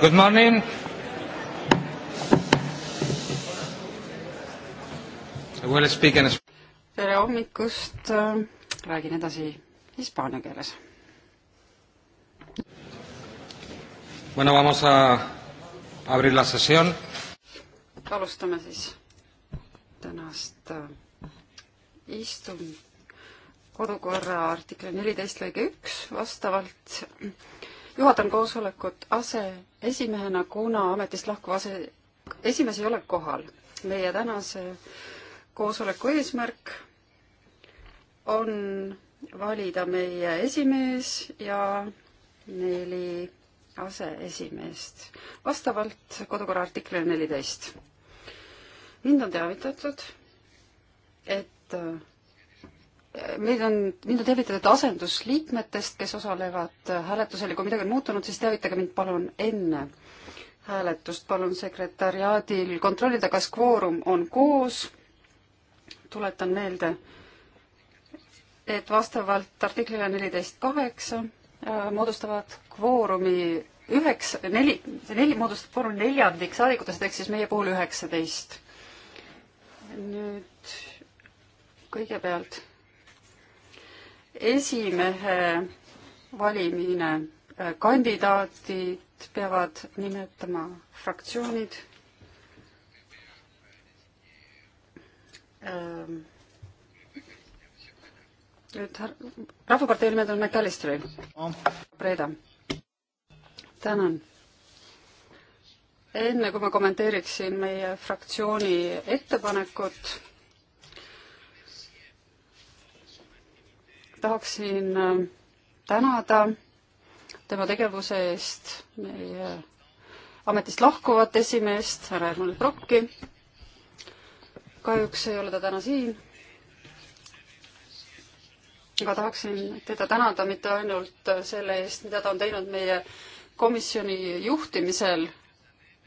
Good morning. I will speak in tere hommikust, räägin edasi hispaania keeles. Bueno, vamos a abrir la sesión. alustame siis tänast äh, istung kodukorra artikli neliteist lõige üks vastavalt juhatan koosolekut aseesimehena, kuna ametist lahkuv ase, esimees ei ole kohal. meie tänase koosoleku eesmärk on valida meie esimees ja neli aseesimeest vastavalt kodukorra artiklile neliteist. mind on teavitatud, et meid on, mind on teavitatud asendusliikmetest, kes osalevad hääletusel ja kui midagi on muutunud, siis teavitage mind palun enne hääletust. palun sekretäriaadil kontrollida, kas kvoorum on koos. tuletan meelde, et vastavalt artiklile neliteist kaheksa äh, moodustavad kvoorumi üheksa, neli, see neli moodustab kvoorumi neljandik saadikutest, ehk siis meie puhul üheksateist. nüüd kõigepealt esimehe valimine, äh, kandidaadid peavad nimetama fraktsioonid. Ähm, nüüd Rahvapartei nimed on McAllisteri. Breda. tänan enne kui ma kommenteeriksin meie fraktsiooni ettepanekut, tahaksin äh, tänada tema tegevuse eest meie ametist lahkuvat esimeest, härra Edmund Brocki. kahjuks ei ole ta täna siin. aga tahaksin teda tänada mitte ainult selle eest, mida ta on teinud meie komisjoni juhtimisel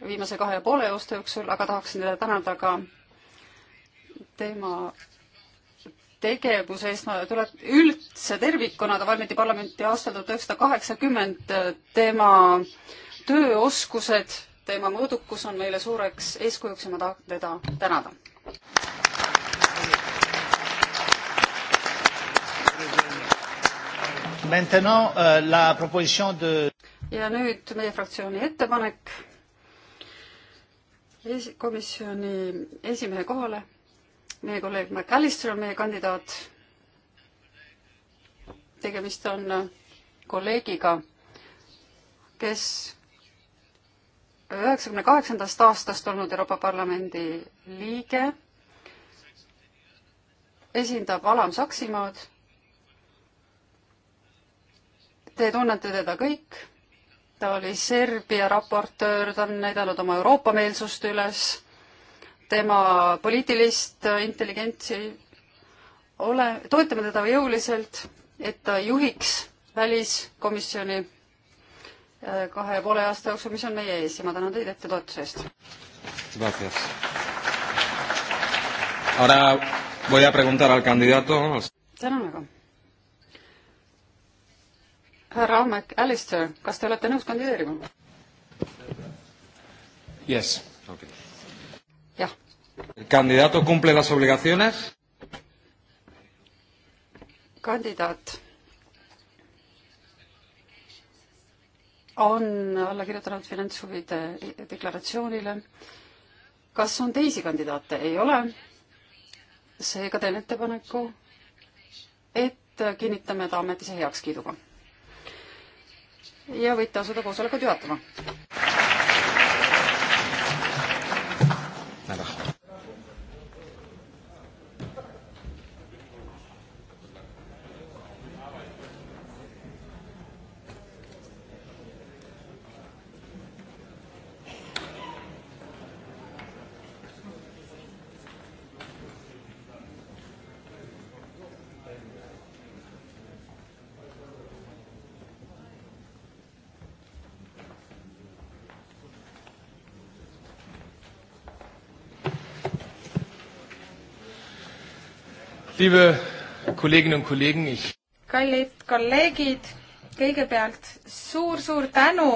viimase kahe ja poole aasta jooksul, aga tahaksin teda tänada ka tema tegevuse eest ma tuleb üldse tervikuna, ta valmiti parlamenti aastal tuhat üheksasada kaheksakümmend, tema tööoskused, tema mõõdukus on meile suureks eeskujuks ja ma tahan teda tänada. Euh, ja nüüd meie fraktsiooni ettepanek esi-, komisjoni esimehe kohale meie kolleeg McAllister on meie kandidaat. tegemist on äh, kolleegiga, kes üheksakümne kaheksandast aastast olnud Euroopa Parlamendi liige, esindab Alam-Saksimaad. Te tunnete teda kõik, ta oli Serbia raportöör, ta on näidanud oma Euroopa meelsust üles tema poliitilist intelligentsi, ole, toetame teda jõuliselt, et ta juhiks väliskomisjoni äh, kahe ja poole aasta jooksul, mis on meie ees ja ma tänan teid ette toetuse eest. tänan väga. härra McAllister, kas te olete nõus kandideerima? Yes okay kandidaat cumple las obligaciones? kandidaat on alla kirjutanud finantshuvide deklaratsioonile. kas on teisi kandidaate? ei ole. seega teen ettepaneku, et kinnitame ta ametise heakskiiduga. ja võite asuda koosolekut juhatama. ära. kallid kolleegid, kõigepealt suur-suur tänu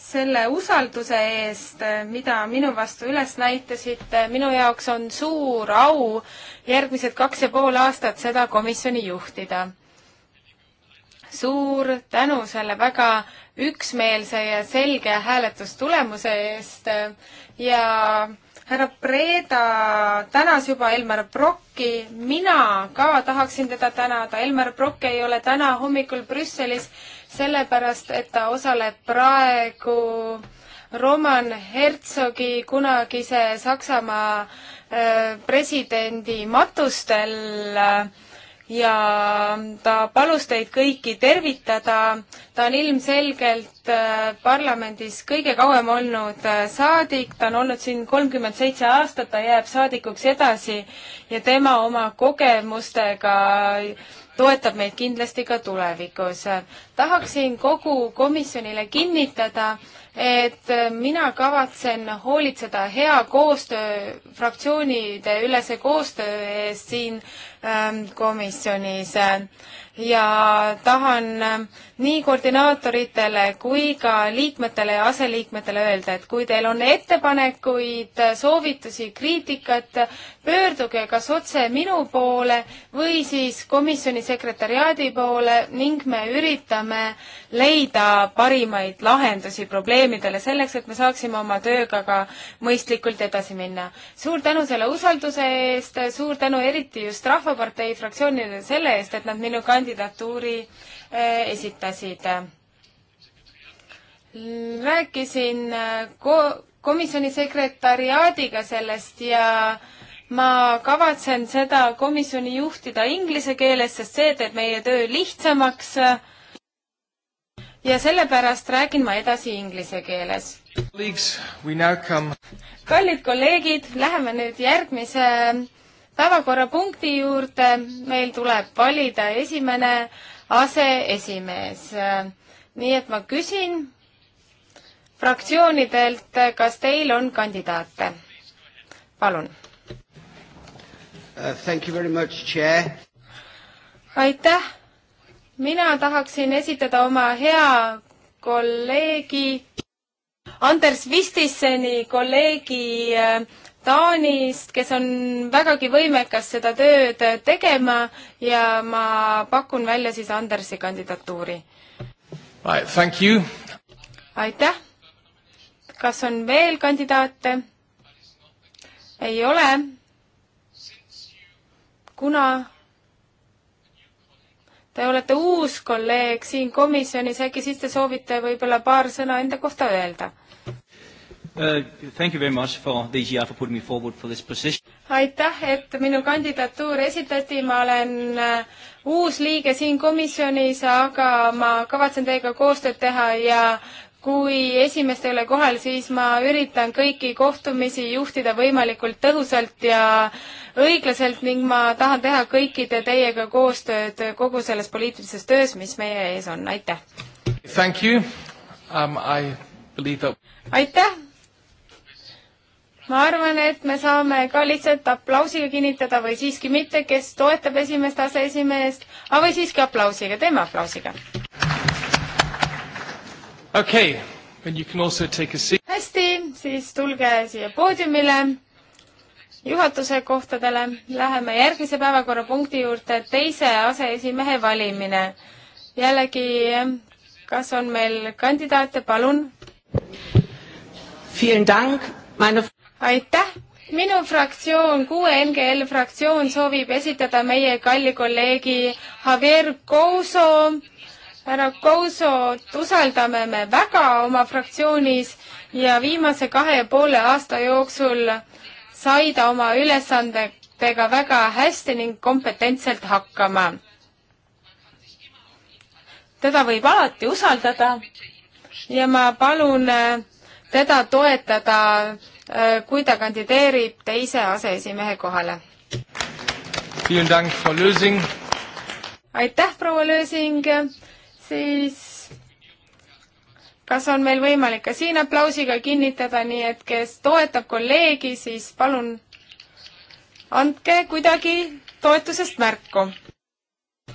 selle usalduse eest, mida minu vastu üles näitasite. minu jaoks on suur au järgmised kaks ja pool aastat seda komisjoni juhtida. suur tänu selle väga üksmeelse ja selge hääletustulemuse eest ja härra Preeda tänas juba Elmar Brocki, mina ka tahaksin teda tänada, Elmar Brock ei ole täna hommikul Brüsselis, sellepärast et ta osaleb praegu Roman Herzogi kunagise Saksamaa äh, presidendi matustel äh, ja ta palus teid kõiki tervitada. ta on ilmselgelt äh, parlamendis kõige kauem olnud äh, saadik, ta on olnud siin kolmkümmend seitse aastat, ta jääb saadikuks edasi ja tema oma kogemustega toetab meid kindlasti ka tulevikus. tahaksin kogu komisjonile kinnitada, et mina kavatsen hoolitseda hea koostöö, fraktsioonide ülese koostöö eest siin Ähm, komisjonis ja tahan ähm, nii koordinaatoritele kui ka liikmetele ja aseliikmetele öelda, et kui teil on ettepanekuid, soovitusi, kriitikat, pöörduge kas otse minu poole või siis komisjoni sekretariaadi poole ning me üritame leida parimaid lahendusi probleemidele selleks, et me saaksime oma tööga ka mõistlikult edasi minna. suur tänu selle usalduse eest, suur tänu eriti just rahva Rahvapartei fraktsioonile selle eest, et nad minu kandidatuuri eh, esitasid. rääkisin eh, ko-, komisjoni sekretariaadiga sellest ja ma kavatsen seda komisjoni juhtida inglise keeles, sest see teeb meie töö lihtsamaks. ja sellepärast räägin ma edasi inglise keeles. kallid kolleegid, läheme nüüd järgmise päevakorrapunkti juurde meil tuleb valida esimene aseesimees. nii et ma küsin fraktsioonidelt, kas teil on kandidaate? palun uh,. Much, aitäh. mina tahaksin esitada oma hea kolleegi Anders Vistisseni kolleegi äh, Taanist, kes on vägagi võimekas seda tööd tegema ja ma pakun välja siis Andersi kandidatuuri. aitäh! kas on veel kandidaate? ei ole. kuna te olete uus kolleeg siin komisjonis, äkki siis te soovite võib-olla paar sõna enda kohta öelda? Uh, aitäh, et minu kandidatuur esitati, ma olen uh, uus liige siin komisjonis, aga ma kavatsen teiega koostööd teha ja kui esimest ei ole kohal, siis ma üritan kõiki kohtumisi juhtida võimalikult tõhusalt ja õiglaselt ning ma tahan teha kõikide teiega koostööd kogu selles poliitilises töös, mis meie ees on, aitäh! Um, that... aitäh! ma arvan, et me saame ka lihtsalt aplausiga kinnitada või siiski mitte, kes toetab esimest aseesimeest, aga või siiski aplausiga, teeme aplausiga. okei okay., and you can also take a seat. hästi, siis tulge siia poodiumile juhatuse kohtadele. Läheme järgmise päevakorrapunkti juurde, teise aseesimehe valimine. jällegi, kas on meil kandidaate, palun? aitäh! minu fraktsioon, kuue NGL fraktsioon soovib esitada meie kalli kolleegi Javier Couso härra Kousot usaldame me väga oma fraktsioonis ja viimase kahe ja poole aasta jooksul sai ta oma ülesandega väga hästi ning kompetentselt hakkama. teda võib alati usaldada ja ma palun eh, teda toetada Äh, kui ta kandideerib teise aseesimehe kohale. aitäh, proua Lösing, siis kas on meil võimalik ka siin aplausiga kinnitada, nii et kes toetab kolleegi, siis palun andke kuidagi toetusest märku.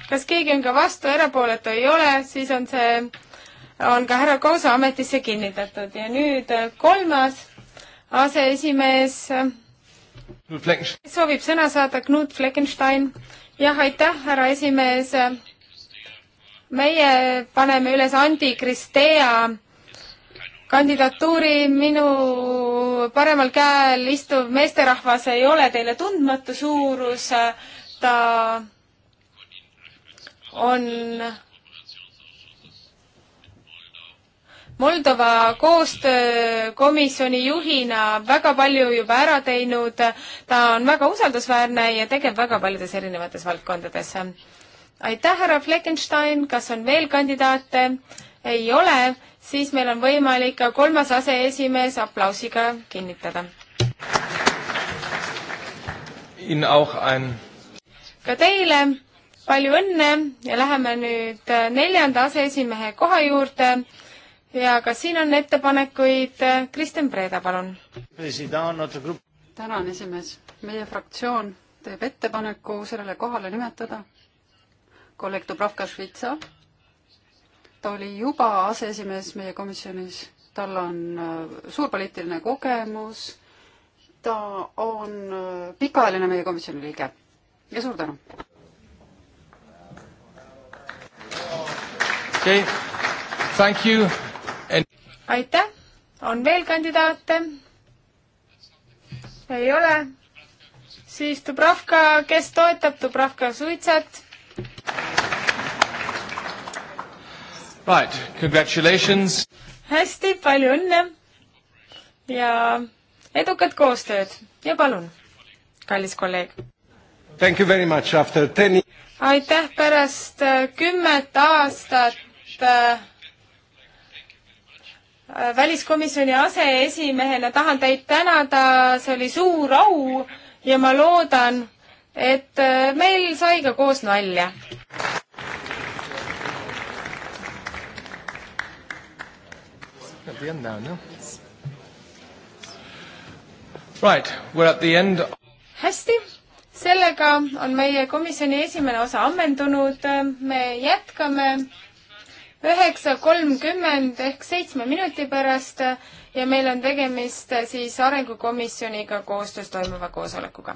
kas keegi on ka vastu, erapooletu ei ole, siis on see, on ka härra Koosa ametisse kinnitatud ja nüüd kolmas aseesimees soovib sõna saada, Knut Fleckenstein. jah, aitäh, härra esimees. meie paneme üles Andi Kristea kandidatuuri, minu paremal käel istuv meesterahvas ei ole teile tundmatu suurus, ta on Moldova koostöökomisjoni juhina väga palju juba ära teinud, ta on väga usaldusväärne ja tegeb väga paljudes erinevates valdkondades. aitäh, härra Fleckenstein, kas on veel kandidaate? ei ole, siis meil on võimalik ka kolmas aseesimees aplausiga kinnitada. Ein... ka teile palju õnne ja läheme nüüd neljanda aseesimehe koha juurde ja ka siin on ettepanekuid. Kristjan Preeda, palun. tänan, esimees. meie fraktsioon teeb ettepaneku sellele kohale nimetada kolleeg Dubravka Švitsa. ta oli juba aseesimees meie komisjonis, tal on äh, suur poliitiline kogemus, ta on äh, pikaajaline meie komisjoni liige ja suur tänu. okei okay., thank you aitäh, on veel kandidaate? ei ole? siis Dubravka, kes toetab Dubravka suitset? Right, congratulations! hästi, palju õnne ja edukat koostööd ja palun, kallis kolleeg! Thank you very much after ten aitäh pärast äh, kümmet aastat äh, väliskomisjoni aseesimehena tahan teid tänada, see oli suur au ja ma loodan, et äh, meil sai ka koos nalja. Right, we're at the end. hästi, sellega on meie komisjoni esimene osa ammendunud, me jätkame üheksa kolmkümmend ehk seitsme minuti pärast ja meil on tegemist siis Arengukomisjoniga koostöös toimuva koosolekuga.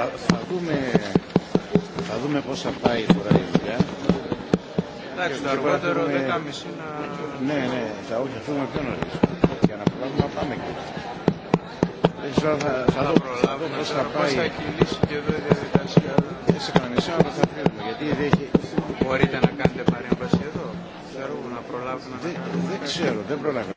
Θα, θα, δούμε, θα δούμε πώς θα πάει τώρα η δουλειά. Εντάξει, το αργότερο πούμε... 10.30 να... Ναι, ναι, θα, όχι, θα φύγουμε πιο νωρίς. Για να προλάβουμε να πάμε και Δεν ξέρω, θα, θα, θα δω, θα δω πώς θα πάει. Πώς θα κυλήσει και εδώ η διαδικασία. Και σε κανονισμό να θα φύγουμε, γιατί δεν έχει... Μπορείτε να κάνετε παρέμβαση εδώ. Ξέρω να προλάβουμε να... Δεν, δεν ξέρω, δεν προλάβουμε.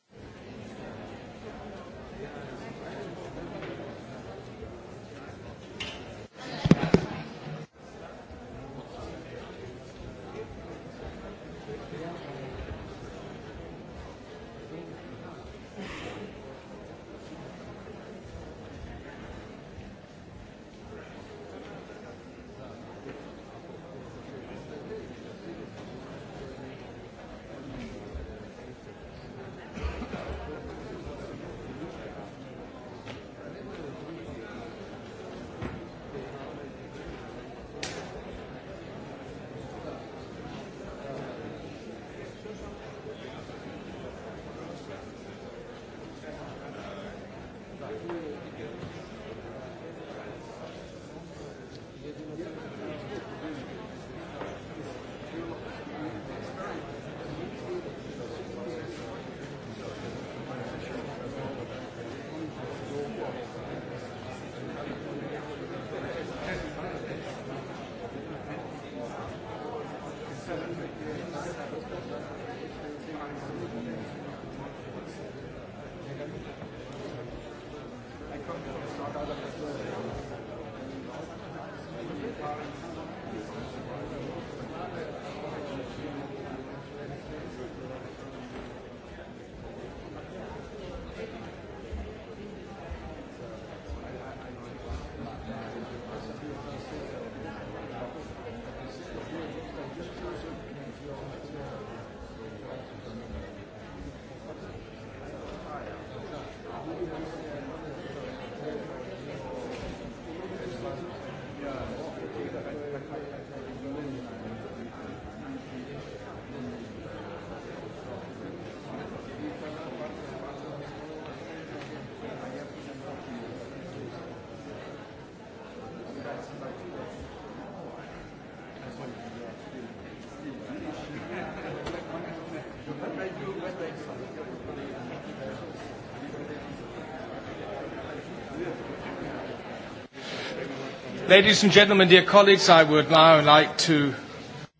Ladies and gentlemen, dear colleagues, I would now like to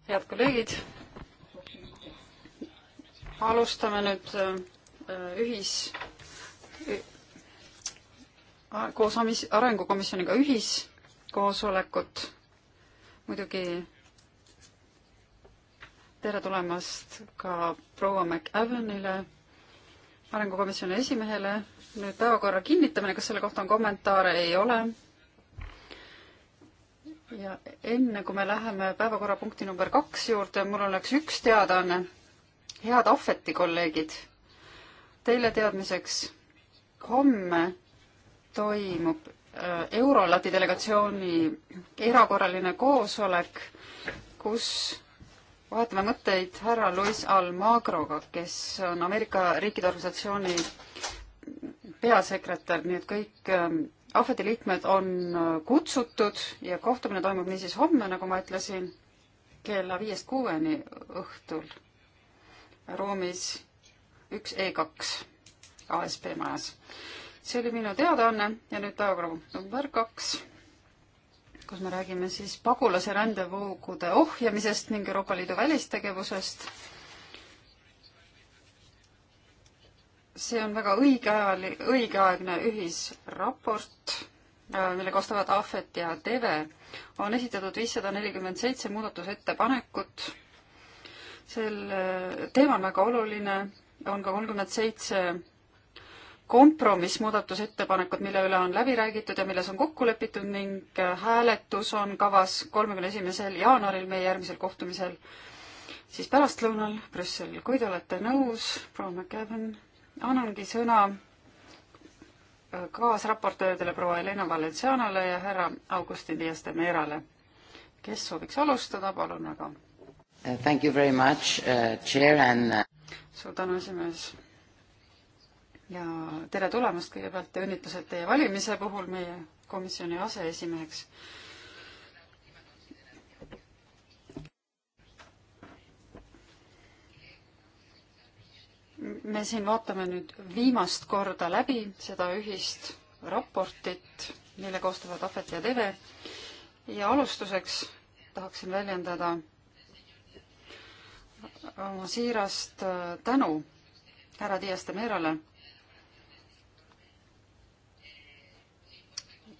head kolleegid, alustame nüüd äh, ühis, koos arengukomisjoniga ühiskoosolekut. muidugi tere tulemast ka proua McAvenile, arengukomisjoni esimehele. nüüd päevakorra kinnitamine, kas selle kohta on kommentaare? ei ole ja enne, kui me läheme päevakorrapunkti number kaks juurde, mul oleks üks teadaanne. head ahveti kolleegid, teile teadmiseks, homme toimub äh, Eurolati delegatsiooni erakorraline koosolek, kus vahetame mõtteid härra Luis Almagroga, kes on Ameerika Riikide Organisatsiooni peasekretär, nii et kõik ähm, ahveti liikmed on äh, kutsutud ja kohtumine toimub niisiis homme, nagu ma ütlesin, kella viiest kuueni õhtul ruumis üks E kaks ASP majas. see oli minu teadaanne ja nüüd päevakorrapunkt number kaks, kus me räägime siis pagulase rändevoogude ohjamisest ning Euroopa Liidu välistegevusest see on väga õigeajal-, õigeaegne ühisraport, äh, mille koostavad Ahvet ja Teve. on esitatud viissada nelikümmend seitse muudatusettepanekut. selle teema on väga oluline, on ka kolmkümmend seitse kompromissmuudatusettepanekud, mille üle on läbi räägitud ja milles on kokku lepitud ning äh, hääletus on kavas kolmekümne esimesel jaanuaril meie järgmisel kohtumisel siis pärastlõunal Brüssel. kui te olete nõus, proua McEwen annangi sõna äh, kaasraportööridele proua Helena Valencianale ja härra Augustin Dias-Demerale. kes sooviks alustada, palun väga. Uh, thank you very much uh,, chair and uh, suur tänu, esimees. ja tere tulemast kõigepealt ja õnnitlused teie valimise puhul meie komisjoni aseesimeheks me siin vaatame nüüd viimast korda läbi seda ühist raportit, mille koostavad Ahvet ja Teve. ja alustuseks tahaksin väljendada oma siirast äh, tänu härra Dias de Merale,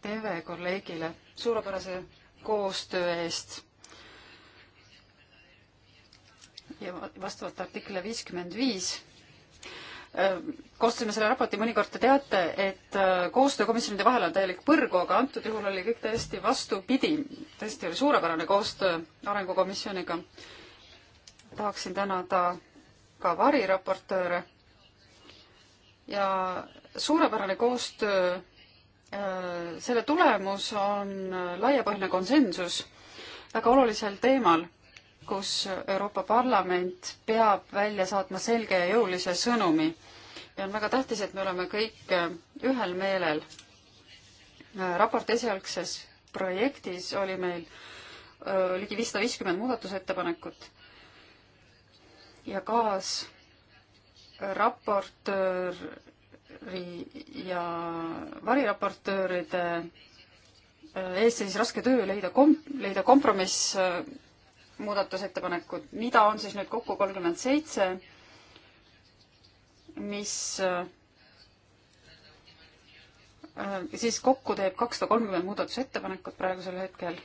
Teve kolleegile suurepärase koostöö eest ja vastavalt artiklile viiskümmend viis Äh, koostasime selle raporti, mõnikord te teate, et äh, koostöö komisjonide vahel on täielik põrgu, aga antud juhul oli kõik täiesti vastupidi. tõesti oli suurepärane koostöö Arengukomisjoniga. tahaksin tänada ka variraportööre ja suurepärane koostöö, äh, selle tulemus on laiapõhjaline konsensus väga olulisel teemal kus Euroopa Parlament peab välja saatma selge ja jõulise sõnumi. ja on väga tähtis, et me oleme kõik äh, ühel meelel. Äh, raporti esialgses projektis oli meil äh, ligi viissada viiskümmend muudatusettepanekut ja kaasraportööri ja variraportööride ees siis raske töö leida kom-, leida kompromiss muudatusettepanekut, mida on siis nüüd kokku kolmkümmend seitse, mis äh, siis kokku teeb kakssada kolmkümmend muudatusettepanekut praegusel hetkel.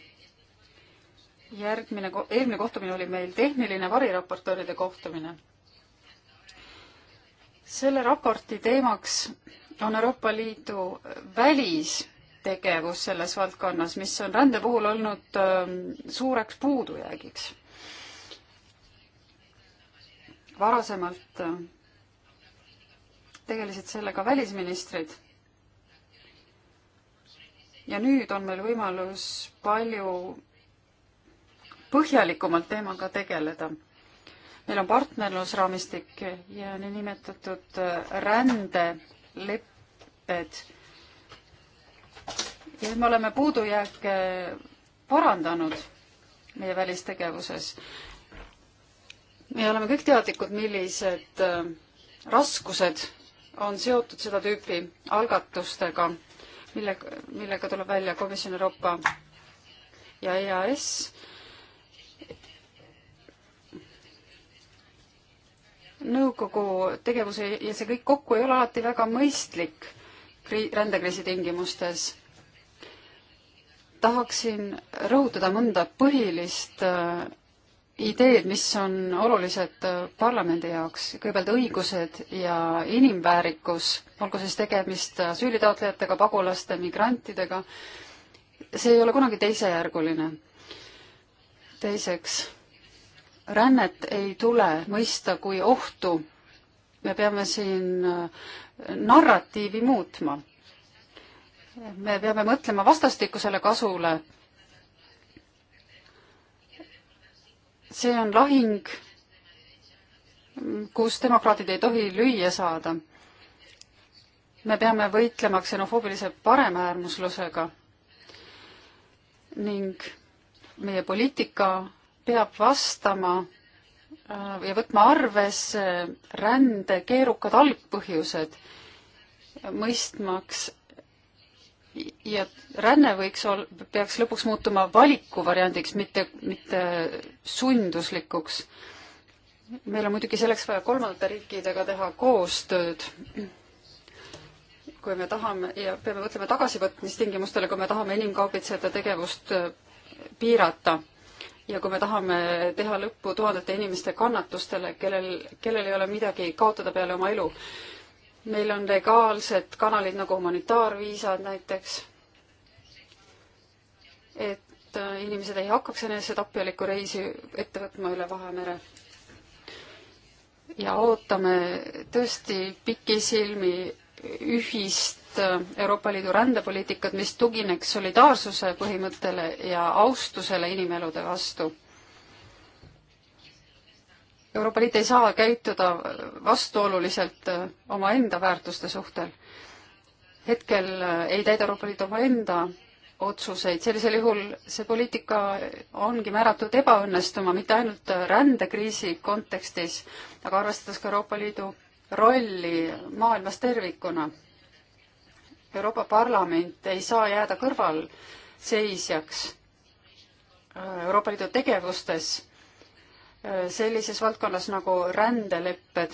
järgmine, eelmine kohtumine oli meil tehniline variraportööride kohtumine. selle raporti teemaks on Euroopa Liidu välis tegevus selles valdkonnas, mis on rände puhul olnud ähm, suureks puudujäägiks. varasemalt äh, tegelesid sellega välisministrid. ja nüüd on meil võimalus palju põhjalikumalt teemaga tegeleda meil on partnerlusraamistik ja niinimetatud äh, rändelepped, ja nüüd me oleme puudujääke parandanud meie välistegevuses. me oleme kõik teadlikud, millised äh, raskused on seotud seda tüüpi algatustega, mille, millega tuleb välja Komisjon Euroopa ja EAS. nõukogu tegevuse ja see kõik kokku ei ole alati väga mõistlik rändekriisi tingimustes tahaksin rõhutada mõnda põhilist äh, ideed, mis on olulised äh, parlamendi jaoks, kõigepealt õigused ja inimväärikus, olgu siis tegemist äh, asüülitaotlejatega, pagulaste, migrantidega, see ei ole kunagi teisejärguline. teiseks, rännet ei tule mõista kui ohtu. me peame siin narratiivi muutma me peame mõtlema vastastikusele kasule. see on lahing, kus demokraadid ei tohi lüüa saada. me peame võitlema ksenofoobilise paremäärmuslusega ning meie poliitika peab vastama äh, ja võtma arvesse rände keerukad algpõhjused, mõistmaks, ja ränne võiks ol-, peaks lõpuks muutuma valikuvariandiks, mitte, mitte sunduslikuks. meil on muidugi selleks vaja kolmandate riikidega teha koostööd, kui me tahame ja peame mõtlema tagasivõtmistingimustele, kui me tahame inimkaubitsejate tegevust äh, piirata ja kui me tahame teha lõppu tuhandete inimeste kannatustele, kellel, kellel ei ole midagi kaotada peale oma elu meil on legaalsed kanalid nagu humanitaarviisad näiteks, et äh, inimesed ei hakkaks enesetapjalikku reisi ette võtma üle Vahemere. ja ootame tõesti pikisilmi ühist äh, Euroopa Liidu rändepoliitikat, mis tugineks solidaarsuse põhimõttele ja austusele inimelude vastu Euroopa Liit ei saa käituda vastuoluliselt äh, omaenda väärtuste suhtel. hetkel äh, ei täida Euroopa Liit omaenda otsuseid, sellisel juhul see poliitika ongi määratud ebaõnnestuma, mitte ainult äh, rändekriisi kontekstis, aga arvestades ka Euroopa Liidu rolli maailmas tervikuna. Euroopa Parlament ei saa jääda kõrvalseisjaks Euroopa Liidu tegevustes sellises valdkonnas nagu rändelepped.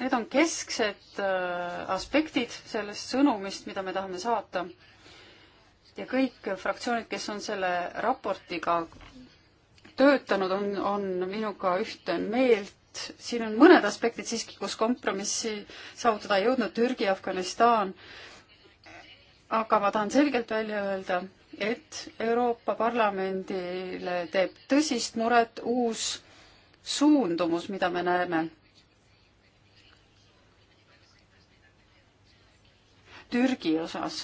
Need on kesksed äh, aspektid sellest sõnumist, mida me tahame saata. ja kõik fraktsioonid, kes on selle raportiga töötanud, on, on minuga ühte meelt. siin on mõned aspektid siiski, kus kompromissi saavutada ei jõudnud, Türgi, Afganistan. aga ma tahan selgelt välja öelda, et Euroopa Parlamendile teeb tõsist muret uus suundumus, mida me näeme. Türgi osas.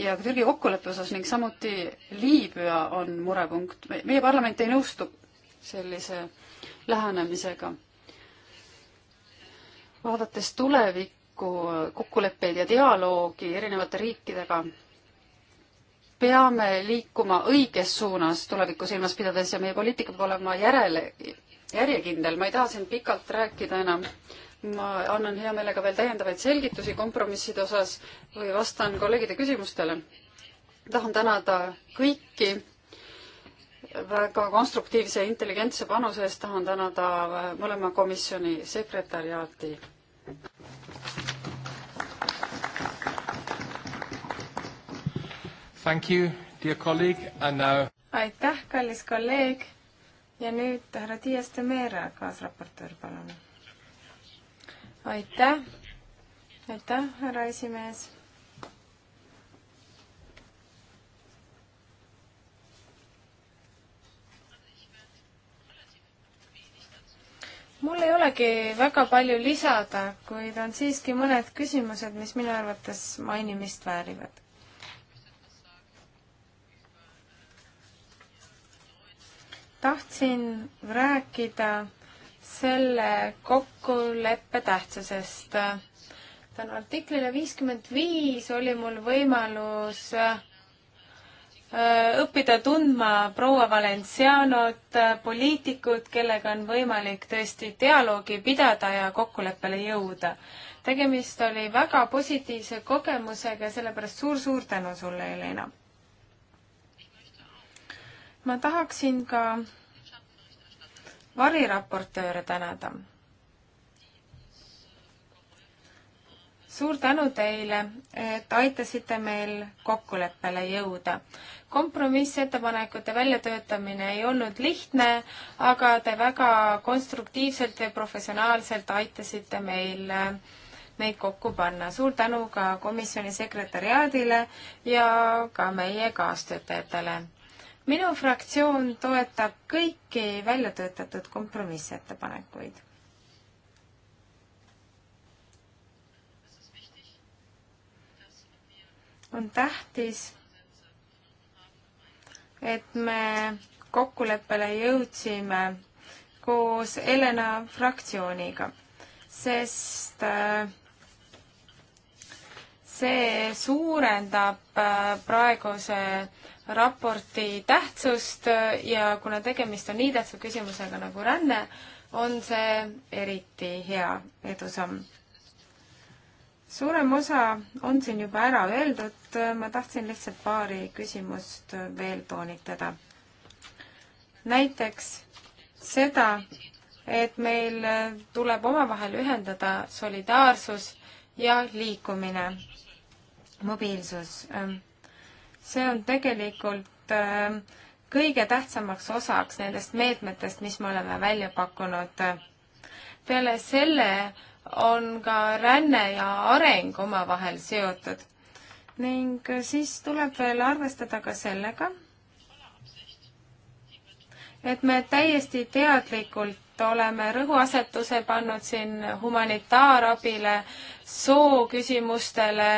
ja Türgi kokkuleppe osas ning samuti Liibüa on murepunkt. meie parlament ei nõustu sellise lähenemisega. vaadates tulevikku, kokku, kokkuleppeid ja dialoogi erinevate riikidega. peame liikuma õiges suunas tulevikku silmas pidades ja meie poliitika peab olema järele, järjekindel, ma ei taha siin pikalt rääkida enam, ma annan hea meelega veel täiendavaid selgitusi kompromisside osas või vastan kolleegide küsimustele. tahan tänada kõiki väga konstruktiivse ja intelligentse panuse eest tahan tänada mõlema komisjoni sekretäriaati. Thank you, dear colleague, and now aitäh, kallis kolleeg ja nüüd härra Dias de Mera, kaasraportöör, palun. aitäh, aitäh, härra esimees. mul ei olegi väga palju lisada, kuid on siiski mõned küsimused, mis minu arvates mainimist väärivad tahtsin rääkida selle kokkuleppe tähtsusest. tänu artiklile viiskümmend viis oli mul võimalus äh, õppida tundma proua Valencianot, poliitikut, kellega on võimalik tõesti dialoogi pidada ja kokkuleppele jõuda. tegemist oli väga positiivse kogemusega ja sellepärast suur-suur tänu sulle, Helena! ma tahaksin ka variraportööre tänada. suur tänu teile, et aitasite meil kokkuleppele jõuda. kompromissettepanekute väljatöötamine ei olnud lihtne, aga te väga konstruktiivselt ja professionaalselt aitasite meil neid kokku panna. suur tänu ka komisjoni sekretäriaadile ja ka meie kaastöötajatele minu fraktsioon toetab kõiki välja töötatud kompromissettepanekuid. on tähtis, et me kokkuleppele jõudsime koos Helena fraktsiooniga, sest äh, see suurendab äh, praeguse raporti tähtsust ja kuna tegemist on nii tähtsa küsimusega nagu ränne, on see eriti hea edusamm. suurem osa on siin juba ära öeldud, ma tahtsin lihtsalt paari küsimust veel toonitada. näiteks seda, et meil tuleb omavahel ühendada solidaarsus ja liikumine, mobiilsus see on tegelikult ähm, kõige tähtsamaks osaks nendest meetmetest, mis me oleme välja pakkunud. peale selle on ka ränne ja areng omavahel seotud ning siis tuleb veel arvestada ka sellega, et me täiesti teadlikult oleme rõhuasetuse pannud siin humanitaarabile, sooküsimustele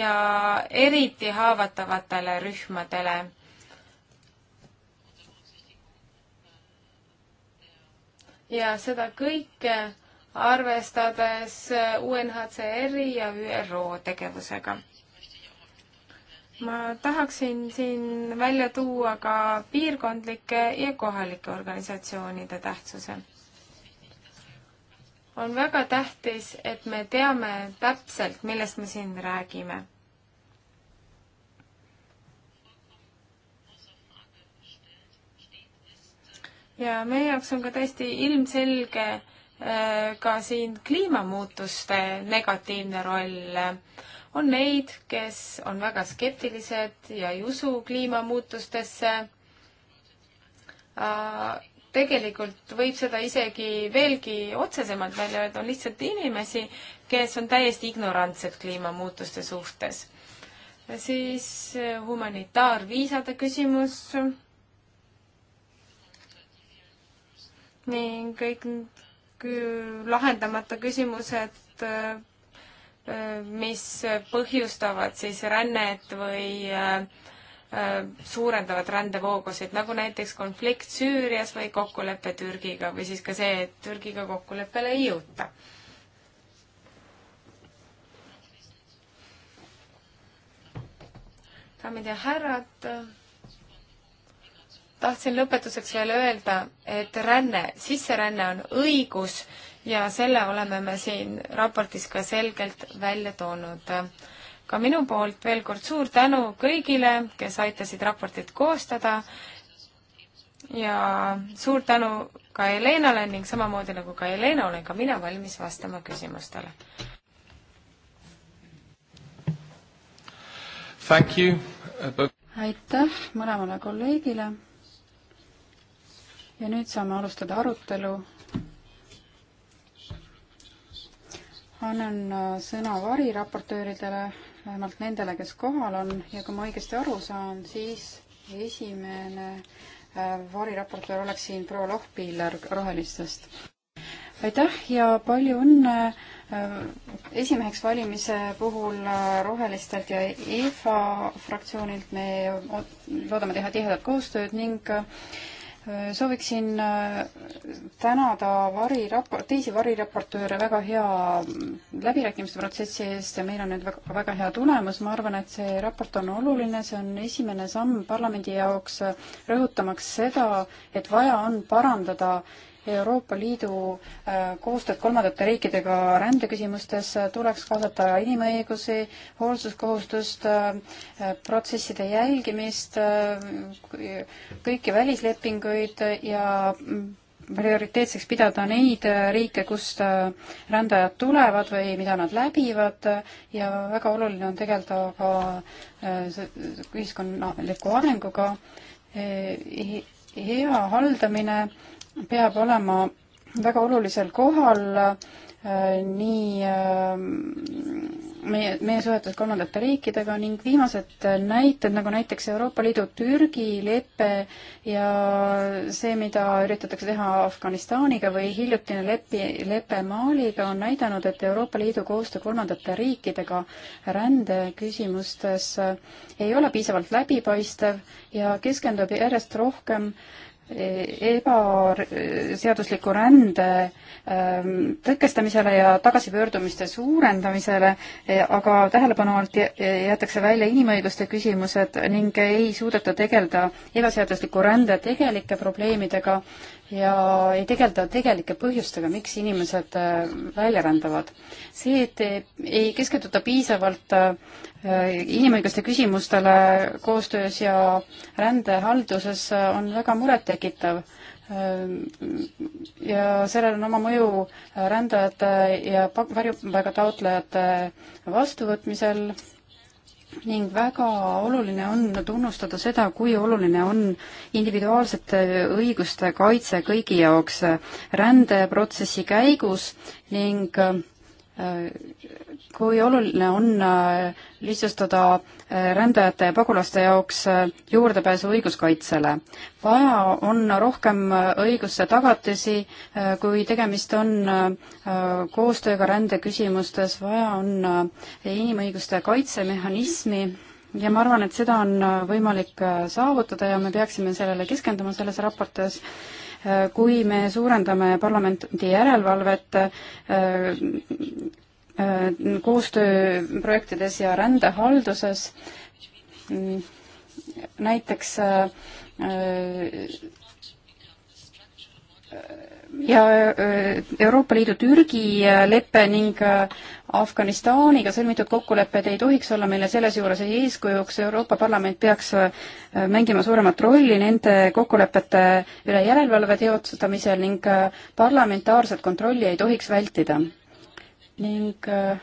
ja eriti haavatavatele rühmadele. ja seda kõike arvestades UNHCR-i ja ÜRO tegevusega ma tahaksin siin välja tuua ka piirkondlike ja kohalike organisatsioonide tähtsuse on väga tähtis, et me teame täpselt, millest me siin räägime. ja meie jaoks on ka täiesti ilmselge äh, ka siin kliimamuutuste negatiivne roll. on neid, kes on väga skeptilised ja ei usu kliimamuutustesse äh, tegelikult võib seda isegi veelgi otsesemalt välja öelda, on lihtsalt inimesi, kes on täiesti ignorantsed kliimamuutuste suhtes. siis eh, humanitaarviisade küsimus ning kõik lahendamata küsimused, eh, mis põhjustavad siis rännet või äh, Äh, suurendavad rändevoogusid, nagu näiteks konflikt Süürias või kokkulepe Türgiga või siis ka see, et Türgiga kokkuleppele ei jõuta. daamid ja härrad, tahtsin lõpetuseks veel öelda, et ränne, sisseränne on õigus ja selle oleme me siin raportis ka selgelt välja toonud ka minu poolt veel kord suur tänu kõigile, kes aitasid raportit koostada ja suur tänu ka Helenale ning samamoodi nagu ka Helena olen ka mina valmis vastama küsimustele. Uh, aitäh mõlemale kolleegile. ja nüüd saame alustada arutelu. annan uh, sõna variraportööridele vähemalt nendele, kes kohal on ja kui ma õigesti aru saan, siis esimene äh, variraportöör oleks siin proua Lohpiller Rohelistest. aitäh ja palju õnne äh, esimeheks valimise puhul äh, Rohelistelt ja EFA fraktsioonilt me loodame teha tihedat koostööd ning äh, sooviksin äh, tänada varirapor-, teisi variraportööre väga hea mm, läbirääkimiste protsessi eest ja meil on nüüd väga, väga hea tulemus, ma arvan, et see raport on oluline, see on esimene samm parlamendi jaoks rõhutamaks seda, et vaja on parandada äh, Euroopa Liidu äh, koostööd kolmandate riikidega rändeküsimustes, äh, tuleks kaasata inimõigusi, hoolsuskohustust, äh, protsesside jälgimist, kõiki välislepinguid ja prioriteetseks pidada neid riike, kust rändajad tulevad või mida nad läbivad ja väga oluline on tegeleda ka ühiskonnaliku arenguga. hea haldamine peab olema väga olulisel kohal äh, nii äh, meie, meie suhetes kolmandate riikidega ning viimased näited, nagu näiteks Euroopa Liidu Türgi lepe ja see, mida üritatakse teha Afganistaniga või hiljutine lepi, lepe Maaliga, on näidanud, et Euroopa Liidu koostöö kolmandate riikidega rändeküsimustes ei ole piisavalt läbipaistev ja keskendub järjest rohkem äh, ebaseadusliku rände ähm, tõkestamisele ja tagasipöördumiste suurendamisele, e, aga tähelepanu alt jäetakse välja inimõiguste küsimused ning ei suudeta tegeleda ebaseadusliku rände tegelike probleemidega ja ei tegeleta tegelike põhjustega, miks inimesed äh, välja rändavad. see, et ei keskenduta piisavalt äh, inimõiguste küsimustele koostöös ja rändehalduses, äh, on väga murettekitav. ja sellel on oma mõju rändajate ja varjupaiga taotlejate vastuvõtmisel ning väga oluline on tunnustada seda, kui oluline on individuaalsete õiguste kaitse kõigi jaoks rändeprotsessi käigus ning äh, kui oluline on äh, lihtsustada äh, rändajate ja pagulaste jaoks äh, juurdepääsu õiguskaitsele. vaja on rohkem õigusse tagatisi, kui tegemist on koostööga rändeküsimustes, vaja on inimõiguste kaitsemehhanismi ja ma arvan, et seda on võimalik saavutada ja me peaksime sellele keskenduma selles raportis kui me suurendame parlamendi järelevalvet Äh, koostööprojektides ja rändehalduses. Mm, näiteks äh, äh, ja Euroopa Liidu Türgi lepe ning Afganistaniga sõlmitud kokkulepped ei tohiks olla meile selles juures eeskujuks, Euroopa Parlament peaks mängima suuremat rolli nende kokkulepete üle järelevalve teostamisel ning parlamentaarset kontrolli ei tohiks vältida ning äh,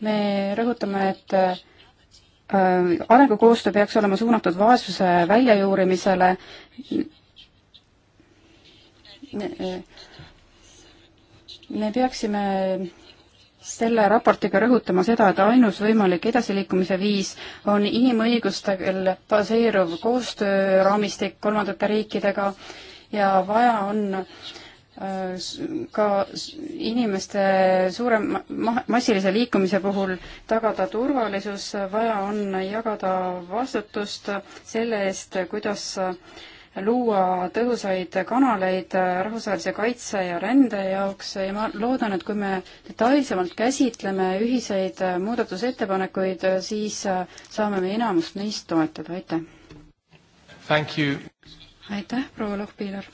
me rõhutame, et äh, arengukoostöö peaks olema suunatud vaesuse väljajuurimisele, äh, me peaksime selle raportiga rõhutama seda, et ainus võimalik edasiliikumise viis on inimõigustel baseeruv koostööraamistik kolmandate riikidega ja vaja on äh, ka inimeste suurem ma-, massilise liikumise puhul tagada turvalisus, vaja on jagada vastutust selle eest, kuidas luua tõhusaid kanaleid rahvusvahelise kaitse ja rände jaoks ja ma loodan, et kui me detailsemalt käsitleme ühiseid muudatusettepanekuid, siis saame me enamust neist toetada, aitäh! aitäh, proua Lohpiilar!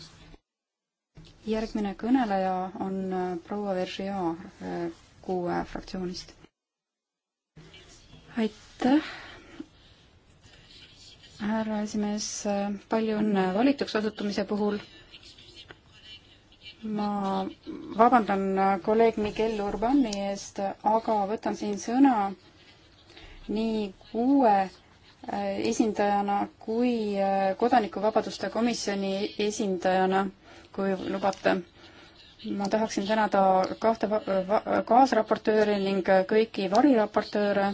järgmine kõneleja on äh, proua Veržia äh, kuue fraktsioonist. aitäh, härra esimees, äh, palju õnne valituks osutumise puhul ma vabandan kolleeg Miguel Urbani eest, aga võtan siin sõna nii kuue esindajana kui kodanikuvabaduste komisjoni esindajana kui lubate. ma tahaksin tänada kahte kaasraportööri ning kõiki variraportööre.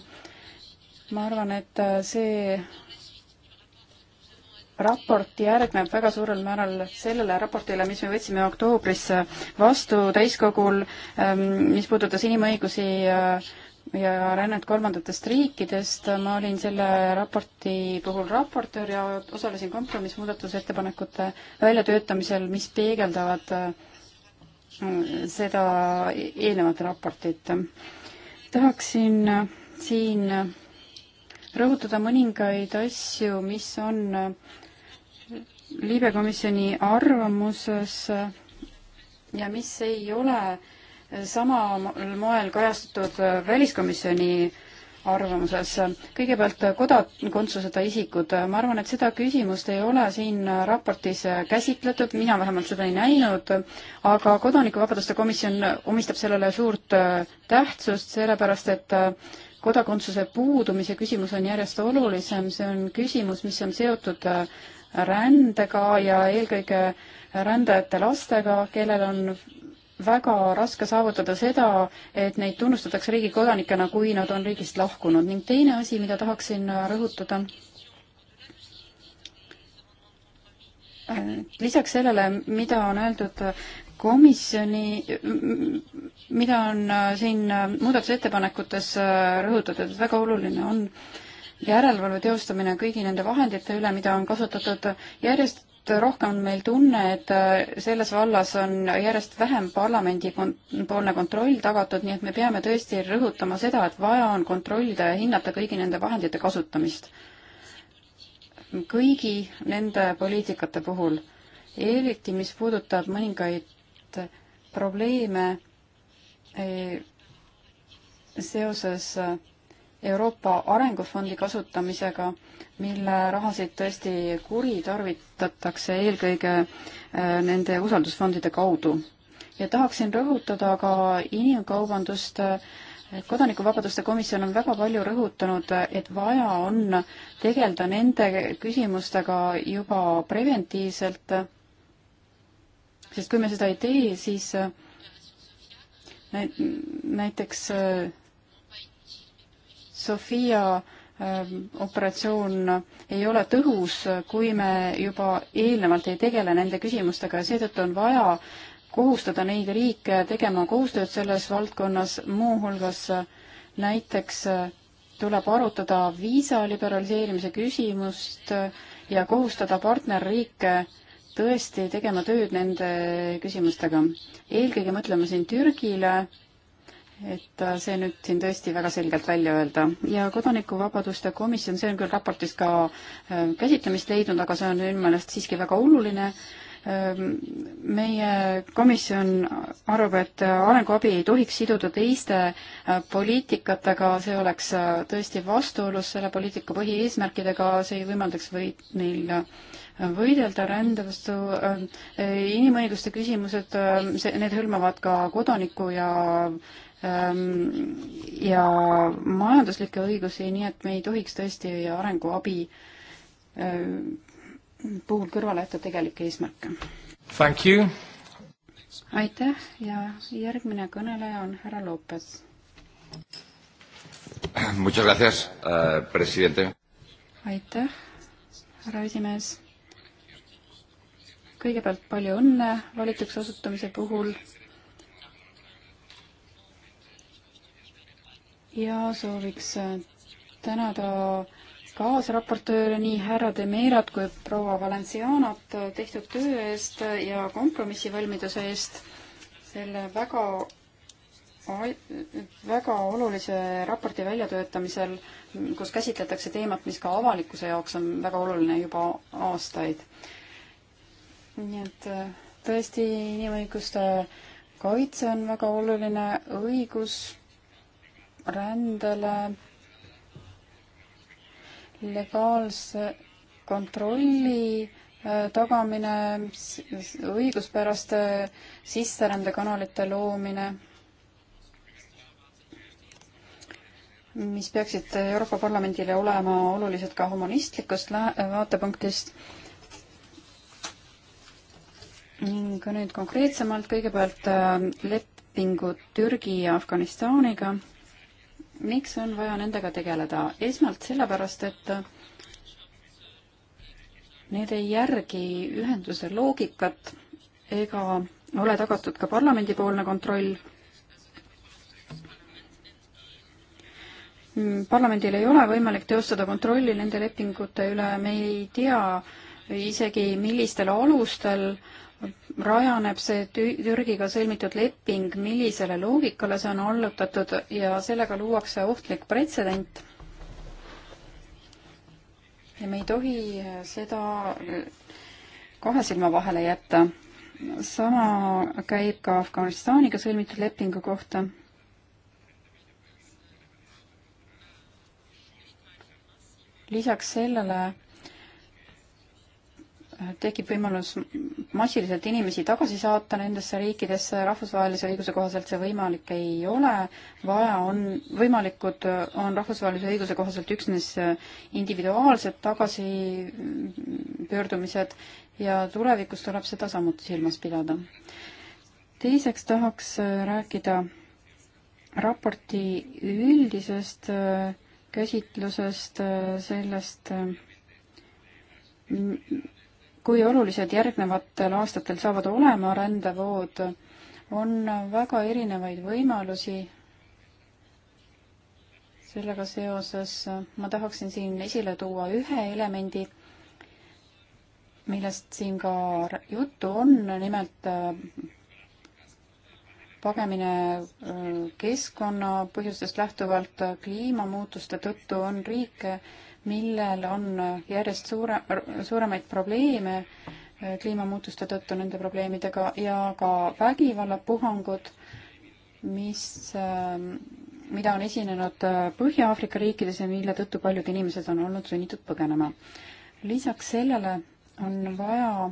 ma arvan, et see raport järgneb väga suurel määral sellele raportile, mis me võtsime oktoobris vastu täiskogul, ähm, mis puudutas inimõigusi äh, ja rännet kolmandatest riikidest. ma olin selle raporti puhul raportöör ja osalesin kompromissmuudatusettepanekute väljatöötamisel, mis peegeldavad äh, seda eelnevat raportit. tahaksin siin rõhutada mõningaid asju, mis on liibekomisjoni arvamuses ja mis ei ole äh, samal moel kajastatud väliskomisjoni arvamuses. kõigepealt kodakondsuseta isikud, ma arvan, et seda küsimust ei ole siin raportis käsitletud, mina vähemalt seda ei näinud, aga Kodanikuvabaduste komisjon omistab sellele suurt tähtsust, sellepärast et kodakondsuse puudumise küsimus on järjest olulisem, see on küsimus, mis on seotud rändega ja eelkõige rändajate lastega, kellel on väga raske saavutada seda, et neid tunnustatakse riigi kodanikena, kui nad on riigist lahkunud ning teine asi, mida tahaksin rõhutada, äh, lisaks sellele, mida on öeldud komisjoni, mida on äh, siin äh, muudatusettepanekutes rõhutatud, et väga oluline on järelevalve teostamine kõigi nende vahendite üle, mida on kasutatud, järjest et rohkem on meil tunne, et äh, selles vallas on järjest vähem parlamendi poolne kontroll tagatud, nii et me peame tõesti rõhutama seda, et vaja on kontrollida ja hinnata kõigi nende vahendite kasutamist. kõigi nende poliitikate puhul, eriti mis puudutab mõningaid probleeme äh, seoses äh, Euroopa Arengufondi kasutamisega mille rahasid tõesti kuritarvitatakse eelkõige äh, nende usaldusfondide kaudu. ja tahaksin rõhutada ka inimkaubandust, kodanikuvabaduste komisjon on väga palju rõhutanud, et vaja on tegeleda nende küsimustega juba preventiivselt, sest kui me seda ei tee, siis äh, näiteks äh, Sofia äh, Ehm, operatsioon ei ole tõhus, kui me juba eelnevalt ei tegele nende küsimustega ja seetõttu on vaja kohustada neid riike tegema koostööd selles valdkonnas, muuhulgas eh, näiteks eh, tuleb arutada viisa liberaliseerimise küsimust eh, ja kohustada partnerriike tõesti tegema tööd nende küsimustega. eelkõige mõtleme siin Türgile et äh, see nüüd siin tõesti väga selgelt välja öelda. ja Kodanikuvabaduste komisjon, see on küll raportis ka äh, käsitlemist leidnud, aga see on minu meelest siiski väga oluline, ähm, meie komisjon arvab, et äh, arenguabi ei tohiks siduda teiste poliitikatega, see oleks tõesti vastuolus selle poliitika põhieesmärkidega, see ei võimaldaks või neil võidelda rände vastu. Ähm, inimõiguste küsimused, see, need hõlmavad ka kodaniku ja Ehm, ja majanduslikke õigusi, nii et me ei tohiks tõesti arenguabi ehm, puhul kõrvale jätta tegelikke eesmärke. aitäh ja järgmine kõneleja on härra Lopez. Eh, aitäh, härra esimees. kõigepealt palju õnne valituks osutumise puhul ja sooviks äh, tänada kaasraportööre, nii härra Demerat kui proua Valencianat äh, tehtud töö eest äh, ja kompromissivalmiduse eest selle väga, väga olulise raporti väljatöötamisel, kus käsitletakse teemat, mis ka avalikkuse jaoks on väga oluline juba aastaid. nii et tõesti, inimõiguste kaitse on väga oluline õigus rändele, legaalse kontrolli äh, tagamine, õiguspäraste sisserändekanalite loomine, mis peaksid Euroopa Parlamendile olema olulised ka humanistlikust vaatepunktist. ning nüüd konkreetsemalt kõigepealt äh, lepingud Türgi ja Afganistaniga miks on vaja nendega tegeleda? esmalt sellepärast, et need ei järgi ühenduse loogikat ega ole tagatud ka parlamendipoolne kontroll. parlamendil ei ole võimalik teostada kontrolli nende lepingute üle, me ei tea isegi, millistel alustel äh, rajaneb see Türgiga sõlmitud leping, millisele loogikale see on allutatud ja sellega luuakse ohtlik pretsedent. ja me ei tohi seda kahe silma vahele jätta. sama käib ka Afganistaniga sõlmitud lepingu kohta lisaks sellele tekib võimalus massiliselt inimesi tagasi saata nendesse riikidesse, rahvusvahelise õiguse kohaselt see võimalik ei ole, vaja on, võimalikud on rahvusvahelise õiguse kohaselt üksnes individuaalsed tagasipöördumised ja tulevikus tuleb seda samuti silmas pidada. teiseks tahaks rääkida raporti üldisest käsitlusest, sellest kui olulised järgnevatel aastatel saavad olema rändevood, on väga erinevaid võimalusi. sellega seoses ma tahaksin siin esile tuua ühe elemendi, millest siin ka juttu on, nimelt äh, pagemine äh, keskkonna põhjustest lähtuvalt kliimamuutuste tõttu on riike, millel on järjest suure, suuremaid probleeme kliimamuutuste tõttu nende probleemidega ja ka vägivallapuhangud, mis, mida on esinenud Põhja-Aafrika riikides ja mille tõttu paljud inimesed on olnud sunnitud põgenema. lisaks sellele on vaja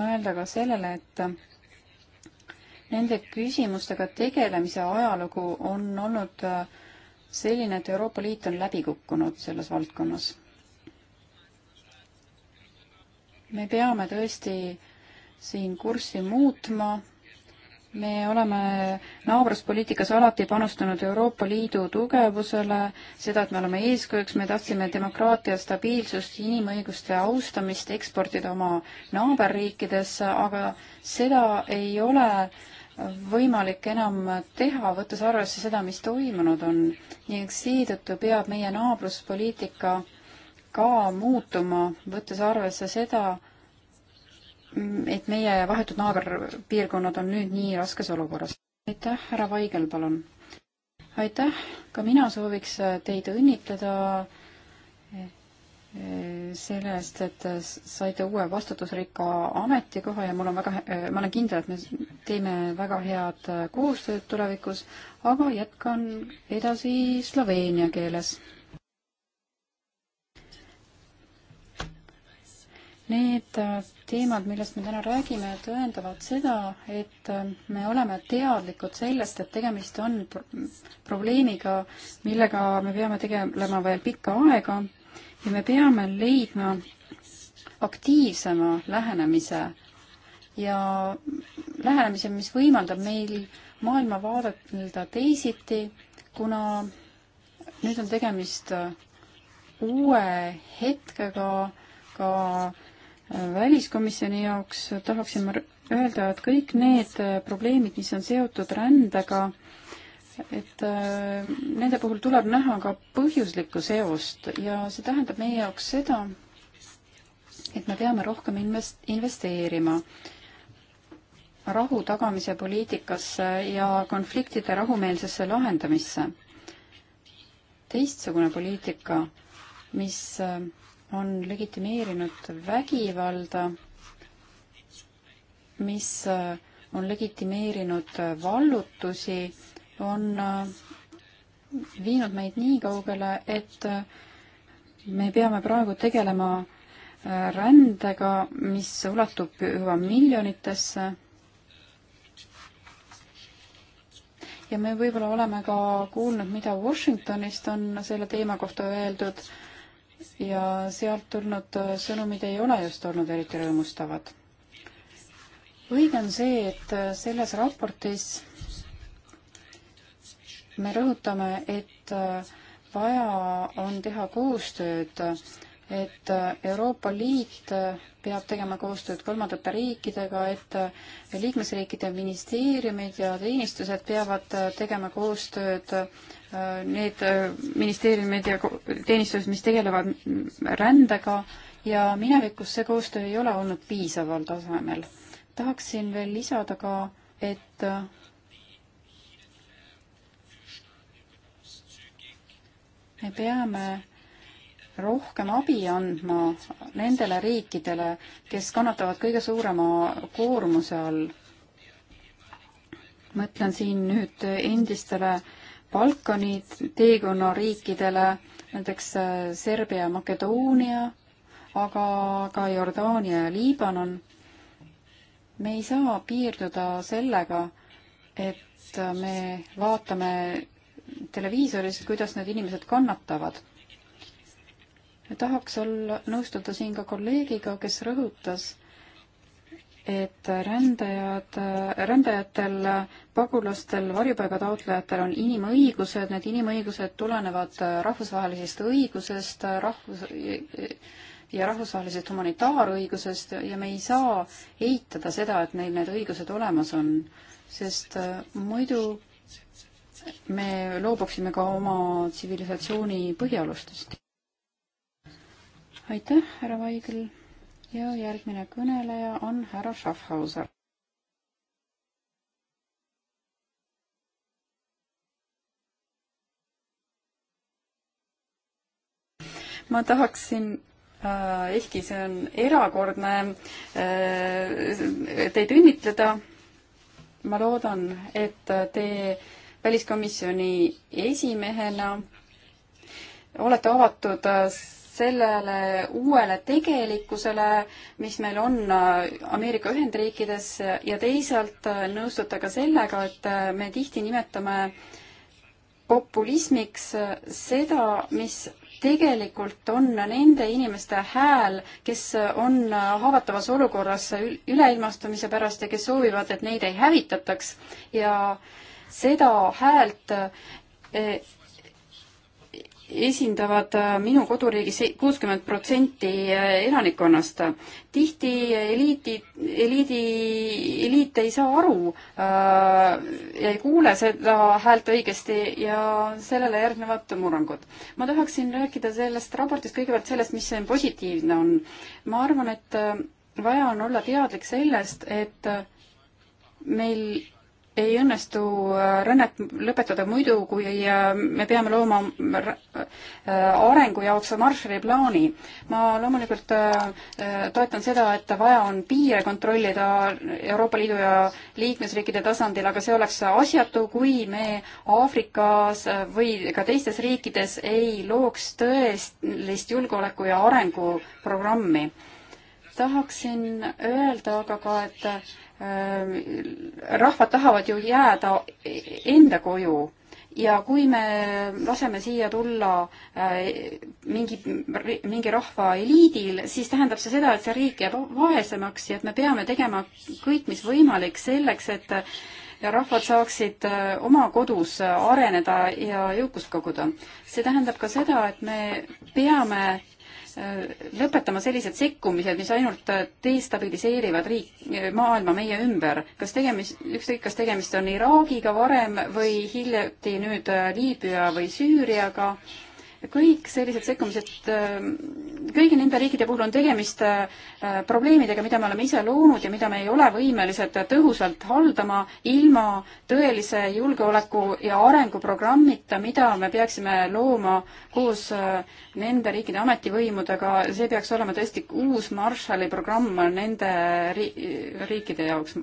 mõelda ka sellele, et nende küsimustega tegelemise ajalugu on olnud äh, selline, et Euroopa Liit on läbi kukkunud selles valdkonnas. me peame tõesti siin kurssi muutma, me oleme naabruspoliitikas alati panustanud Euroopa Liidu tugevusele, seda, et me oleme eeskujuks, me tahtsime demokraatia stabiilsust, inimõiguste austamist eksportida oma naaberriikidesse, aga seda ei ole äh, võimalik enam teha, võttes arvesse seda, mis toimunud on ning seetõttu peab meie naabruspoliitika ka muutuma, võttes arvesse seda, et meie vahetud naaberpiirkonnad on nüüd nii raskes olukorras. aitäh, härra Vaigel, palun! aitäh, ka mina sooviks teid õnnitleda selle eest, et saite uue vastutusrikka ametikoha ja mul on väga, ma olen kindel, et me teeme väga head koostööd tulevikus, aga jätkan edasi sloveenia keeles. Need teemad, millest me täna räägime, tõendavad seda, et me oleme teadlikud sellest, et tegemist on probleemiga, millega me peame tegelema veel pikka aega ja me peame leidma aktiivsema lähenemise ja lähenemise, mis võimaldab meil maailma vaadata teisiti, kuna nüüd on tegemist uue hetkega ka väliskomisjoni jaoks tahaksin ma öelda, et kõik need probleemid, mis on seotud rändega, et äh, nende puhul tuleb näha ka põhjuslikku seost ja see tähendab meie jaoks seda, et me peame rohkem invest-, investeerima rahu tagamise poliitikasse ja konfliktide rahumeelsesse lahendamisse. teistsugune poliitika, mis äh, on legitimeerinud vägivalda, mis äh, on legitimeerinud vallutusi, on äh, viinud meid nii kaugele, et äh, me peame praegu tegelema äh, rändega, mis ulatub juba miljonitesse. ja me võib-olla oleme ka kuulnud, mida Washingtonist on selle teema kohta öeldud ja sealt tulnud sõnumid ei ole just olnud eriti rõõmustavad. õige on see, et selles raportis me rõhutame, et äh, vaja on teha koostööd, et äh, Euroopa Liit äh, peab tegema koostööd kolmandate riikidega, et liikmesriikide ministeeriumid ja teenistused peavad tegema koostööd, need ministeeriumid ja teenistused, mis tegelevad rändega ja minevikus see koostöö ei ole olnud piisaval tasemel. tahaksin veel lisada ka, et me peame rohkem abi andma nendele riikidele, kes kannatavad kõige suurema koormuse all. mõtlen siin nüüd endistele Balkani teekonna riikidele, näiteks äh, Serbia ja Makedoonia, aga ka Jordaania ja Liibanon. me ei saa piirduda sellega, et me vaatame televiisorist, kuidas need inimesed kannatavad. tahaks olla, nõustuda siin ka kolleegiga, kes rõhutas, et rändajad, rändajatel, pagulastel, varjupaiga taotlejatel on inimõigused, need inimõigused tulenevad rahvusvahelisest õigusest, rahvus ja rahvusvahelisest humanitaarõigusest ja me ei saa eitada seda, et neil need õigused olemas on, sest muidu me loobuksime ka oma tsivilisatsiooni põhialustest. aitäh, härra Vaigel ja järgmine kõneleja on härra Schaffhauser. ma tahaksin äh,, ehkki see on erakordne äh,, teid õnnitleda. ma loodan, et te äh, väliskomisjoni esimehena olete avatud äh, sellele uuele tegelikkusele, mis meil on äh, Ameerika Ühendriikides ja teisalt äh, nõustute ka sellega, et me tihti nimetame populismiks seda, mis tegelikult on nende inimeste hääl, kes on haavatavas olukorras üleilmastumise pärast ja kes soovivad, et neid ei hävitataks ja äh, seda häält eh, esindavad eh, minu koduriigis kuuskümmend protsenti eh, elanikkonnast. tihti eliiti, eliidi, eliit ei saa aru ja ei kuule seda häält õigesti ja sellele järgnevad murrangud. ma tahaksin rääkida sellest raportist kõigepealt sellest, mis see positiivne on. ma arvan, et vaja on olla teadlik sellest, et meil ei õnnestu äh, rännet lõpetada muidu, kui äh, me peame looma äh, arengu jaoks Marshalli plaani. ma loomulikult toetan seda, et vaja on piire kontrollida Euroopa Liidu ja liikmesriikide tasandil, aga see oleks asjatu, kui me Aafrikas või ka teistes riikides ei looks tõelist julgeoleku ja arenguprogrammi tahaksin öelda aga ka, et Ehm, rahvad tahavad ju jääda enda koju ja kui me laseme siia tulla eh, mingi, mingi rahva eliidil, siis tähendab see seda, et see riik jääb vaesemaks ja et me peame tegema kõik, mis võimalik selleks, et rahvad saaksid eh, oma kodus areneda ja jõukust koguda. see tähendab ka seda, et me peame Äh, lõpetama sellised sekkumised, mis ainult äh, destabiliseerivad riik, äh, maailma meie ümber. kas tegemist, ükskõik, kas tegemist on Iraagiga varem või hiljuti nüüd Liibüa või Süüriaga, kõik sellised sekkumised, äh, kõigi nende riikide puhul on tegemist äh, probleemidega, mida me oleme ise loonud ja mida me ei ole võimelised tõhusalt haldama ilma tõelise julgeoleku ja arenguprogrammita, mida me peaksime looma koos äh, nende riikide ametivõimudega, see peaks olema tõesti uus Marshalli programm nende ri riikide jaoks.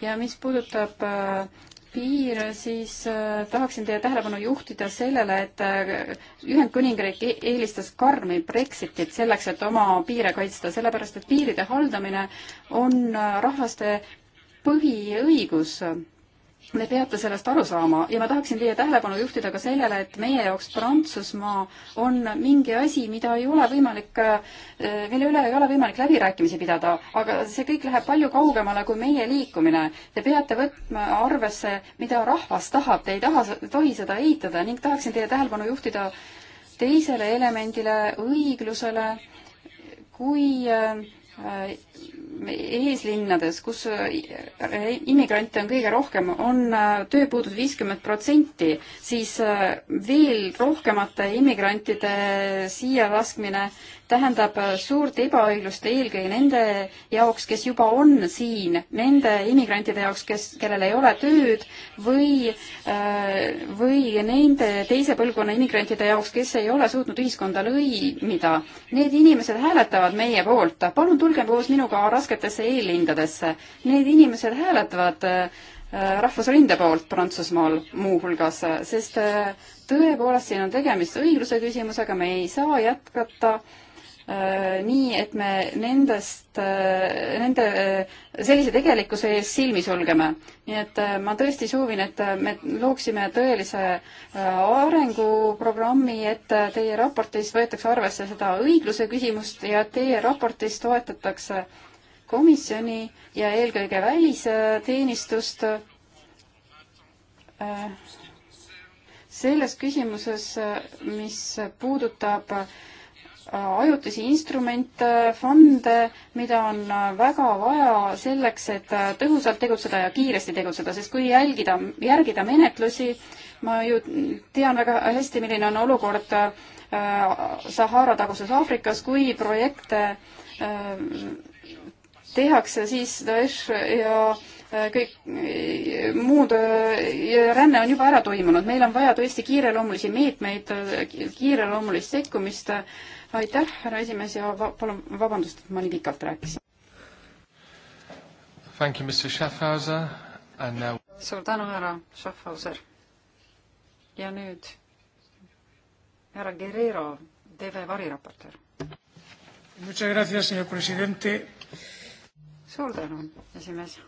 ja mis puudutab äh, piire, siis äh, tahaksin teie tähelepanu juhtida sellele, et äh, Ühendkuningriik e-, eelistas karmi Brexitit selleks, et oma piire kaitsta, sellepärast et piiride haldamine on äh, rahvaste põhiõigus me peate sellest aru saama ja ma tahaksin teie tähelepanu juhtida ka sellele, et meie jaoks Prantsusmaa on mingi asi, mida ei ole võimalik, äh, mille üle ei ole võimalik läbirääkimisi pidada, aga see kõik läheb palju kaugemale kui meie liikumine. Te peate võtma arvesse, mida rahvas tahab, te ei taha, tohi seda eitada ning tahaksin teie tähelepanu juhtida teisele elemendile, õiglusele, kui äh, Äh, eeslinnades, kus äh, immigrante on kõige rohkem, on äh, tööpuudus viiskümmend protsenti, siis veel rohkemate immigrantide siia laskmine tähendab äh, suurt ebaõiglust eelkõige nende jaoks, kes juba on siin, nende immigrantide jaoks, kes, kellel ei ole tööd või, äh, või nende teise põlvkonna immigrantide jaoks, kes ei ole suutnud ühiskonda lõimida. Need inimesed hääletavad meie poolt. palun tulge koos minuga rasketesse eellindadesse. Need inimesed hääletavad äh, rahvusrinde poolt Prantsusmaal muuhulgas, sest tõepoolest siin on tegemist õigluse küsimusega, me ei saa jätkata äh, Äh, nii, et me nendest, äh, nende äh, sellise tegelikkuse ees silmi sulgeme. nii et ma tõesti soovin, et me looksime tõelise arenguprogrammi, et teie raportis võetakse arvesse seda õigluse küsimust ja teie raportis toetatakse komisjoni ja eelkõige välisteenistust selles küsimuses, mis puudutab äh, ajutisi instrumente, fonde, mida on väga vaja selleks, et tõhusalt tegutseda ja kiiresti tegutseda, sest kui jälgida, järgida menetlusi, ma ju tean väga hästi, milline on olukord äh, Sahara taguses Aafrikas, kui projekte äh, tehakse, siis Daesh ja äh, kõik muud ränne on juba ära toimunud, meil on vaja tõesti kiireloomulisi meetmeid, kiireloomulist sekkumist aitäh, härra esimees ja va-, palun vabandust, et ma nii pikalt rääkisin. Thank you, Mr Schaffhauser and now suur tänu, härra Schaffhauser. ja nüüd härra Guerrero, TV variraportöör. Muchas gracias, señor presidente. suur tänu, esimees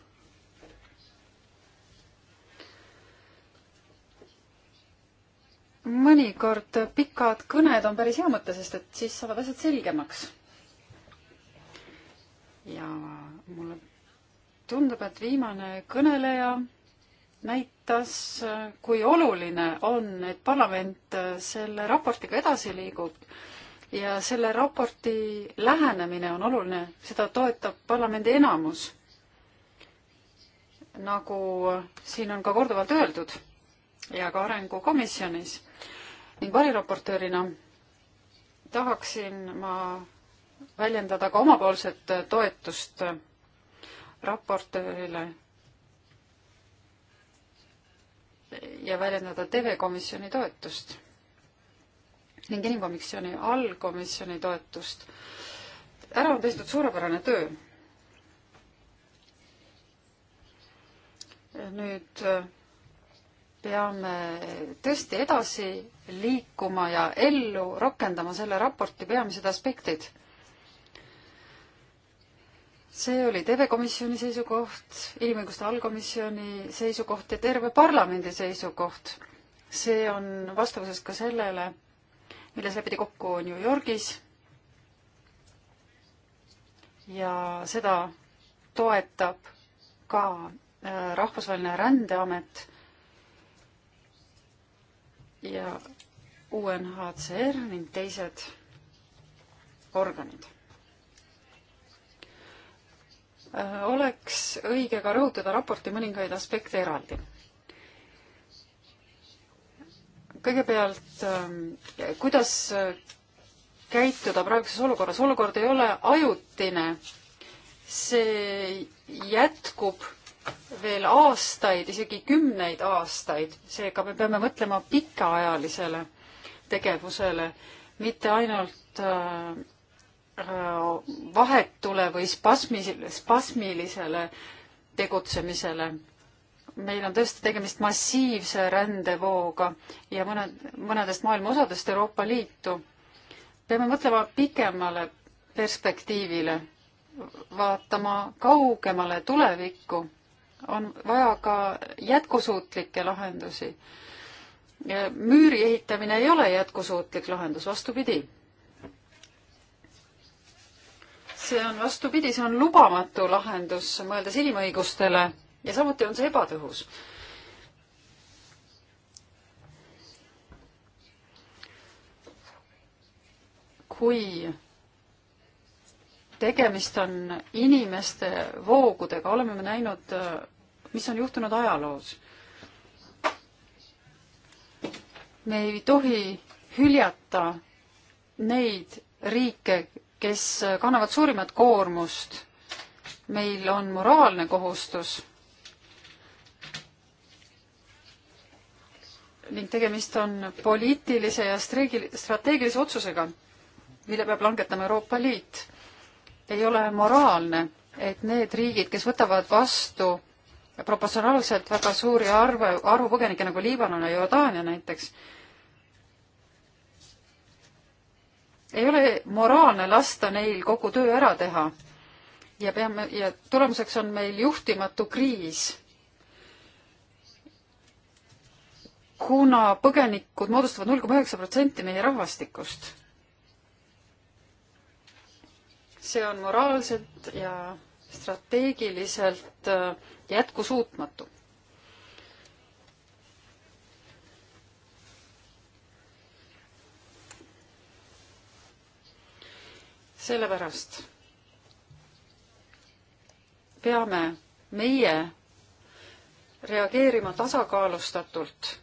mõnikord pikad kõned on päris hea mõte, sest et siis saavad asjad selgemaks. ja mulle tundub, et viimane kõneleja näitas, kui oluline on, et parlament selle raportiga edasi liigub ja selle raporti lähenemine on oluline, seda toetab parlamendi enamus. nagu siin on ka korduvalt öeldud ja ka Arengukomisjonis ning variraportöörina tahaksin ma väljendada ka omapoolset toetust raportöörile ja väljendada TV-komisjoni toetust ning inimkomisjoni allkomisjoni toetust. ära on tehtud suurepärane töö. nüüd peame tõesti edasi liikuma ja ellu rakendama selle raporti peamised aspektid. see oli TV Komisjoni seisukoht, Inimõiguste allkomisjoni seisukoht ja terve parlamendi seisukoht. see on vastavuses ka sellele, milles lepiti kokku New Yorgis. ja seda toetab ka äh, rahvusvaheline rändeamet ja UNHCR ning teised organid. Äh, oleks õige ka rõhutada raporti mõningaid aspekte eraldi. kõigepealt, ähm, kuidas äh, käituda praeguses olukorras, olukord ei ole ajutine, see jätkub veel aastaid, isegi kümneid aastaid, seega me peame mõtlema pikaajalisele tegevusele, mitte ainult äh, äh, vahetule või spasmisele, spasmilisele tegutsemisele. meil on tõesti tegemist massiivse rändevooga ja mõned, mõnedest maailma osadest Euroopa Liitu. peame mõtlema pikemale perspektiivile, vaatama kaugemale tulevikku on vaja ka jätkusuutlikke lahendusi. müüri ehitamine ei ole jätkusuutlik lahendus, vastupidi. see on vastupidi, see on lubamatu lahendus, mõeldes inimõigustele ja samuti on see ebatõhus. kui tegemist on inimeste voogudega, oleme me näinud äh, mis on juhtunud ajaloos. me ei tohi hüljata neid riike, kes kannavad suurimat koormust. meil on moraalne kohustus ning tegemist on poliitilise ja strateegilise otsusega, mille peab langetama Euroopa Liit. ei ole moraalne, et need riigid, kes võtavad vastu proportsionaalselt väga suuri arve, arvu põgenikke nagu Liibanon ja Jordaania näiteks, ei ole moraalne lasta neil kogu töö ära teha. ja peame, ja tulemuseks on meil juhtimatu kriis. kuna põgenikud moodustavad null koma üheksa protsenti meie rahvastikust. see on moraalselt ja strateegiliselt äh, jätkusuutmatu. sellepärast peame meie reageerima tasakaalustatult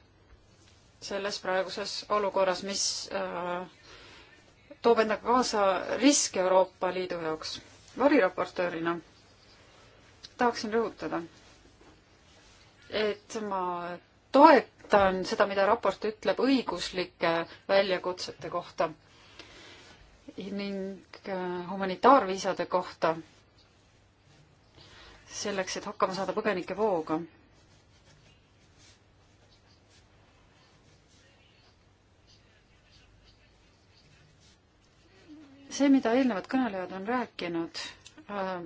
selles praeguses olukorras, mis äh, toob endaga kaasa risk Euroopa Liidu jaoks. variraportöörina tahaksin rõhutada, et ma toetan seda, mida raport ütleb õiguslike väljakutsete kohta ning äh, humanitaarviisade kohta, selleks, et hakkama saada põgenike vooga. see, mida eelnevad kõnelejad on rääkinud, ähm,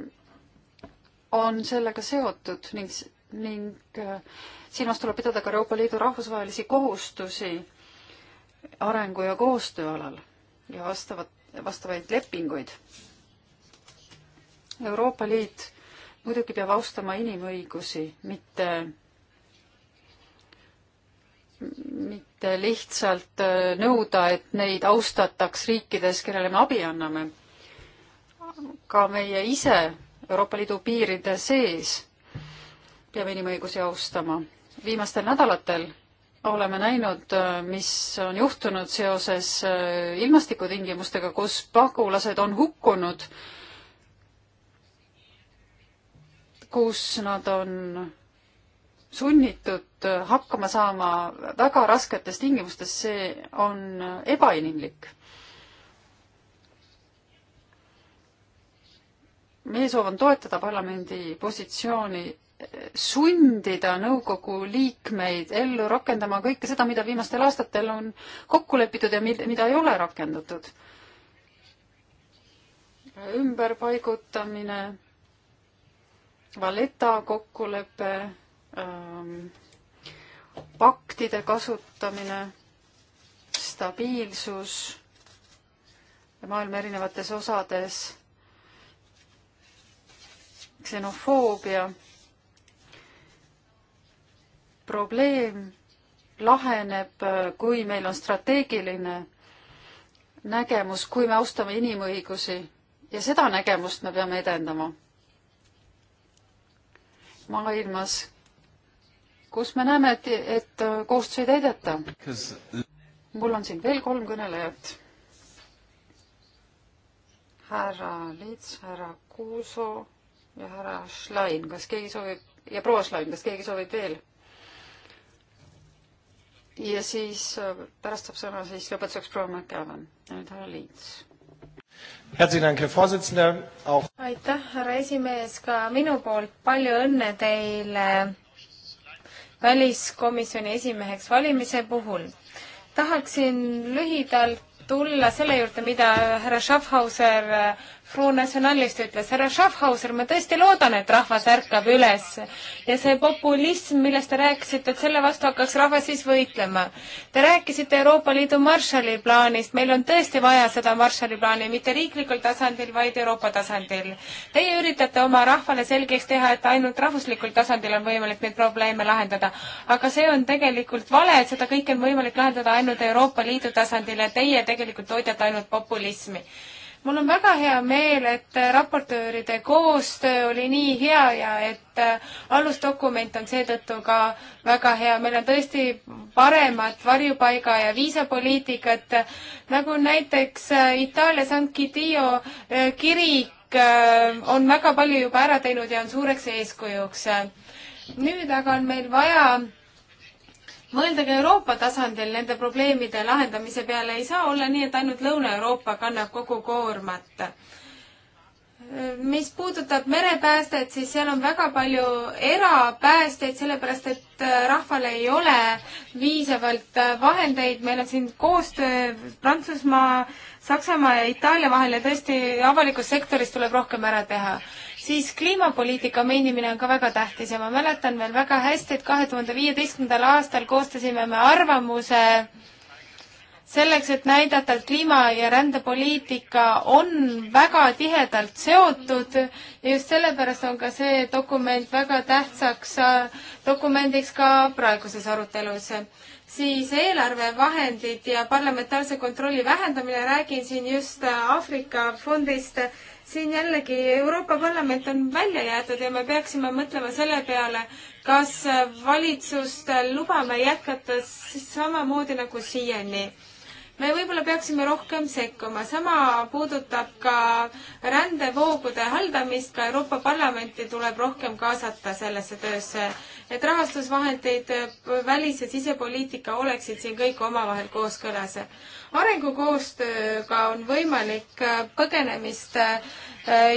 on sellega seotud ning, ning äh, silmas tuleb pidada ka Euroopa Liidu rahvusvahelisi kohustusi arengu ja koostöö alal ja vastavat, vastavaid lepinguid. Euroopa Liit muidugi peab austama inimõigusi, mitte, mitte lihtsalt äh, nõuda, et neid austataks riikides, kellele me abi anname. ka meie ise Euroopa Liidu piiride sees peame inimõigusi austama. viimastel nädalatel oleme näinud, äh, mis on juhtunud seoses äh, ilmastikutingimustega, kus pagulased on hukkunud, kus nad on sunnitud äh, hakkama saama väga rasketes tingimustes, see on ebainimlik meie soov on toetada parlamendi positsiooni, sundida nõukogu liikmeid ellu rakendama kõike seda, mida viimastel aastatel on kokku lepitud ja mida ei ole rakendatud. ümberpaigutamine, Valeta kokkulepe ähm,, paktide kasutamine, stabiilsus maailma erinevates osades ksenofoobia probleem laheneb, äh, kui meil on strateegiline nägemus, kui me austame inimõigusi ja seda nägemust me peame edendama maailmas, kus me näeme, et, et äh, kohustus ei täideta. mul on siin veel kolm kõnelejat. härra Liits, härra Kuuso ja härra Schlein, kas keegi soovib ja proua Schlein, kas keegi soovib veel? ja siis äh, pärast saab sõna siis lõpetuseks proua McEwan ja nüüd härra Liits. aitäh, härra esimees, ka minu poolt palju õnne teile väliskomisjoni esimeheks valimise puhul. tahaksin lühidalt tulla selle juurde, mida härra Schaffhauser äh, Fruu Nationalist ütles, härra Schaffhauser, ma tõesti loodan, et rahvas ärkab üles ja see populism, millest te rääkisite, et selle vastu hakkaks rahvas siis võitlema. Te rääkisite Euroopa Liidu Marshalli plaanist, meil on tõesti vaja seda Marshalli plaani mitte riiklikul tasandil, vaid Euroopa tasandil. Teie üritate oma rahvale selgeks teha, et ainult rahvuslikul tasandil on võimalik neid probleeme lahendada, aga see on tegelikult vale, et seda kõike on võimalik lahendada ainult Euroopa Liidu tasandil ja teie tegelikult toidate ainult populismi mul on väga hea meel, et äh, raportööride koostöö oli nii hea ja et äh, alusdokument on seetõttu ka väga hea. meil on tõesti paremat varjupaiga ja viisapoliitikat, nagu näiteks äh, Itaalia San Gidio kirik on väga palju juba ära teinud ja on suureks eeskujuks. nüüd aga on meil vaja mõeldagi Euroopa tasandil nende probleemide lahendamise peale, ei saa olla nii, et ainult Lõuna-Euroopa kannab kogu koormat mis puudutab merepäästet, siis seal on väga palju erapäästjaid, sellepärast et äh, rahval ei ole piisavalt äh, vahendeid. meil on siin koostöö Prantsusmaa, Saksamaa ja Itaalia vahel ja tõesti avalikus sektoris tuleb rohkem ära teha siis kliimapoliitika mainimine on ka väga tähtis ja ma mäletan veel väga hästi, et kahe tuhande viieteistkümnendal aastal koostasime me arvamuse selleks, et näidata, et kliima- ja rändepoliitika on väga tihedalt seotud ja just sellepärast on ka see dokument väga tähtsaks äh, dokumendiks ka praeguses arutelus siis eelarvevahendid ja parlamentaarse kontrolli vähendamine, räägin siin just Aafrika fondist, siin jällegi Euroopa Parlament on välja jäetud ja me peaksime mõtlema selle peale, kas valitsustel lubame jätkata samamoodi nagu siiani me võib-olla peaksime rohkem sekkuma, sama puudutab ka rändevoogude haldamist, ka Euroopa Parlamenti tuleb rohkem kaasata sellesse töösse et rahastusvahendeid, äh, välis- ja sisepoliitika oleksid siin kõik omavahel kooskõlas. arengukoostööga on võimalik äh, põgenemist äh,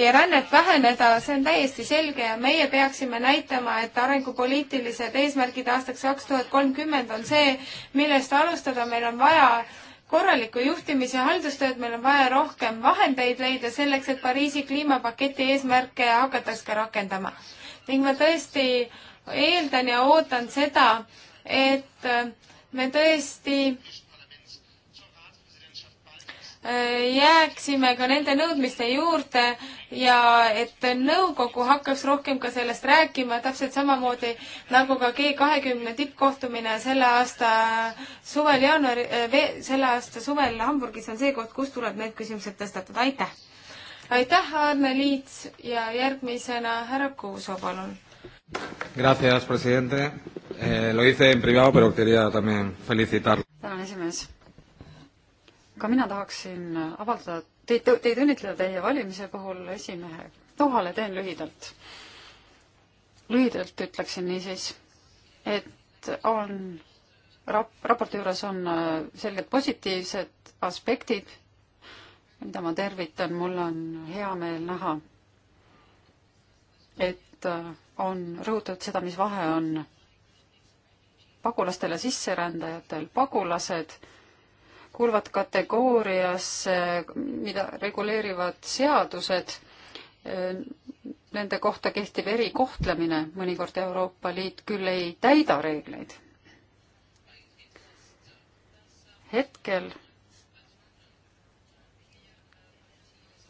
ja rännet väheneda, see on täiesti selge ja meie peaksime näitama, et arengupoliitilised eesmärgid aastaks kaks tuhat kolmkümmend on see, millest alustada meil on vaja korralikku juhtimis- ja haldustööd, meil on vaja rohkem vahendeid leida selleks, et Pariisi kliimapaketi eesmärke hakataks ka rakendama. ning ma tõesti eeldan ja ootan seda, et äh, me tõesti äh, jääksime ka nende nõudmiste juurde ja et nõukogu hakkaks rohkem ka sellest rääkima, täpselt samamoodi nagu ka G kahekümne tippkohtumine selle aasta suvel jaanuari, äh, selle aasta suvel Hamburgis on see koht, kus tuleb need küsimused tõstatada, aitäh! aitäh, Arne Liits ja järgmisena härra Kuusoo, palun! Gracias, presidente. Eh, lo hice en privado, pero quería también felicitar. tänan, esimees. ka mina tahaksin avaldada teid, teid õnnitleda teie valimise puhul esimehe kohale, teen lühidalt. lühidalt ütleksin niisiis, et on rap-, raporti juures on äh, selgelt positiivsed aspektid, mida ma tervitan, mul on hea meel näha, et äh, on rõhutatud seda, mis vahe on pagulastel ja sisserändajatel. pagulased kuuluvad kategooriasse, mida reguleerivad seadused. Nende kohta kehtib erikohtlemine, mõnikord Euroopa Liit küll ei täida reegleid. hetkel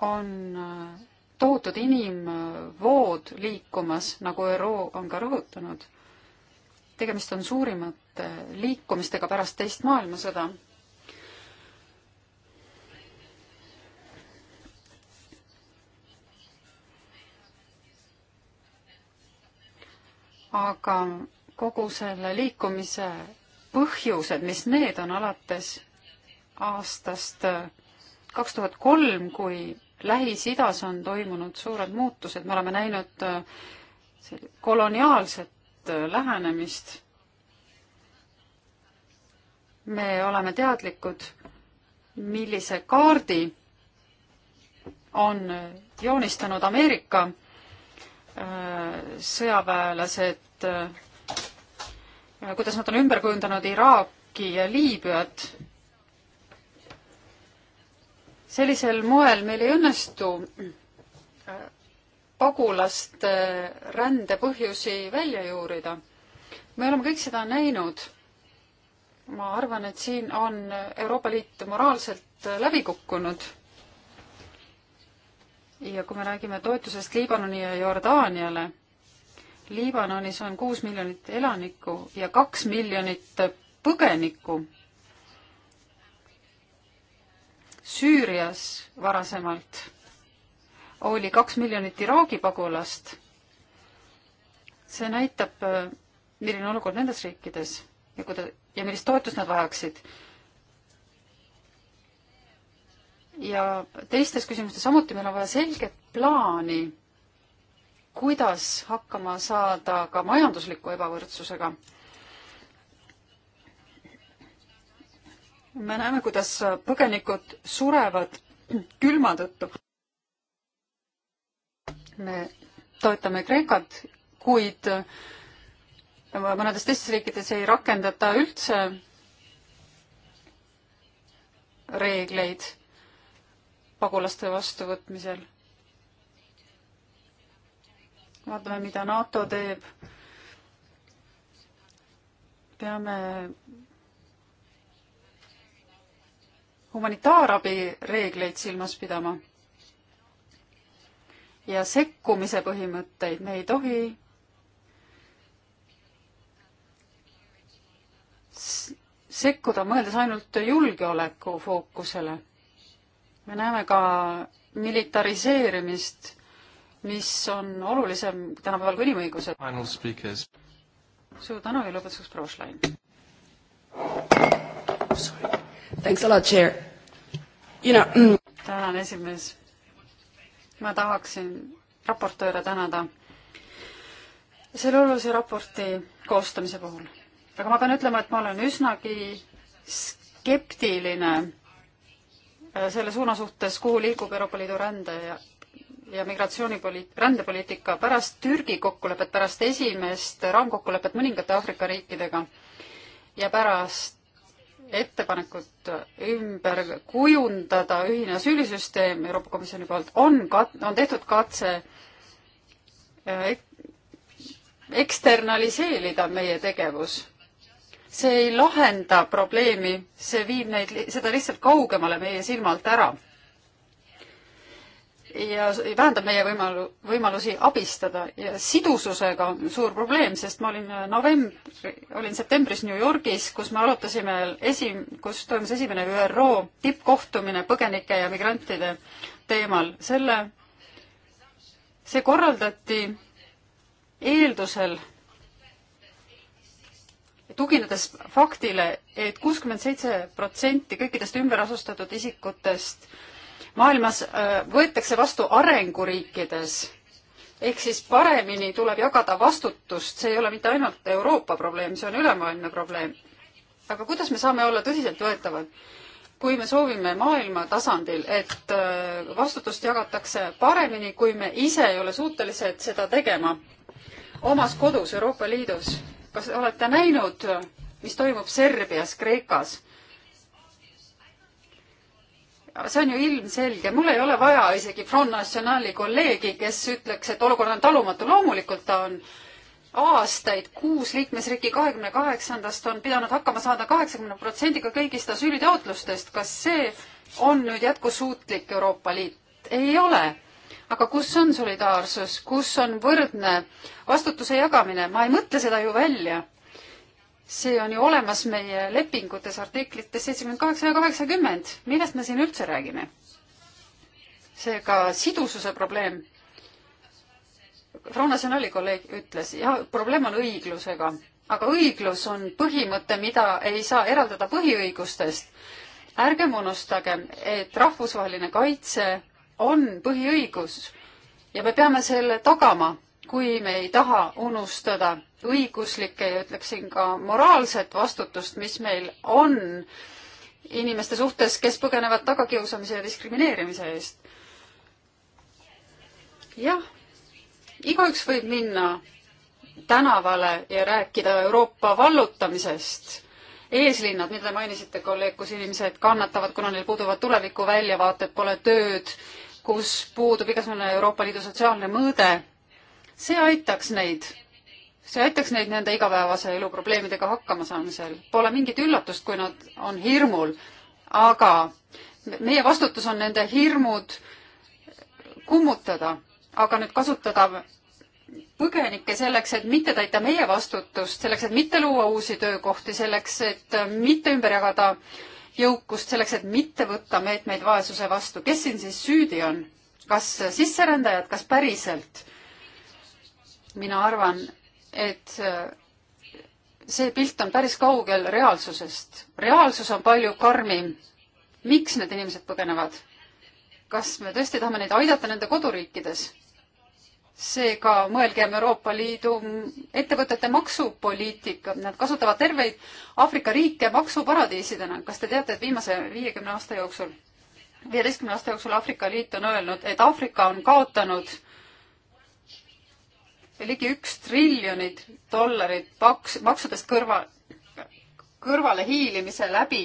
on tohutud inimvood liikumas, nagu ÜRO on ka rõhutanud. tegemist on suurimate liikumistega pärast teist maailmasõda. aga kogu selle liikumise põhjused, mis need on alates aastast äh, kaks tuhat kolm, kui Lähis-Idas on toimunud suured muutused, me oleme näinud äh, koloniaalset äh, lähenemist. me oleme teadlikud, millise kaardi on äh, joonistanud Ameerika sõjaväelased, kuidas nad on ümber kujundanud Iraaki ja Liibüat sellisel moel meil ei õnnestu äh, pagulaste äh, rände põhjusi välja juurida. me oleme kõik seda näinud. ma arvan, et siin on Euroopa Liit moraalselt äh, läbi kukkunud. ja kui me räägime toetusest Liibanoni ja Jordaaniale, Liibanonis on kuus miljonit elanikku ja kaks miljonit põgenikku Süürias varasemalt oli kaks miljonit Iraagi pagulast. see näitab, äh, milline olukord nendes riikides ja kuida- ja millist toetust nad vajaksid. ja teistes küsimustes samuti meil on vaja selget plaani, kuidas hakkama saada ka majandusliku ebavõrdsusega me näeme, kuidas põgenikud surevad külma tõttu. me toetame Kreekat, kuid mõnedes teistes riikides ei rakendata üldse reegleid pagulaste vastuvõtmisel. vaatame, mida NATO teeb. peame humanitaarabi reegleid silmas pidama ja sekkumise põhimõtteid, me ei tohi sekkuda, mõeldes ainult julgeoleku fookusele. me näeme ka militariseerimist, mis on olulisem tänapäeval kui inimõigused. suur tänu ja lõpetuseks proua Schlein. Thanks a lot, Chair. You know... Mm. tänan, esimees. ma tahaksin raportööre tänada selle olulise raporti koostamise puhul. aga ma pean ütlema, et ma olen üsnagi skeptiline äh, selle suuna suhtes, kuhu liigub Euroopa Liidu rände ja, ja migratsioonipoliit-, rändepoliitika pärast Türgi kokkulepet, pärast esimest raamkokkulepet mõningate Aafrika riikidega ja pärast ettepanekut ümber kujundada ühine asüülisüsteem Euroopa Komisjoni poolt, on kat-, on tehtud katse äh, ek-, eksternaliseerida meie tegevus. see ei lahenda probleemi, see viib neid, seda lihtsalt kaugemale meie silmalt ära ja vähendab meie võimalu-, võimalusi abistada ja sidususega on suur probleem, sest ma olin äh, novembri, olin septembris New Yorgis, kus me arutasime esim-, kus toimus esimene ÜRO tippkohtumine põgenike ja migrantide teemal. selle, see korraldati eeldusel, tuginedes faktile et, et kuuskümmend seitse protsenti kõikidest ümberasustatud isikutest maailmas äh, võetakse vastu arenguriikides ehk siis paremini tuleb jagada vastutust, see ei ole mitte ainult Euroopa probleem, see on ülemaailmne probleem. aga kuidas me saame olla tõsiseltvõetavad, kui me soovime maailma tasandil, et äh, vastutust jagatakse paremini, kui me ise ei ole suutelised seda tegema omas kodus Euroopa Liidus? kas olete näinud, mis toimub Serbias, Kreekas? see on ju ilmselge, mul ei ole vaja isegi Front Nationali kolleegi, kes ütleks, et olukord on talumatu, loomulikult ta on aastaid kuus liikmesriiki kahekümne kaheksandast on pidanud hakkama saada kaheksakümne protsendiga kõigist asüülitaotlustest. kas see on nüüd jätkusuutlik Euroopa Liit? ei ole. aga kus on solidaarsus, kus on võrdne vastutuse jagamine? ma ei mõtle seda ju välja see on ju olemas meie lepingutes artiklites seitsekümmend kaheksa ja kaheksakümmend, millest me siin üldse räägime? seega sidususe probleem. Frau Nationali kolleeg ütles, jah, probleem on õiglusega, aga õiglus on põhimõte, mida ei saa eraldada põhiõigustest. ärgem unustagem, et rahvusvaheline kaitse on põhiõigus ja me peame selle tagama kui me ei taha unustada õiguslikke ja ütleksin ka moraalset vastutust, mis meil on inimeste suhtes, kes põgenevad tagakiusamise ja diskrimineerimise eest. jah, igaüks võib minna tänavale ja rääkida Euroopa vallutamisest. eeslinnad, mida te mainisite, kolleeg, kus inimesed kannatavad, kuna neil puuduvad tulevikuväljavaated, pole tööd, kus puudub igasugune Euroopa Liidu sotsiaalne mõõde see aitaks neid, see aitaks neid nende igapäevase elu probleemidega hakkama saamisel. Pole mingit üllatust, kui nad on hirmul, aga meie vastutus on nende hirmud kummutada, aga nüüd kasutada põgenikke selleks, et mitte täita meie vastutust, selleks, et mitte luua uusi töökohti, selleks, et mitte ümber jagada jõukust, selleks, et mitte võtta meetmeid vaesuse vastu. kes siin siis süüdi on? kas sisserändajad, kas päriselt? mina arvan, et see pilt on päris kaugel reaalsusest. reaalsus on palju karmim. miks need inimesed põgenevad? kas me tõesti tahame neid aidata nende koduriikides? seega mõelgem Euroopa Liidu ettevõtete maksupoliitika, nad kasutavad terveid Aafrika riike maksuparadiisidena. kas te teate, et viimase viiekümne aasta jooksul, viieteistkümne aasta jooksul Aafrika Liit on öelnud, et Aafrika on kaotanud ligi üks triljonit dollarit paks, maksudest kõrva, kõrvale hiilimise läbi,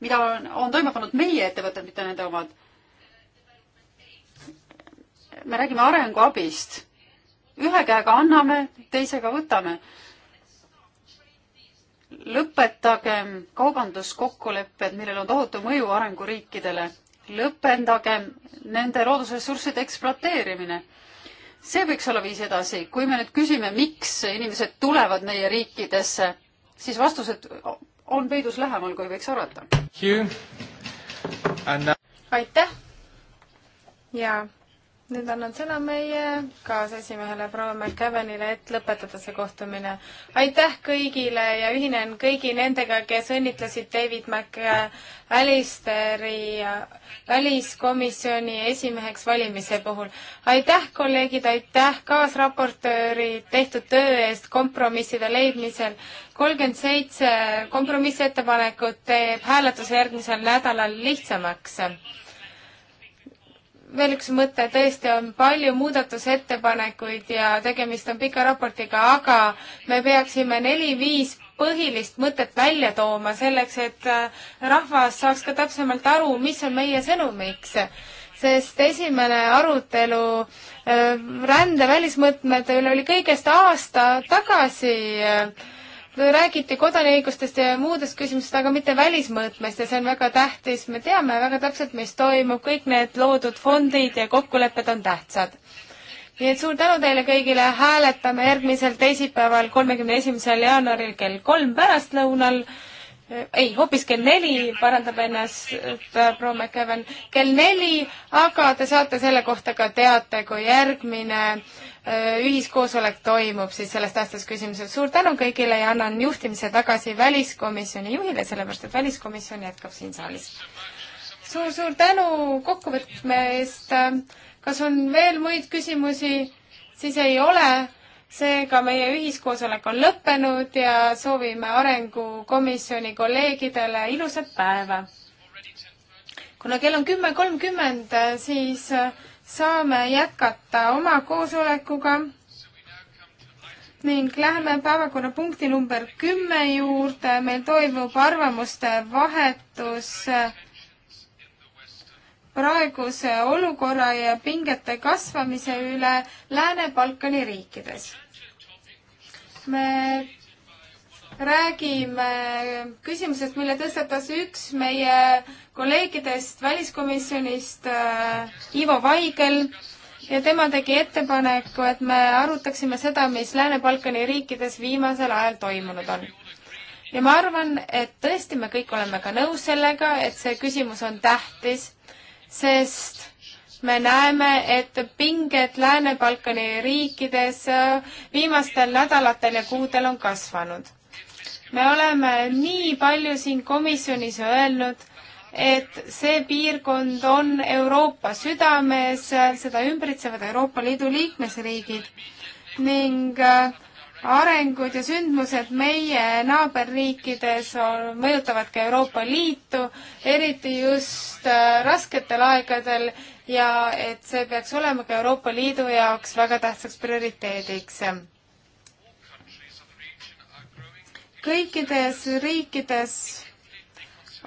mida on, on toime pannud meie ettevõtted, mitte nende omad. me räägime arenguabist. ühe käega anname, teisega võtame. lõpetagem kaubanduskokkulepped, millel on tohutu mõju arenguriikidele. lõpetagem nende loodusressursside ekspluateerimine see võiks olla viis edasi, kui me nüüd küsime, miks inimesed tulevad meie riikidesse, siis vastused on peidus lähemal, kui võiks arvata. aitäh ja nüüd annan sõna meie kaasesimehele proua McCavenile, et lõpetada see kohtumine. aitäh kõigile ja ühinen kõigi nendega, kes õnnitlesid David McAllisteri väliskomisjoni esimeheks valimise puhul. aitäh, kolleegid, aitäh kaasraportööri tehtud töö eest kompromisside leidmisel. kolmkümmend seitse kompromissettepanekut teeb hääletuse järgmisel nädalal lihtsamaks veel üks mõte, tõesti on palju muudatusettepanekuid ja tegemist on pika raportiga, aga me peaksime neli-viis põhilist mõtet välja tooma selleks, et äh, rahvas saaks ka täpsemalt aru, mis on meie sõnumiks. sest esimene arutelu äh, rände välismõõtmete üle oli kõigest aasta tagasi äh, räägiti kodaniõigustest ja muudest küsimustest, aga mitte välismõõtmest ja see on väga tähtis. me teame väga täpselt, mis toimub, kõik need loodud fondid ja kokkulepped on tähtsad. nii et suur tänu teile kõigile, hääletame järgmisel teisipäeval, kolmekümne esimesel jaanuaril kell kolm pärastlõunal ei, hoopis kell neli parandab ennast äh, proua McEwen, kell neli, aga te saate selle kohta ka teate, kui järgmine äh, ühiskoosolek toimub siis selles tähtsas küsimuses. suur tänu kõigile ja annan juhtimise tagasi väliskomisjoni juhile, sellepärast et väliskomisjon jätkab siin saalis suur,. suur-suur tänu kokkuvõtme eest. kas on veel muid küsimusi? siis ei ole seega meie ühiskoosolek on lõppenud ja soovime Arengukomisjoni kolleegidele ilusat päeva. kuna kell on kümme kolmkümmend, siis saame jätkata oma koosolekuga ning läheme päevakorrapunkti number kümme juurde. meil toimub arvamuste vahetus praeguse olukorra ja pingete kasvamise üle Lääne-Balkani riikides. me räägime küsimusest, mille tõstatas üks meie kolleegidest väliskomisjonist äh, Ivo Vaigel ja tema tegi ettepaneku, et me arutaksime seda, mis Lääne-Balkani riikides viimasel ajal toimunud on. ja ma arvan, et tõesti, me kõik oleme ka nõus sellega, et see küsimus on tähtis sest me näeme, et pinged Lääne-Balkani riikides äh, viimastel nädalatel ja kuudel on kasvanud. me oleme nii palju siin komisjonis öelnud, et see piirkond on Euroopa südames, äh, seda ümbritsevad Euroopa Liidu liikmesriigid ning äh, arengud ja sündmused meie naaberriikides on, mõjutavad ka Euroopa Liitu, eriti just äh, rasketel aegadel ja et see peaks olema ka Euroopa Liidu jaoks väga tähtsaks prioriteediks. kõikides riikides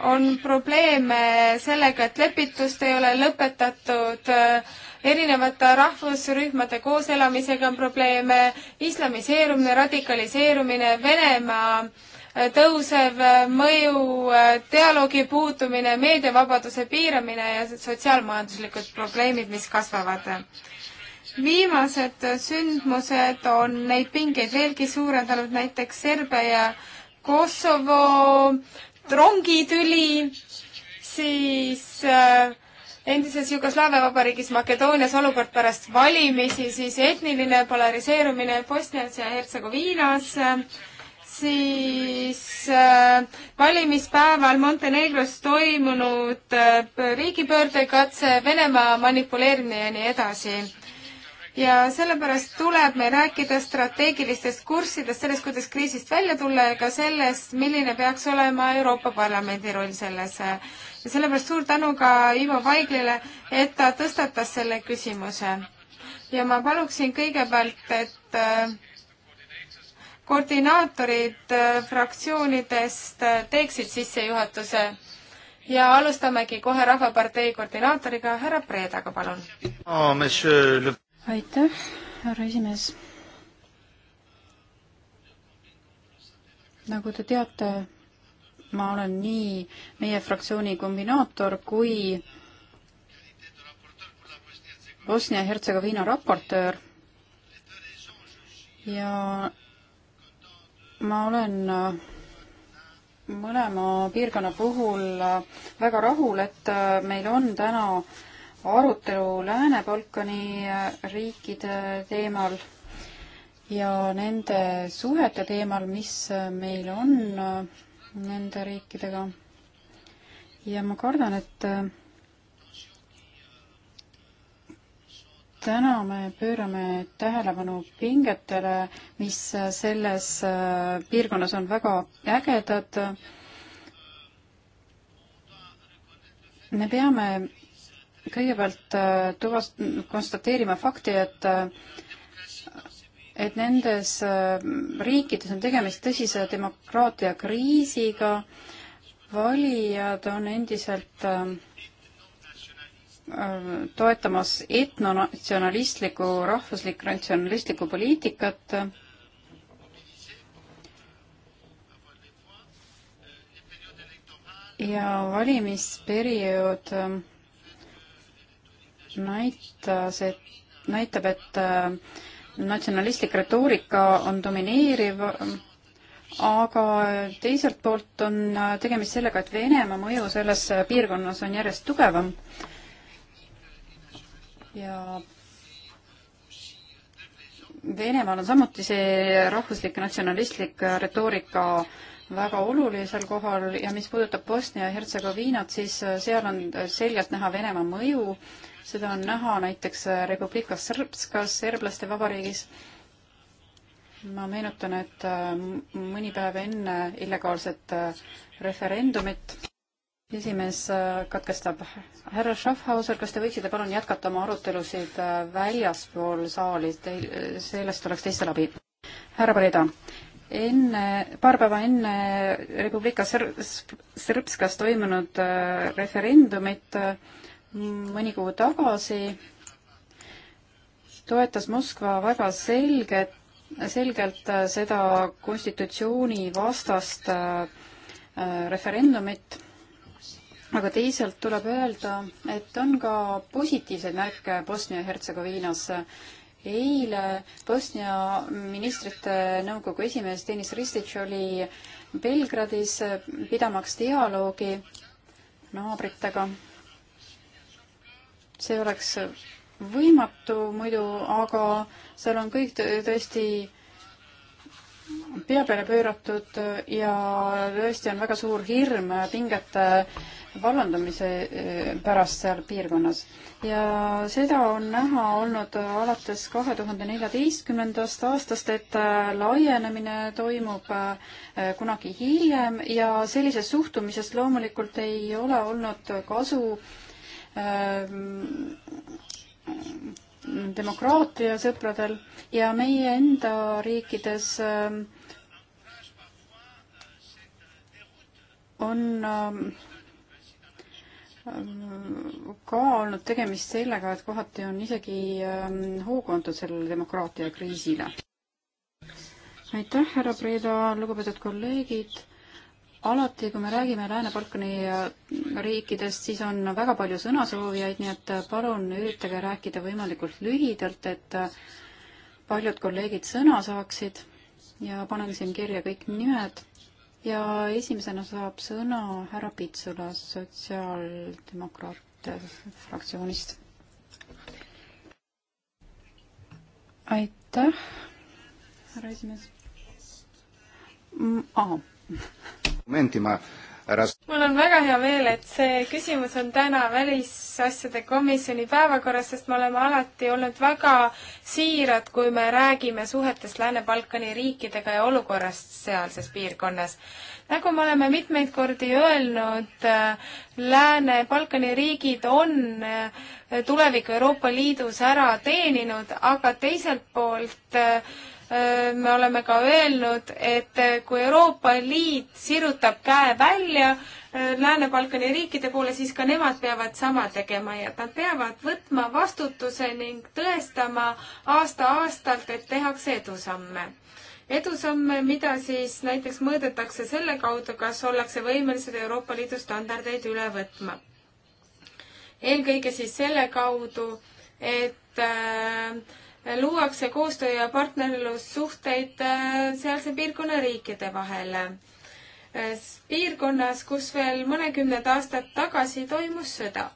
on probleeme sellega, et lepitust ei ole lõpetatud äh, erinevate rahvusrühmade kooselamisega on probleeme, islamiseerumine, radikaliseerumine, Venemaa äh, tõusev äh, mõju, äh, dialoogi puutumine, meediavabaduse piiramine ja sotsiaalmajanduslikud probleemid, mis kasvavad. viimased sündmused on neid pingeid veelgi suurendanud, näiteks Serbia ja Kosovo rongitüli, siis äh, endises Jugoslaavia vabariigis Makedoonias olukord pärast valimisi, siis etniline polariseerumine Bosnias ja Hertsegoviinas, siis äh, valimispäeval Montenegros toimunud äh, riigipöördekatse, Venemaa manipuleerimine ja nii edasi ja sellepärast tuleb meil rääkida strateegilistest kurssidest, sellest, kuidas kriisist välja tulla ja ka sellest, milline peaks olema Euroopa Parlamendi roll selles ja sellepärast suur tänu ka Ivo Vaiglile, et ta tõstatas selle küsimuse. ja ma paluksin kõigepealt, et äh, koordinaatorid äh, fraktsioonidest äh, teeksid sissejuhatuse ja alustamegi kohe Rahvapartei koordinaatoriga, härra Preedaga, palun oh,. Le... aitäh, härra esimees. nagu te teate, ma olen nii meie fraktsiooni kombinaator kui Bosnia-Hertsegoviina raportöör ja ma olen äh, mõlema piirkonna puhul äh, väga rahul, et äh, meil on täna arutelu Lääne-Balkani riikide teemal ja nende suhete teemal, mis meil on nende riikidega. ja ma kardan, et täna me pöörame tähelepanu pingetele, mis selles äh, piirkonnas on väga ägedad. me peame kõigepealt äh, tuvast-, konstateerima fakti, et äh, et nendes äh, riikides on tegemist tõsise demokraatia kriisiga, valijad on endiselt äh, äh, toetamas etnonatsionalistlikku, rahvuslik-natsionalistlikku poliitikat ja valimisperiood näitas, et, näitab, et natsionalistlik retoorika on domineeriv, aga teiselt poolt on tegemist sellega, et Venemaa mõju selles piirkonnas on järjest tugevam ja Venemaal on samuti see rahvuslik natsionalistlik retoorika väga olulisel kohal ja mis puudutab Bosnia ja Hertsegoviinat, siis seal on selgelt näha Venemaa mõju äh, seda on näha näiteks äh, Republika Srpskas, serblaste vabariigis. ma meenutan, et äh, mõni päev enne illegaalset äh, referendumit esimees katkestab. härra Schaffhauser, kas te võiksite palun jätkata oma arutelusid väljaspool saali, teil, sellest oleks teistel abi. härra Preda, enne, paar päeva enne Republika Srpskas toimunud referendumit äh, mõni kuu tagasi toetas Moskva väga selget, selgelt seda konstitutsiooni vastast äh, referendumit, aga teisalt tuleb öelda, et on ka positiivseid märke Bosnia-Hertsegoviinas. eile Bosnia ministrite nõukogu esimees Deniss Ristitš oli Belgradis pidamaks dialoogi naabritega no, see oleks võimatu muidu, aga seal on kõik tõesti pea peale pööratud ja tõesti on väga suur hirm pingete vallandamise eh, pärast seal piirkonnas. ja seda on näha olnud alates kahe tuhande neljateistkümnendast aastast, et eh, laienemine toimub eh, kunagi hiljem ja sellisest suhtumisest loomulikult ei ole olnud kasu äh, Ähm, demokraatia sõpradel ja meie enda riikides ähm, on ähm, ka olnud tegemist sellega, et kohati on isegi hoogu antud sellele demokraatia kriisile. aitäh, härra Preeda, lugupeetud kolleegid alati, kui me räägime Lääne-Balkani äh, riikidest, siis on väga palju sõnasoovijaid, nii et äh, palun üritage rääkida võimalikult lühidalt, et äh, paljud kolleegid sõna saaksid ja panen siin kirja kõik nimed. ja esimesena saab sõna härra Pitsula Sotsiaaldemokraatide fraktsioonist. aitäh, härra esimees. aa mentima rast-. mul on väga hea meel, et see küsimus on täna Välisasjade Komisjoni päevakorras, sest me oleme alati olnud väga siirad, kui me räägime suhetest Lääne-Balkani riikidega ja olukorrast sealses piirkonnas. nagu me oleme mitmeid kordi öelnud, äh, Lääne-Balkani riigid on äh, tuleviku Euroopa Liidus ära teeninud, aga teiselt poolt äh, me oleme ka öelnud, et äh, kui Euroopa Liit sirutab käe välja äh, Lääne-Balkani riikide poole, siis ka nemad peavad sama tegema ja nad peavad võtma vastutuse ning tõestama aasta-aastalt, et tehakse edusamme edusamme, mida siis näiteks mõõdetakse selle kaudu, kas ollakse võimelised Euroopa Liidu standardeid üle võtma. eelkõige siis selle kaudu, et äh, luuakse koostöö ja partnerlussuhteid äh, sealse piirkonna riikide vahel. Äh, piirkonnas, kus veel mõnekümned aastad tagasi toimus sõda.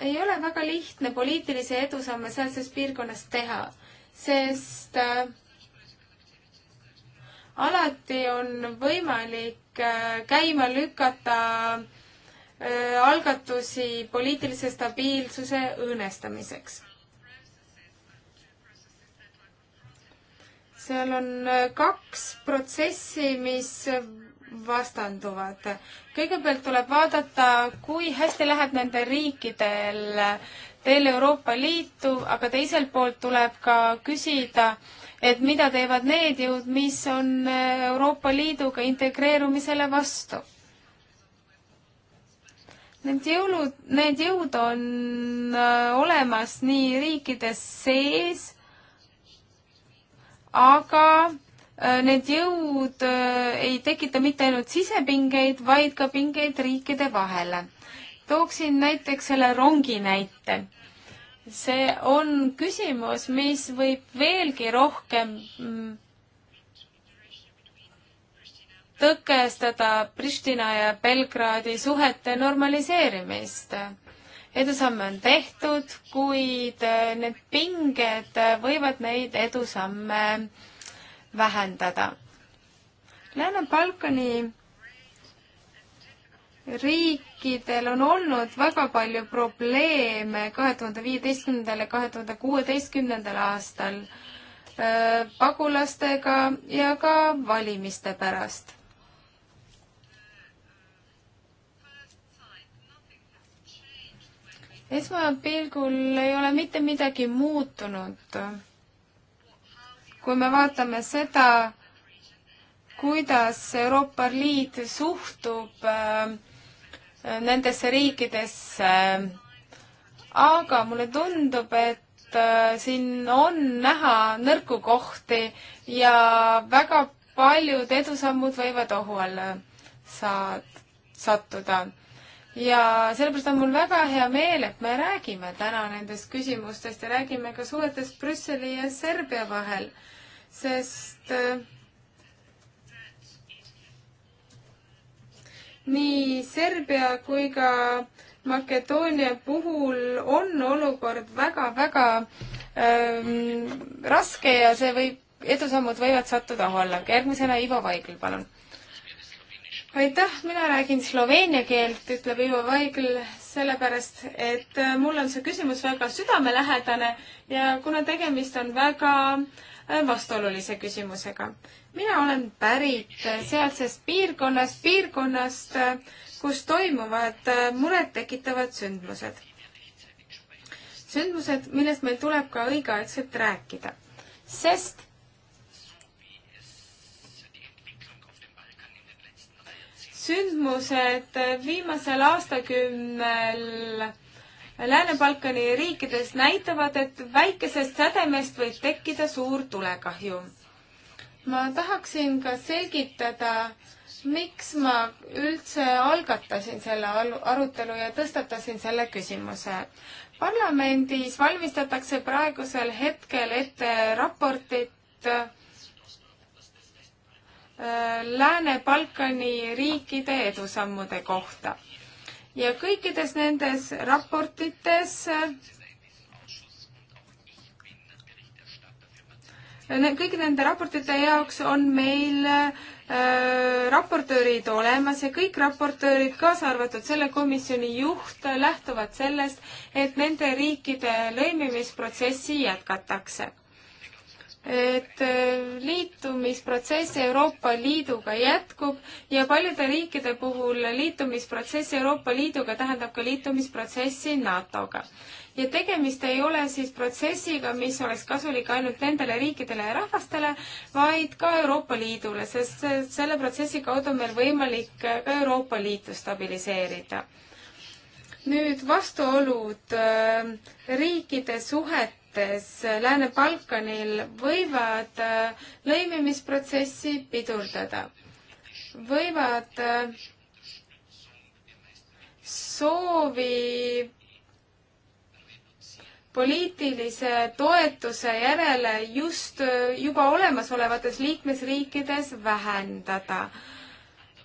ei ole väga lihtne poliitilisi edusamme sealses piirkonnas teha, sest äh, alati on võimalik käima lükata algatusi poliitilise stabiilsuse õõnestamiseks seal on äh, kaks protsessi, mis vastanduvad. kõigepealt tuleb vaadata, kui hästi läheb nendel riikidel teel äh, Euroopa Liitu, aga teiselt poolt tuleb ka küsida, et mida teevad need jõud, mis on äh, Euroopa Liiduga integreerumisele vastu. Need jõulud, need jõud on olemas nii riikides sees aga äh, need jõud äh, ei tekita mitte ainult sisepingeid, vaid ka pingeid riikide vahele. tooksin näiteks selle rongi näite. see on küsimus, mis võib veelgi rohkem mm, tõkestada Pristina ja Belgradi suhete normaliseerimist edusamme on tehtud, kuid äh, need pinged äh, võivad neid edusamme vähendada. Lääne-Balkani riikidel on olnud väga palju probleeme kahe tuhande viieteistkümnendal ja kahe tuhande kuueteistkümnendal aastal äh, pagulastega ja ka valimiste pärast esmapilgul ei ole mitte midagi muutunud. kui me vaatame seda, kuidas Euroopa Liit suhtub äh, nendesse riikidesse, aga mulle tundub, et äh, siin on näha nõrku kohti ja väga paljud edusammud võivad ohu alla saad, sattuda ja sellepärast on mul väga hea meel, et me räägime täna nendest küsimustest ja räägime ka suhetest Brüsseli ja Serbia vahel, sest äh, nii Serbia kui ka Makedoonia puhul on olukord väga-väga ähm, raske ja see võib, edusammud võivad sattuda alla. järgmisena Ivo Vaigel, palun aitäh, mina räägin sloveenia keelt, ütleb Ivo Vaigel, sellepärast et äh, mul on see küsimus väga südamelähedane ja kuna tegemist on väga äh, vastuolulise küsimusega. mina olen pärit äh, sealsest piirkonnast, piirkonnast, kus toimuvad murettekitavad sündmused. sündmused, millest meil tuleb ka õigeaegselt rääkida, sest sündmused viimasel aastakümnel Lääne-Balkani riikides näitavad, et väikesest sädemest võib tekkida suur tulekahju. ma tahaksin ka selgitada, miks ma üldse algatasin selle arutelu ja tõstatasin selle küsimuse. parlamendis valmistatakse praegusel hetkel ette raportit Lääne-Balkani riikide edusammude kohta. ja kõikides nendes raportites kõigi nende raportite jaoks on meil äh, raportöörid olemas ja kõik raportöörid, kaasa arvatud selle komisjoni juht, lähtuvad sellest, et nende riikide lõimimisprotsessi jätkatakse et äh, liitumisprotsess Euroopa Liiduga jätkub ja paljude riikide puhul liitumisprotsess Euroopa Liiduga tähendab ka liitumisprotsessi NATO-ga. ja tegemist ei ole siis protsessiga, mis oleks kasulik ainult nendele riikidele ja rahvastele, vaid ka Euroopa Liidule, sest selle protsessi kaudu on meil võimalik ka Euroopa Liitu stabiliseerida nüüd vastuolud äh, riikide suhet riikides Lääne-Balkanil võivad äh, lõimimisprotsessi pidurdada, võivad äh, soovi poliitilise toetuse järele just äh, juba olemasolevates liikmesriikides vähendada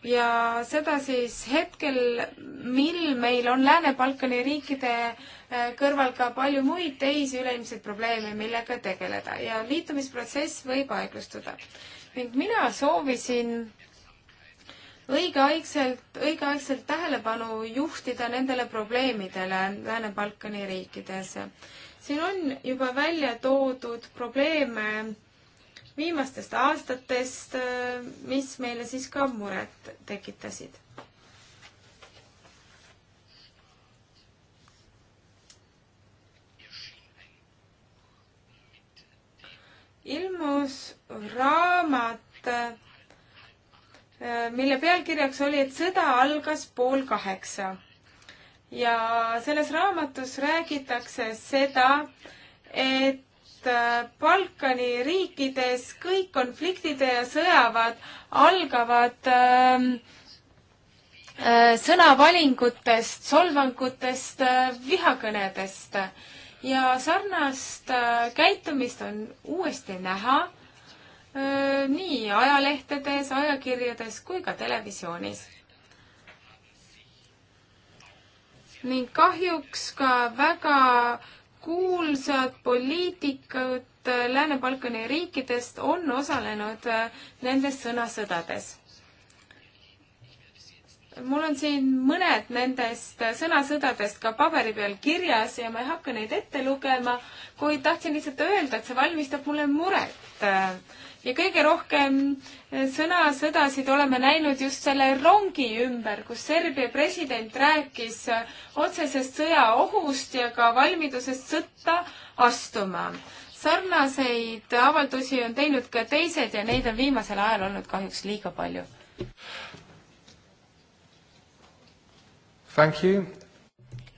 ja seda siis hetkel, mil meil on Lääne-Balkani riikide äh, kõrval ka palju muid teisi üleilmseid probleeme, millega tegeleda ja liitumisprotsess võib aeglustuda. ning mina soovisin õigeaegselt, õigeaegselt tähelepanu juhtida nendele probleemidele Lääne-Balkani riikides. siin on juba välja toodud probleeme viimastest aastatest, äh, mis meile siis ka muret tekitasid. ilmus raamat, äh, mille pealkirjaks oli, et sõda algas pool kaheksa. ja selles raamatus räägitakse seda, et Äh, Balkani riikides kõik konfliktid ja sõjavad algavad ähm, äh, sõnavalingutest, solvangutest äh,, vihakõnedest ja sarnast äh, käitumist on uuesti näha äh, nii ajalehtedes, ajakirjades kui ka televisioonis ning kahjuks ka väga kuulsad poliitikud Lääne-Balkani riikidest on osalenud äh, nendes sõnasõdades. mul on siin mõned nendest sõnasõdadest ka paberi peal kirjas ja ma ei hakka neid ette lugema, kuid tahtsin lihtsalt öelda, et see valmistab mulle muret äh, ja kõige rohkem eh, sõnasõdasid oleme näinud just selle rongi ümber, kus Serbia president rääkis eh, otsesest sõjaohust ja ka valmidusest sõtta astuma. sarnaseid avaldusi on teinud ka teised ja neid on viimasel ajal olnud kahjuks liiga palju.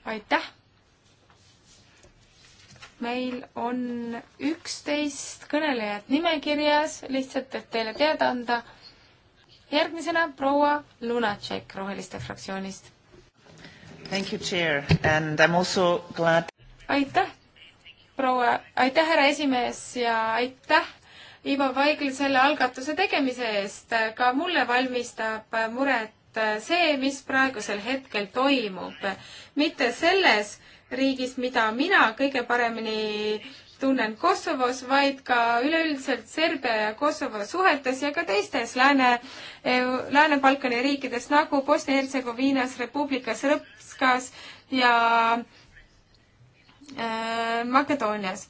aitäh! meil on üksteist kõnelejat nimekirjas, lihtsalt et teile teada anda. järgmisena proua Lunacek Roheliste fraktsioonist. Thank you, chair, and I am also glad. aitäh, proua, aitäh, härra esimees ja aitäh Ivo Vaigel selle algatuse tegemise eest. ka mulle valmistab muret see, mis praegusel hetkel toimub. mitte selles, riigis, mida mina kõige paremini tunnen Kosovos, vaid ka üleüldiselt Serbia ja Kosovo suhetes ja ka teistes Lääne, Lääne-Balkani riikides nagu Bosnia-Hertsegoviinas, Republika Srpskas ja äh, Makedoonias.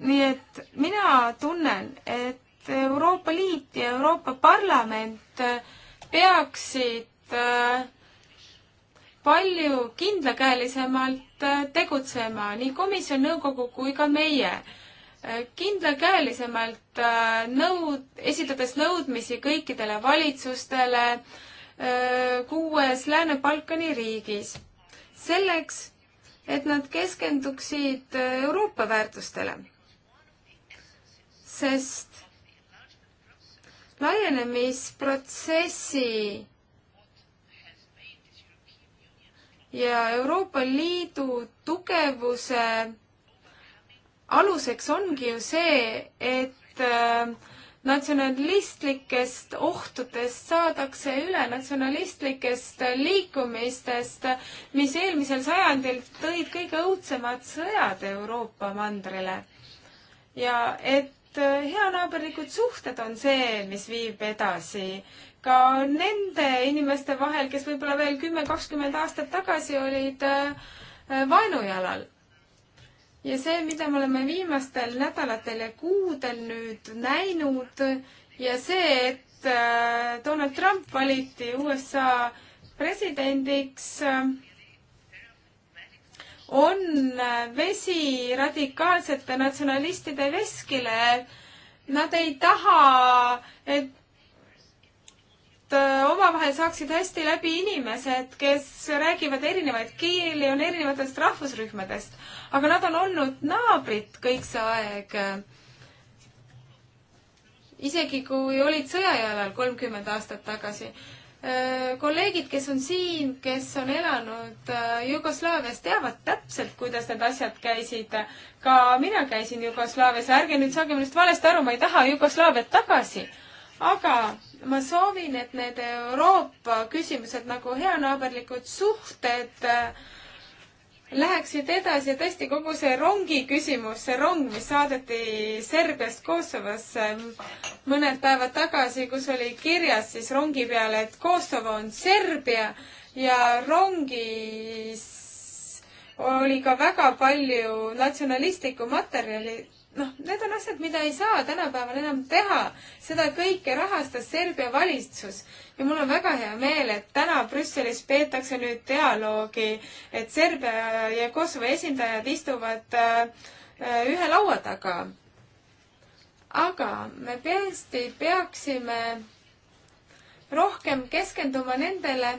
nii et mina tunnen, et Euroopa Liit ja Euroopa Parlament peaksid äh, palju kindlakäelisemalt äh, tegutsema, nii komisjon, nõukogu kui ka meie. Äh, kindlakäelisemalt äh, nõud, esitades nõudmisi kõikidele valitsustele kuues Lääne-Balkani riigis. selleks, et nad keskenduksid Euroopa väärtustele. sest laienemisprotsessi ja Euroopa Liidu tugevuse aluseks ongi ju see, et äh, natsionalistlikest ohtudest saadakse üle, natsionalistlikest liikumistest, mis eelmisel sajandil tõid kõige õudsemad sõjad Euroopa mandrile. ja et äh, heanaaberlikud suhted on see, mis viib edasi ka nende inimeste vahel, kes võib-olla veel kümme, kakskümmend aastat tagasi olid äh, vaenujalal. ja see, mida me oleme viimastel nädalatel ja kuudel nüüd näinud ja see, et äh, Donald Trump valiti USA presidendiks, äh, on vesi radikaalsete natsionalistide veskile. Nad ei taha, et Äh, omavahel saaksid hästi läbi inimesed, kes räägivad erinevaid keeli, on erinevatest rahvusrühmadest, aga nad on olnud naabrid kõik see aeg. isegi kui olid sõjajalal kolmkümmend aastat tagasi. Äh, kolleegid, kes on siin, kes on elanud äh, Jugoslaavias, teavad täpselt, kuidas need asjad käisid. ka mina käisin Jugoslaavias, ärge nüüd saage minust valesti aru, ma ei taha Jugoslaaviat tagasi, aga ma soovin, et need Euroopa küsimused nagu heanaaberlikud suhted äh, läheksid edasi ja tõesti kogu see rongi küsimus, see rong, mis saadeti Serbiast Kosovosse äh, mõned päevad tagasi, kus oli kirjas siis rongi peale, et Kosovo on Serbia ja rongis oli ka väga palju natsionalistlikku materjali noh, need on asjad, mida ei saa tänapäeval enam teha. seda kõike rahastas Serbia valitsus ja mul on väga hea meel, et täna Brüsselis peetakse nüüd dialoogi, et Serbia ja Kosovo esindajad istuvad äh, ühe laua taga. aga me tõesti peaksime rohkem keskenduma nendele,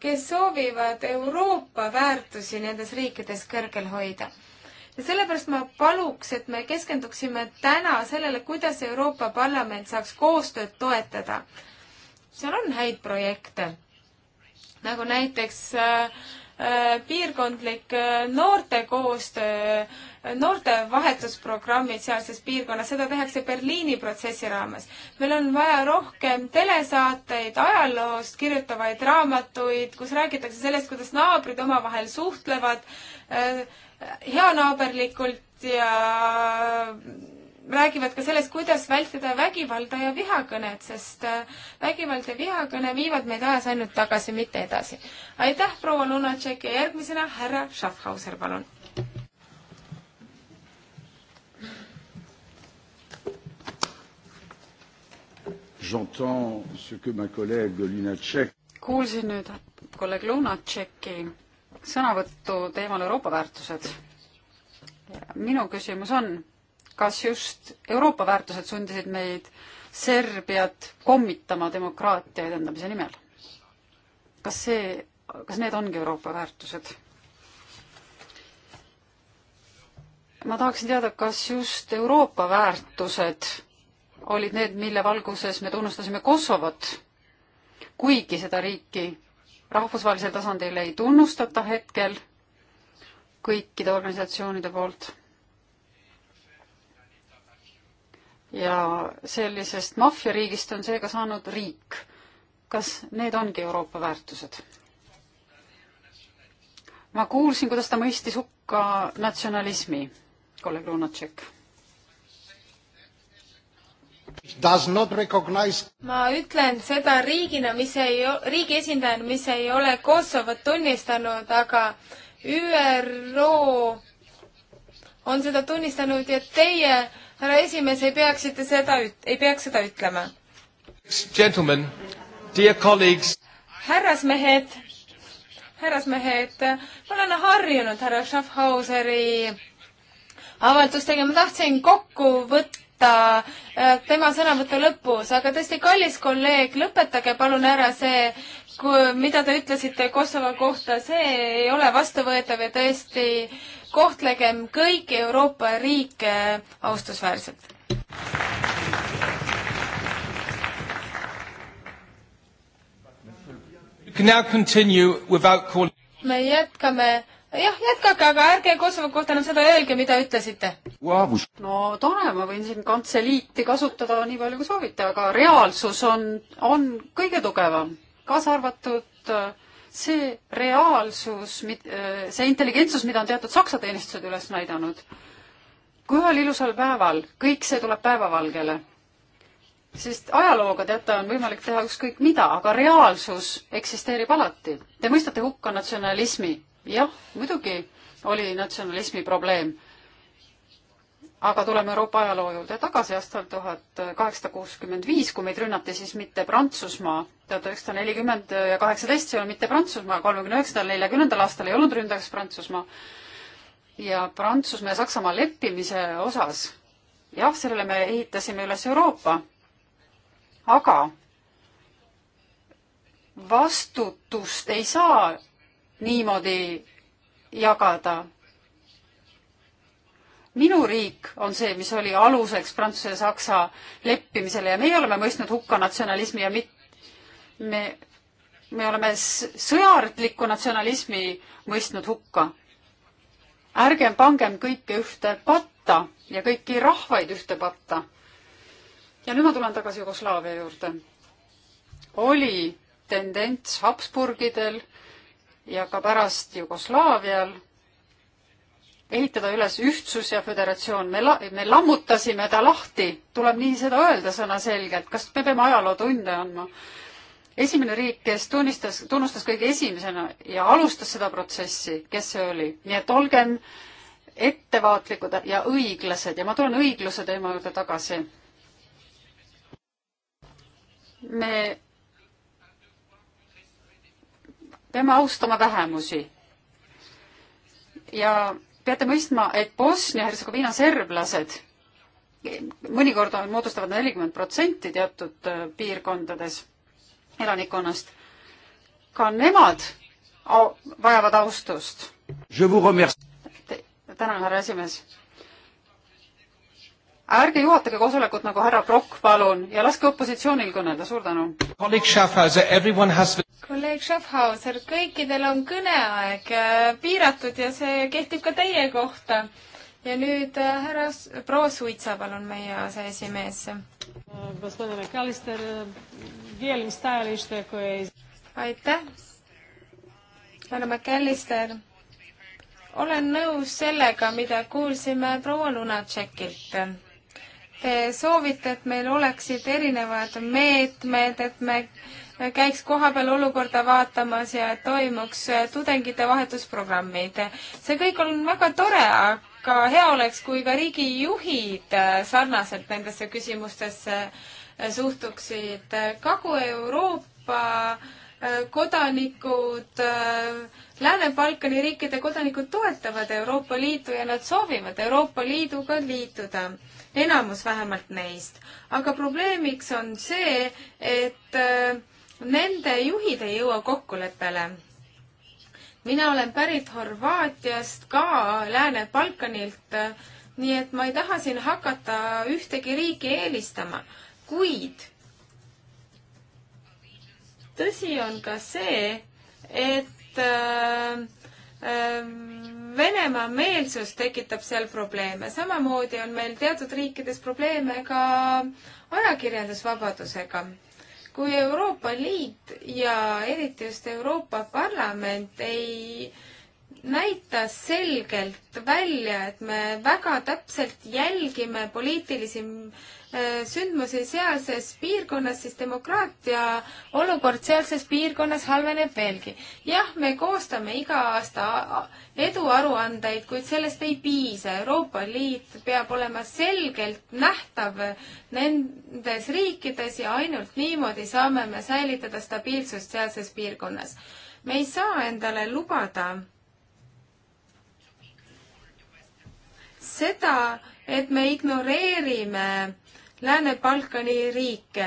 kes soovivad Euroopa väärtusi nendes riikides kõrgel hoida ja sellepärast ma paluks, et me keskenduksime täna sellele, kuidas Euroopa Parlament saaks koostööd toetada. seal on häid projekte, nagu näiteks äh, äh piirkondlik äh, noorte koostöö, äh, noorte vahetusprogrammid sealses piirkonnas, seda tehakse Berliini protsessi raames. meil on vaja rohkem telesaateid, ajaloost kirjutavaid raamatuid, kus räägitakse sellest, kuidas naabrid omavahel suhtlevad, heanaaberlikult ja räägivad ka sellest, kuidas vältida vägivalda ja vihakõnet, sest äh, vägivald ja vihakõne viivad meid ajas ainult tagasi, mitte edasi. aitäh, proua Lunatšek ja järgmisena härra Schaffhauser, palun. kuulsin nüüd kolleeg Lunatšeki sõnavõttu teemal Euroopa väärtused. minu küsimus on, kas just Euroopa väärtused sundisid meid Serbiat pommitama demokraatia edendamise nimel? kas see, kas need ongi Euroopa väärtused? ma tahaksin teada, kas just Euroopa väärtused olid need, mille valguses me tunnustasime Kosovot, kuigi seda riiki rahvusvahelisel tasandil ei tunnustata hetkel kõikide organisatsioonide poolt. ja sellisest maffiariigist on seega saanud riik. kas need ongi Euroopa väärtused? ma kuulsin, kuidas ta mõistis hukka natsionalismi, kolleeg Lunatšek Recognize... ma ütlen seda riigina, mis ei, riigi esindajana, mis ei ole Kosovot tunnistanud, aga ÜRO on seda tunnistanud ja teie, härra esimees, ei peaksite seda, ei peaks seda ütlema. härrasmehed, härrasmehed, ma olen harjunud härra Schaffhauseri avaldustega, ma tahtsin kokku võtta kuulata äh, tema sõnavõtu lõpus, aga tõesti, kallis kolleeg, lõpetage palun ära see, mida te ütlesite Kosovo kohta, see ei ole vastuvõetav ja tõesti kohtlegem kõiki Euroopa riike austusväärselt. me jätkame jah, jätkake, aga ärge Kosovo kohta enam seda öelge, mida ütlesite. no tore, ma võin siin kantseliiti kasutada nii palju, kui soovite, aga reaalsus on, on kõige tugevam, kaasa arvatud äh, see reaalsus, äh, see intelligentsus, mida on teatud Saksa teenistused üles näidanud. kui ühel ilusal päeval kõik see tuleb päevavalgele, sest ajalooga teate, on võimalik teha ükskõik mida, aga reaalsus eksisteerib alati. Te mõistate hukka natsionalismi, jah, muidugi oli natsionalismi probleem. aga tuleme Euroopa ajaloo juurde tagasi aastal tuhat kaheksasada kuuskümmend viis, kui meid rünnati siis mitte Prantsusmaa, tuhat üheksasada nelikümmend ja kaheksateist ei olnud mitte Prantsusmaa, kolmekümne üheksandal, neljakümnendal aastal ei olnud ründajaks Prantsusmaa. ja Prantsusmaa ja Saksamaa leppimise osas, jah, sellele me ehitasime üles Euroopa, aga vastutust ei saa niimoodi jagada. minu riik on see, mis oli aluseks Prantsuse ja Saksa leppimisele ja meie oleme mõistnud hukka natsionalismi ja mit-, me, me oleme sõjardliku natsionalismi mõistnud hukka. ärgem pangem kõike ühte patta ja kõiki rahvaid ühte patta. ja nüüd ma tulen tagasi Jugoslaavia juurde. oli tendents Habsburgidel ja ka pärast Jugoslaavial ehitada üles ühtsus ja föderatsioon. me la-, me lammutasime ta lahti, tuleb nii seda öelda sõnaselgelt, kas me peame ajalootunde andma? esimene riik, kes tunnistas, tunnustas kõige esimesena ja alustas seda protsessi, kes see oli, nii et olgem ettevaatlikud ja õiglased ja ma tulen õigluse teema juurde tagasi. me peame austama vähemusi. ja peate mõistma, et Bosnia-Hertsegoviina serblased mõnikord on, moodustavad nelikümmend protsenti teatud äh, piirkondades elanikkonnast. ka nemad vajavad austust. tänan, härra esimees ärge juhatage koosolekut nagu härra Brock, palun, ja laske opositsioonil kõnelda, suur tänu. kolleeg Schaffhauser, everyone has kolleeg Schaffhauser, kõikidel on kõneaeg äh, piiratud ja see kehtib ka teie kohta. ja nüüd äh, härra proua Suitsa, palun, meie aseesimees. aitäh, härra McAllister olen nõus sellega, mida kuulsime proua Lunatšekilt. Te eh, soovite, et meil oleksid erinevad meetmed, et me käiks kohapeal olukorda vaatamas ja toimuks eh, tudengite vahetusprogrammid. see kõik on väga tore, aga hea oleks, kui ka riigijuhid eh, sarnaselt nendesse küsimustesse suhtuksid. Kagu-Euroopa kodanikud, Lääne-Balkani riikide kodanikud toetavad Euroopa Liitu ja nad soovivad Euroopa Liiduga liituda enamus vähemalt neist. aga probleemiks on see, et äh, nende juhid ei jõua kokkuleppele. mina olen pärit Horvaatiast ka Lääne-Balkanilt, äh, nii et ma ei taha siin hakata ühtegi riiki eelistama, kuid tõsi on ka see, et äh, äh, Venemaa meelsus tekitab seal probleeme, samamoodi on meil teatud riikides probleeme ka ajakirjandusvabadusega. kui Euroopa Liit ja eriti just Euroopa Parlament ei näita selgelt välja, et me väga täpselt jälgime poliitilisi Äh, sündmusi sealses piirkonnas, siis demokraatia olukord sealses piirkonnas halveneb veelgi. jah, me koostame iga aasta eduaruandeid, kuid sellest ei piisa. Euroopa Liit peab olema selgelt nähtav nendes riikides ja ainult niimoodi saame me säilitada stabiilsust sealses piirkonnas. me ei saa endale lubada seda, et me ignoreerime Lääne-Balkani riike.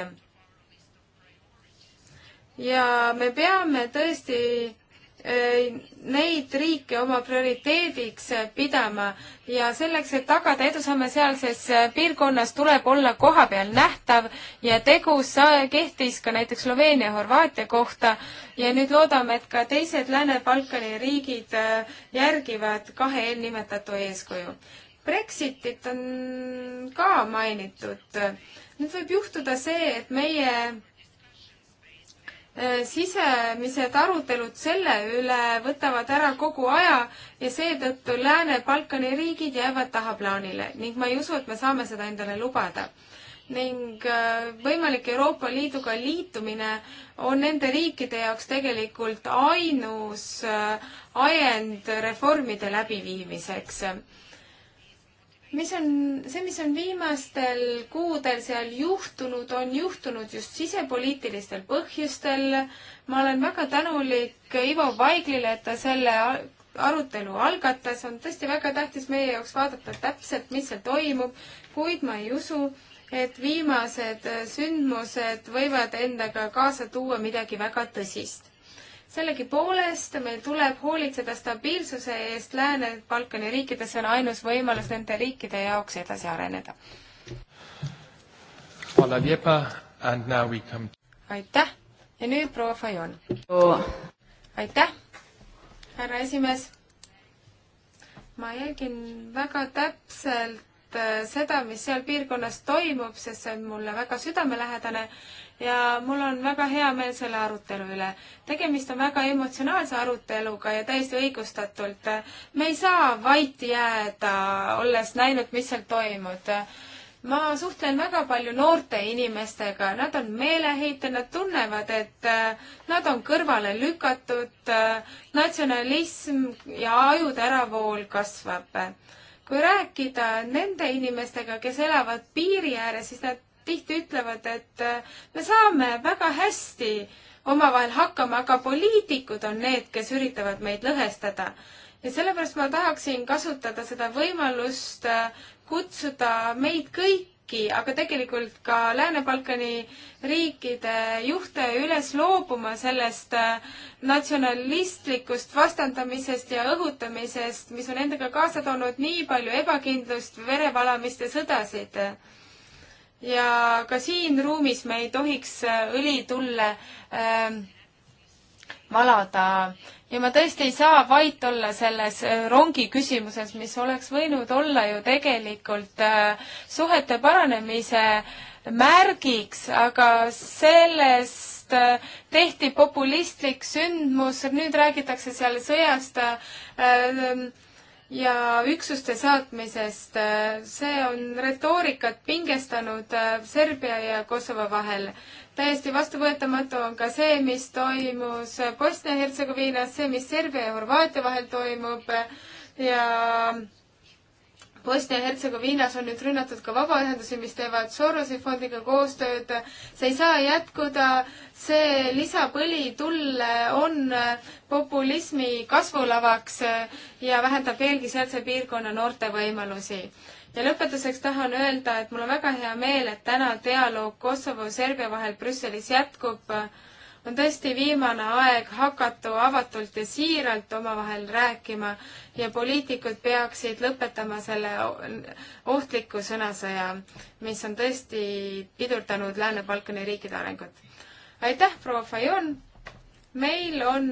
ja me peame tõesti e, neid riike oma prioriteediks pidama ja selleks, et tagada edusamme sealses piirkonnas, tuleb olla kohapeal nähtav ja tegus kehtis ka näiteks Sloveenia ja Horvaatia kohta ja nüüd loodame, et ka teised Lääne-Balkani riigid e, järgivad kahe eelnimetatu eeskuju. Brexitit on ka mainitud. nüüd võib juhtuda see, et meie äh, sisemised arutelud selle üle võtavad ära kogu aja ja seetõttu Lääne-Balkani riigid jäävad tahaplaanile ning ma ei usu, et me saame seda endale lubada ning äh, võimalik Euroopa Liiduga liitumine on nende riikide jaoks tegelikult ainus äh, ajend reformide läbiviimiseks mis on, see, mis on viimastel kuudel seal juhtunud, on juhtunud just sisepoliitilistel põhjustel. ma olen väga tänulik Ivo Vaiglile, et ta selle arutelu algatas, on tõesti väga tähtis meie jaoks vaadata täpselt, mis seal toimub, kuid ma ei usu, et viimased sündmused võivad endaga kaasa tuua midagi väga tõsist sellegipoolest meil tuleb hoolitseda stabiilsuse eest Lääne-Balkani riikides, see on ainus võimalus nende riikide jaoks edasi areneda. aitäh ja nüüd proua Fajon oh.. aitäh, härra esimees. ma jälgin väga täpselt äh, seda, mis seal piirkonnas toimub, sest see on mulle väga südamelähedane ja mul on väga hea meel selle arutelu üle. tegemist on väga emotsionaalse aruteluga ja täiesti õigustatult. me ei saa vait jääda, olles näinud, mis seal toimub ma suhtlen väga palju noorte inimestega, nad on meeleheitel, nad tunnevad, et äh, nad on kõrvale lükatud, äh, natsionalism ja ajude äravool kasvab. kui rääkida nende inimestega, kes elavad piiri ääres, siis nad tihti ütlevad, et äh, me saame väga hästi omavahel hakkama, aga poliitikud on need, kes üritavad meid lõhestada. ja sellepärast ma tahaksin kasutada seda võimalust äh, kutsuda meid kõiki, aga tegelikult ka Lääne-Balkani riikide juhte üles loobuma sellest äh, natsionalistlikust vastandamisest ja õhutamisest, mis on endaga kaasa toonud nii palju ebakindlust, verevalamist ja sõdasid ja ka siin ruumis me ei tohiks õlitulle äh, ähm, valada ja ma tõesti ei saa vait olla selles äh, rongi küsimuses, mis oleks võinud olla ju tegelikult äh, suhete paranemise märgiks, aga sellest äh, tehti populistlik sündmus, nüüd räägitakse seal sõjast äh, ja üksuste saatmisest. see on retoorikat pingestanud äh, Serbia ja Kosovo vahel. täiesti vastuvõetamatu on ka see, mis toimus Bosnia-Hertsegoviinas, see, mis Serbia ja Horvaatia vahel toimub äh, ja Bosnia-Hertsegoviinas on nüüd rünnatud ka vabaühendusi, mis teevad Sorosi fondiga koostööd. see ei saa jätkuda, see lisapõli tulle on populismi kasvulavaks ja vähendab veelgi sealse piirkonna noorte võimalusi. ja lõpetuseks tahan öelda, et mul on väga hea meel, et täna dialoog Kosovo ja Serbia vahel Brüsselis jätkub on tõesti viimane aeg hakata avatult ja siiralt omavahel rääkima ja poliitikud peaksid lõpetama selle ohtliku sõnasõja, mis on tõesti pidurdanud Lääne-Balkani riikide arengut. aitäh, proua Fajon! meil on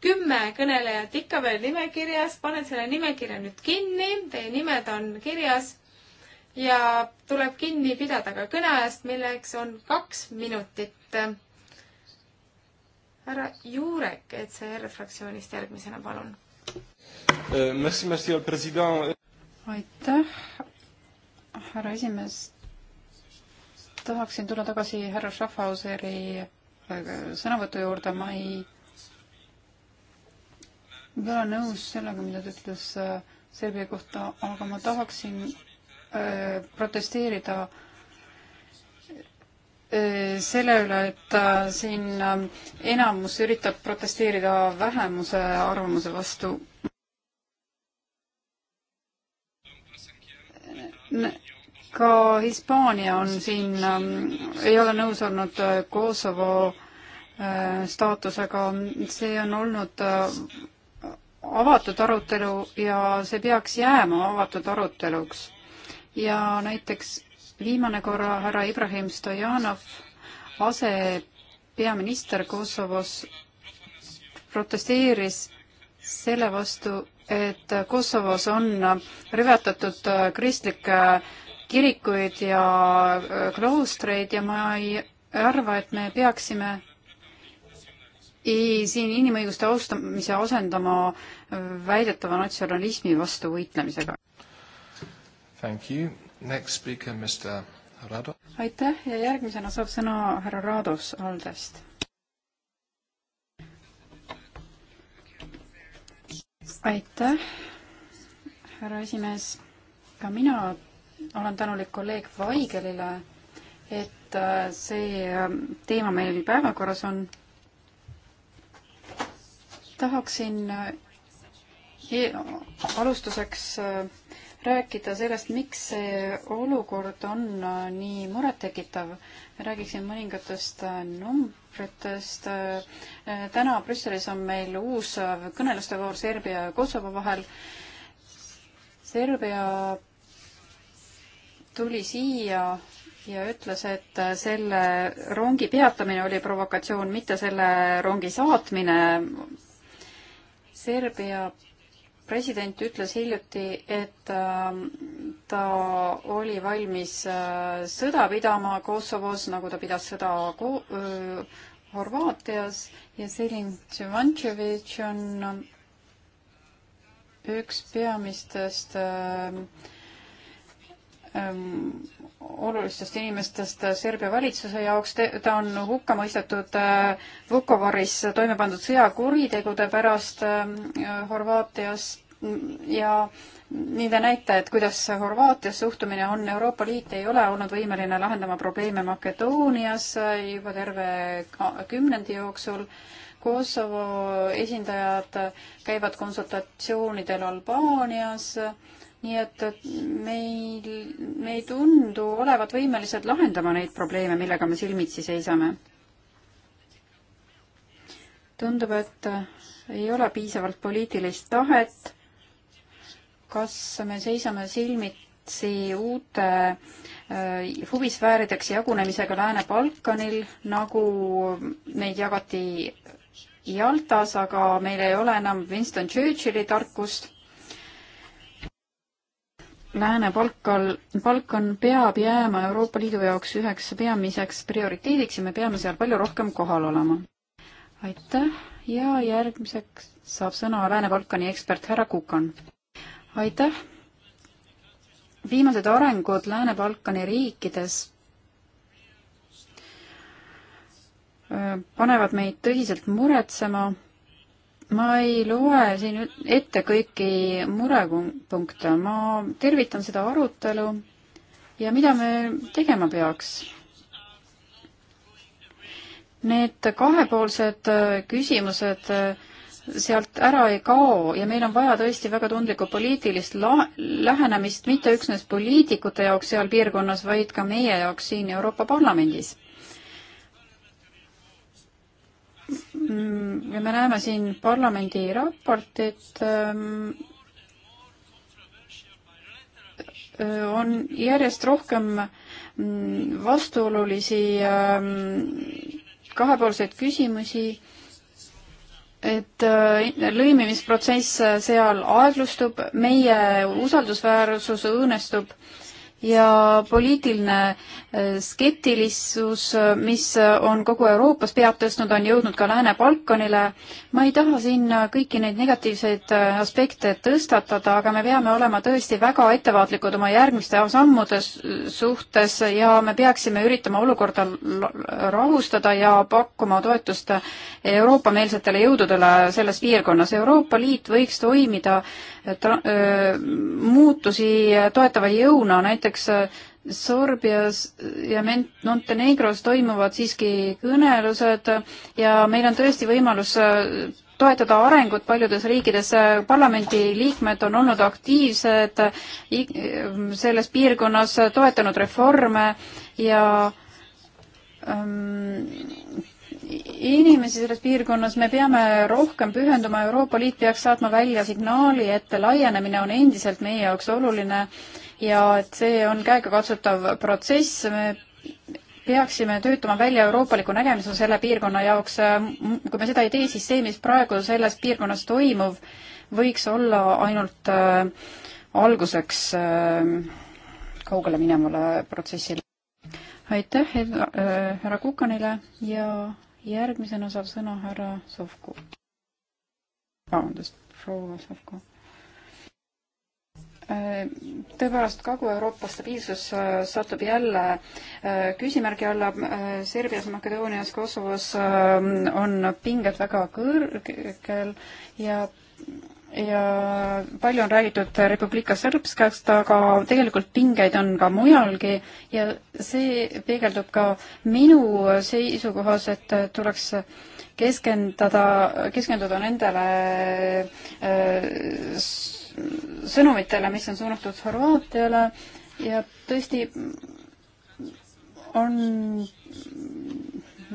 kümme kõnelejat ikka veel nimekirjas, panen selle nimekirja nüüd kinni, teie nimed on kirjas ja tuleb kinni pidada ka kõneajast, milleks on kaks minutit härra Juurek ECR fraktsioonist järgmisena, palun. Eh, aitäh, härra esimees. tahaksin tulla tagasi härra Schaffhauseri äh, sõnavõtu juurde, ma ei, ei ole nõus sellega, mida ta ütles äh, Serbia kohta, aga ma tahaksin öö, äh, protesteerida öö, selle üle, et siin ähm, enamus üritab protesteerida vähemuse arvamuse vastu. ka Hispaania on siin, ähm, ei ole nõus olnud äh, Kosovo äh, staatusega, see on olnud äh, avatud arutelu ja see peaks jääma avatud aruteluks. ja näiteks viimane korra härra Ibrahim Stojanov, asepeaminister Kosovos, protesteeris selle vastu, et Kosovos on rüvetatud äh, kristlikke kirikuid ja äh, kloostreid ja ma ei arva, et me peaksime ei, siin inimõiguste austamise asendama äh, väidetava natsionalismi vastu võitlemisega. Thank you. Next speaker, Mr Rado. aitäh ja järgmisena saab sõna härra Rados Aldest. aitäh, härra esimees. ka mina olen tänulik kolleeg Vaigelile, et äh, see ähm, teema meil päevakorras on. tahaksin äh, alustuseks äh, rääkida sellest, miks see olukord on äh, nii murettekitav, räägiksin mõningatest äh, numbritest. Äh, täna Brüsselis on meil uus kõneluste voor Serbia ja Kosovo vahel. Serbia tuli siia ja ütles, et selle rongi peatamine oli provokatsioon, mitte selle rongi saatmine. Serbia president ütles hiljuti, et ähm, ta oli valmis äh, sõda pidama Kosovos, nagu ta pidas sõda Ko Horvaatias ja Selin Tšivantševitš on üks peamistest ähm, ähm, olulistest inimestest Serbia valitsuse jaoks. ta on hukka mõistetud äh, Vukovaris toime pandud sõjakuritegude pärast äh, Horvaatias ja nii te näite, et kuidas Horvaatias suhtumine on, Euroopa Liit ei ole olnud võimeline lahendama probleeme Makedoonias juba terve kümnendi jooksul. Kosovo esindajad käivad konsultatsioonidel Albaanias nii et meil, me ei tundu olevat võimelised lahendama neid probleeme, millega me silmitsi seisame. tundub, et ei ole piisavalt poliitilist tahet. kas me seisame silmitsi uute äh, huvisfäärideks jagunemisega Lääne-Balkanil, nagu neid jagati Jaltas, aga meil ei ole enam Winston Churchilli tarkust Lääne-Balkal, Balkan peab jääma Euroopa Liidu jaoks üheks peamiseks prioriteediks ja me peame seal palju rohkem kohal olema. aitäh ja järgmiseks saab sõna Lääne-Balkani ekspert härra Kukan. aitäh. viimased arengud Lääne-Balkani riikides äh, panevad meid tõsiselt muretsema ma ei loe siin ette kõiki murepunkte, ma tervitan seda arutelu ja mida me tegema peaks? Need kahepoolsed küsimused sealt ära ei kao ja meil on vaja tõesti väga tundlikku poliitilist lähenemist mitte üksnes poliitikute jaoks seal piirkonnas, vaid ka meie jaoks siin Euroopa Parlamendis Mm, ja me näeme siin parlamendi raportit, ähm, äh, on järjest rohkem mm, vastuolulisi ähm, kahepoolseid küsimusi, et äh, lõimimisprotsess seal aeglustub, meie usaldusväärsus õõnestub ja poliitiline äh, skeptilisus, äh, mis äh, on kogu Euroopas pead tõstnud, on jõudnud ka Lääne-Balkanile. ma ei taha siin kõiki neid negatiivseid aspekte tõstatada, aga me peame olema tõesti väga ettevaatlikud oma järgmiste sammude suhtes ja me peaksime üritama olukorda rahustada ja pakkuma toetust Euroopa-meelsetele jõududele selles piirkonnas. Euroopa Liit võiks toimida muutusi toetava jõuna, näiteks näiteks äh, Sorbias ja Montenegros toimuvad siiski kõnelused ja meil on tõesti võimalus äh, toetada arengut paljudes riikides. Äh, parlamendi liikmed on olnud aktiivsed selles piirkonnas, toetanud reforme ja ähm, inimesi selles piirkonnas me peame rohkem pühenduma, Euroopa Liit peaks saatma välja signaali, et laienemine on endiselt meie jaoks oluline ja et see on käegakatsutav protsess, me peaksime töötama välja euroopaliku nägemise selle piirkonna jaoks. kui me seda ei tee, siis see, mis praegu selles piirkonnas toimuv, võiks olla ainult äh, alguseks äh, kaugele minevale protsessile. aitäh äh, härra äh, Kukanile ja järgmisena saab sõna härra Sovku. vabandust, proua Sovku tõepoolest, Kagu-Euroopa stabiilsus äh, satub jälle äh, küsimärgi alla. Äh, Serbias, Makedoonias, Kosovos on pinged väga kõrgel ja ja palju on räägitud Republika Srpskast, aga tegelikult pingeid on ka mujalgi ja see peegeldub ka minu seisukohas, et tuleks keskenduda, keskenduda nendele äh, sõnumitele, mis on suunatud Horvaatiale ja tõesti on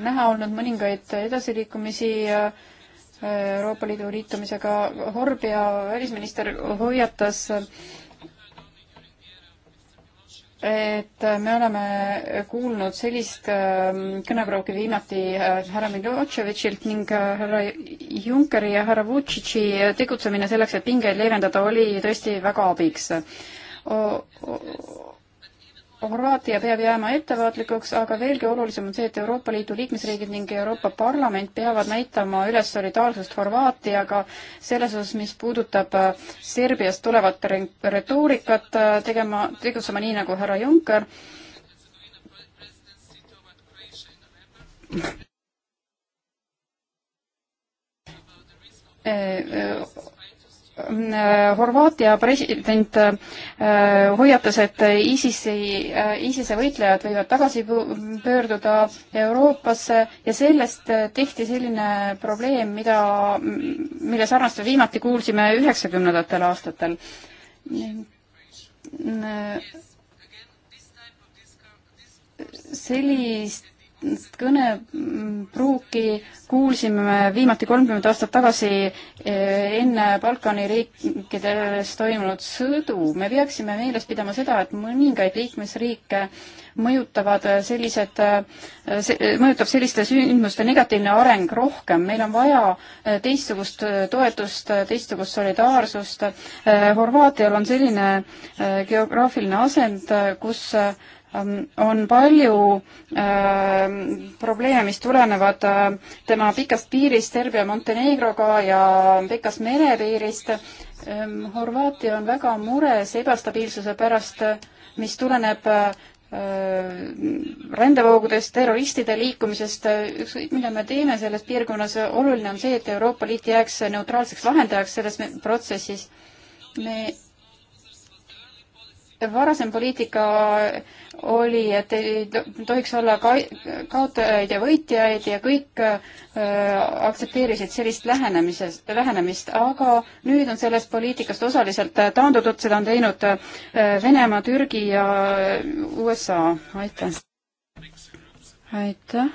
näha olnud mõningaid edasiliikumisi äh, Euroopa Liidu liitumisega. Horbia välisminister hoiatas äh, et me oleme kuulnud sellist ähm, kõnepruuki viimati äh, härra Milotševitšilt ning äh, härra Junckeri ja härra Vutšitši tegutsemine selleks, et pingeid leevendada, oli tõesti väga abiks. Horvaatia peab jääma ettevaatlikuks, aga veelgi olulisem on see, et Euroopa Liidu liikmesriigid ning Euroopa Parlament peavad näitama üles solidaarsust Horvaatiaga selles osas, mis puudutab äh, Serbiast tulevat retoorikat, äh, tegema, tegutsema nii, nagu härra Juncker äh, Äh, Horvaatia president äh, hoiatas, et ISISi, äh, ISISe võitlejad võivad tagasi pöörduda Euroopasse ja sellest tehti selline probleem, mida, mille sarnast me viimati kuulsime üheksakümnendatel aastatel sellist kõnepruuki mm, kuulsime me viimati kolmkümmend aastat tagasi e, enne Balkani riikides toimunud sõdu. me peaksime meeles pidama seda, et mõningaid liikmesriike mõjutavad sellised, e, e, mõjutab selliste sündmuste negatiivne areng rohkem. meil on vaja teistsugust toetust, teistsugust solidaarsust. Horvaatial on selline geograafiline asend, kus Ähm, on palju äh, probleeme, mis tulenevad äh, tema pikast piirist Serbia Montenegroga ja pikast merepiirist ähm,. Horvaatia on väga mures ebastabiilsuse pärast, mis tuleneb äh, rändevoogudest, terroristide liikumisest, ükskõik mida me teeme selles piirkonnas, oluline on see, et Euroopa Liit jääks neutraalseks lahendajaks selles protsessis. me varasem poliitika oli, et ei tohiks olla ka kaotajaid ja võitjaid ja kõik äh, aktsepteerisid sellist lähenemises, lähenemist, aga nüüd on sellest poliitikast osaliselt äh, taandutud, seda on teinud äh, Venemaa, Türgi ja USA, aitäh. aitäh.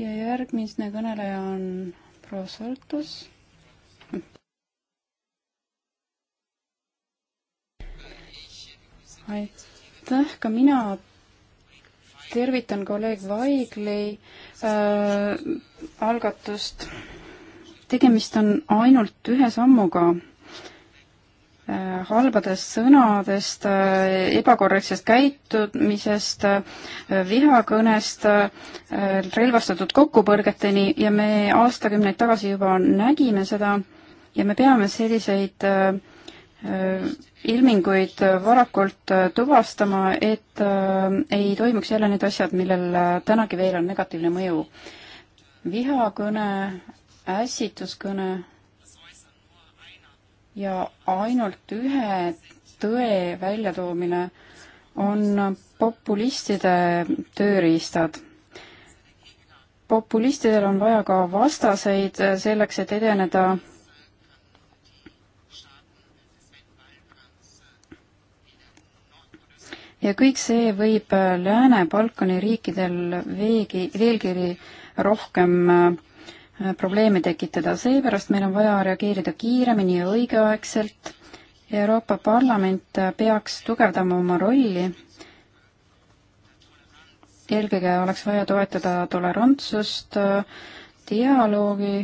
ja järgmine kõneleja on proua Soltus aitäh, ka mina tervitan kolleeg Vaigli äh, algatust. tegemist on ainult ühe sammuga äh, halbadest sõnadest äh,, ebakorrektsest käitumisest äh,, vihakõnest äh,, relvastatud kokkupõrgeteni ja me aastakümneid tagasi juba nägime seda ja me peame selliseid äh, ilminguid varakult äh, tuvastama, et äh, ei toimuks jälle need asjad, millel äh, tänagi veel on negatiivne mõju. vihakõne, ässituskõne ja ainult ühe tõe väljatoomine on populistide tööriistad populistidel on vaja ka vastaseid selleks, et edeneda ja kõik see võib äh, Lääne-Balkani riikidel veegi, veelgi rohkem äh, probleeme tekitada, seepärast meil on vaja reageerida kiiremini ja õigeaegselt. Euroopa Parlament äh, peaks tugevdama oma rolli. eelkõige oleks vaja toetada tolerantsust, dialoogi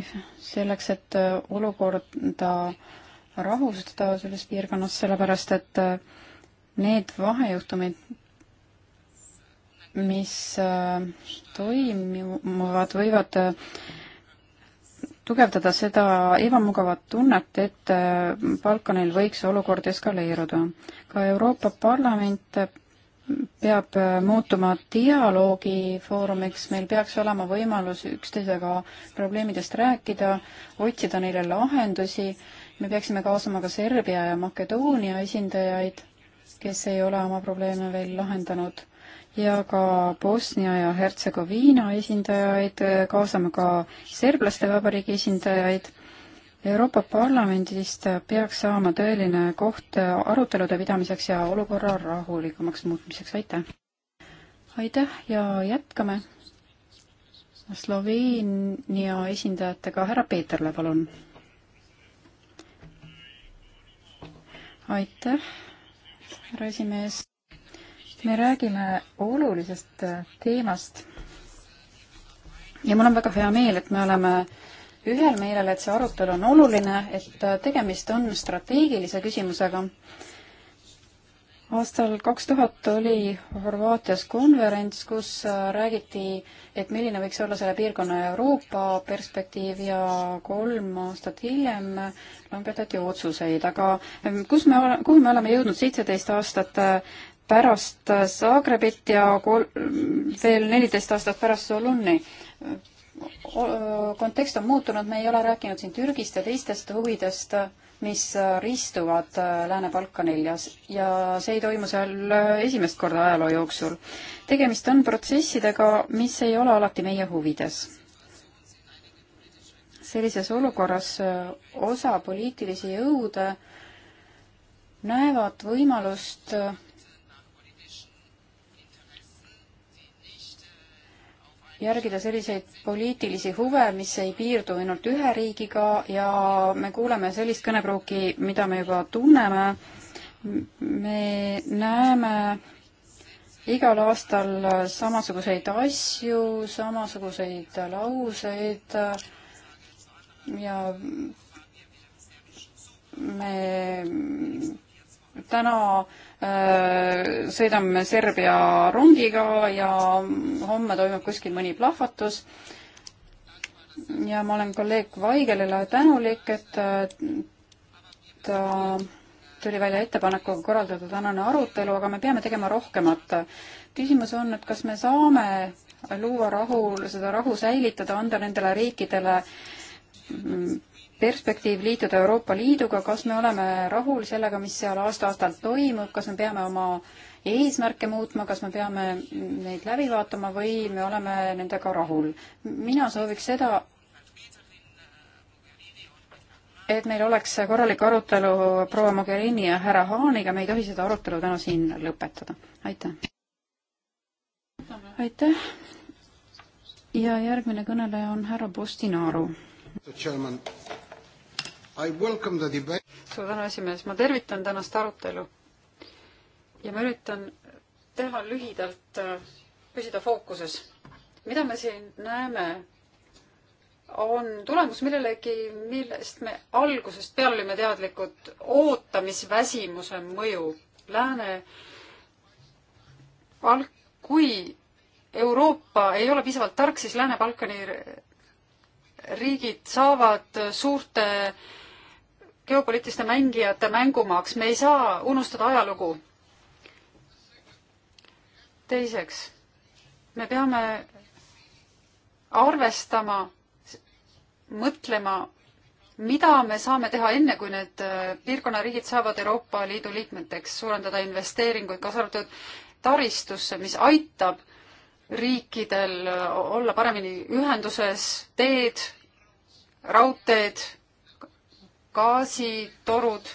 selleks, et olukorda rahustada selles piirkonnas, sellepärast et äh, need vahejuhtumid, mis äh, toimuvad, võivad äh, tugevdada seda ebamugavat tunnet, et äh, Balkanil võiks olukord eskaleeruda. ka Euroopa Parlament peab muutuma dialoogifoorumiks, meil peaks olema võimalus üksteisega probleemidest rääkida, otsida neile lahendusi, me peaksime kaasama ka Serbia ja Makedoonia esindajaid kes ei ole oma probleeme veel lahendanud ja ka Bosnia ja Hertsegoviina esindajaid, kaasame ka serblaste vabariigi esindajaid. Euroopa Parlamendist peaks saama tõeline koht arutelude pidamiseks ja olukorra rahulikumaks muutmiseks, aitäh! aitäh ja jätkame Sloveenia esindajatega, härra Peeterle, palun! aitäh! härra esimees. me räägime olulisest äh, teemast. ja mul on väga hea meel, et me oleme ühel meelel, et see arutelu on oluline, et äh, tegemist on strateegilise küsimusega aastal kaks tuhat oli Horvaatias konverents, kus äh, räägiti, et milline võiks olla selle piirkonna Euroopa perspektiiv ja kolm aastat hiljem langetati otsuseid, aga ähm, kus me, kuhu me oleme jõudnud seitseteist aastat äh, pärast äh, Zagrebit ja kol-, veel neliteist aastat pärast Soluni? kontekst on muutunud, me ei ole rääkinud siin Türgist ja teistest huvidest äh, mis äh, ristuvad äh, Lääne-Balkanil ja, ja see ei toimu seal äh, esimest korda ajaloo jooksul. tegemist on protsessidega, mis ei ole alati meie huvides. sellises olukorras osa poliitilisi jõude näevad võimalust järgida selliseid poliitilisi huve, mis ei piirdu ainult ühe riigiga ja me kuuleme sellist kõnepruuki, mida me juba tunneme. me näeme igal aastal samasuguseid asju, samasuguseid lauseid ja me täna äh, Äh, sõidame Serbia rongiga ja homme toimub kuskil mõni plahvatus. ja ma olen kolleeg Vaigelile tänulik, et äh, ta tuli välja ettepanekuga korraldada tänane arutelu, aga me peame tegema rohkemat. küsimus on, et kas me saame luua rahu, seda rahu säilitada, anda nendele riikidele mm, perspektiiv liituda Euroopa Liiduga, kas me oleme rahul sellega, mis seal aasta-aastalt toimub, kas me peame oma eesmärke muutma, kas me peame neid läbi vaatama või me oleme nendega rahul? mina sooviks seda, et meil oleks korralik arutelu proua Mogherini ja härra Haaniga, me ei tohi seda arutelu täna siin lõpetada. aitäh! aitäh! ja järgmine kõneleja on härra Postinaru suur tänu, esimees, ma tervitan tänast arutelu ja ma üritan teha lühidalt, äh, püsida fookuses. mida me siin näeme, on tulemus millelegi, millest me algusest peale olime teadlikud, ootamisväsimuse mõju. Lääne palk, kui Euroopa ei ole piisavalt tark, siis Lääne-Balkani riigid saavad suurte äh, geopoliitiliste mängijate mängumaaks, me ei saa unustada ajalugu. teiseks, me peame arvestama, mõtlema, mida me saame teha enne, kui need äh, piirkonna riigid saavad Euroopa Liidu liikmeteks, suurendada investeeringuid, kaasa arvatud taristusse, mis aitab riikidel äh, olla paremini ühenduses, teed, raudteed gaasitorud.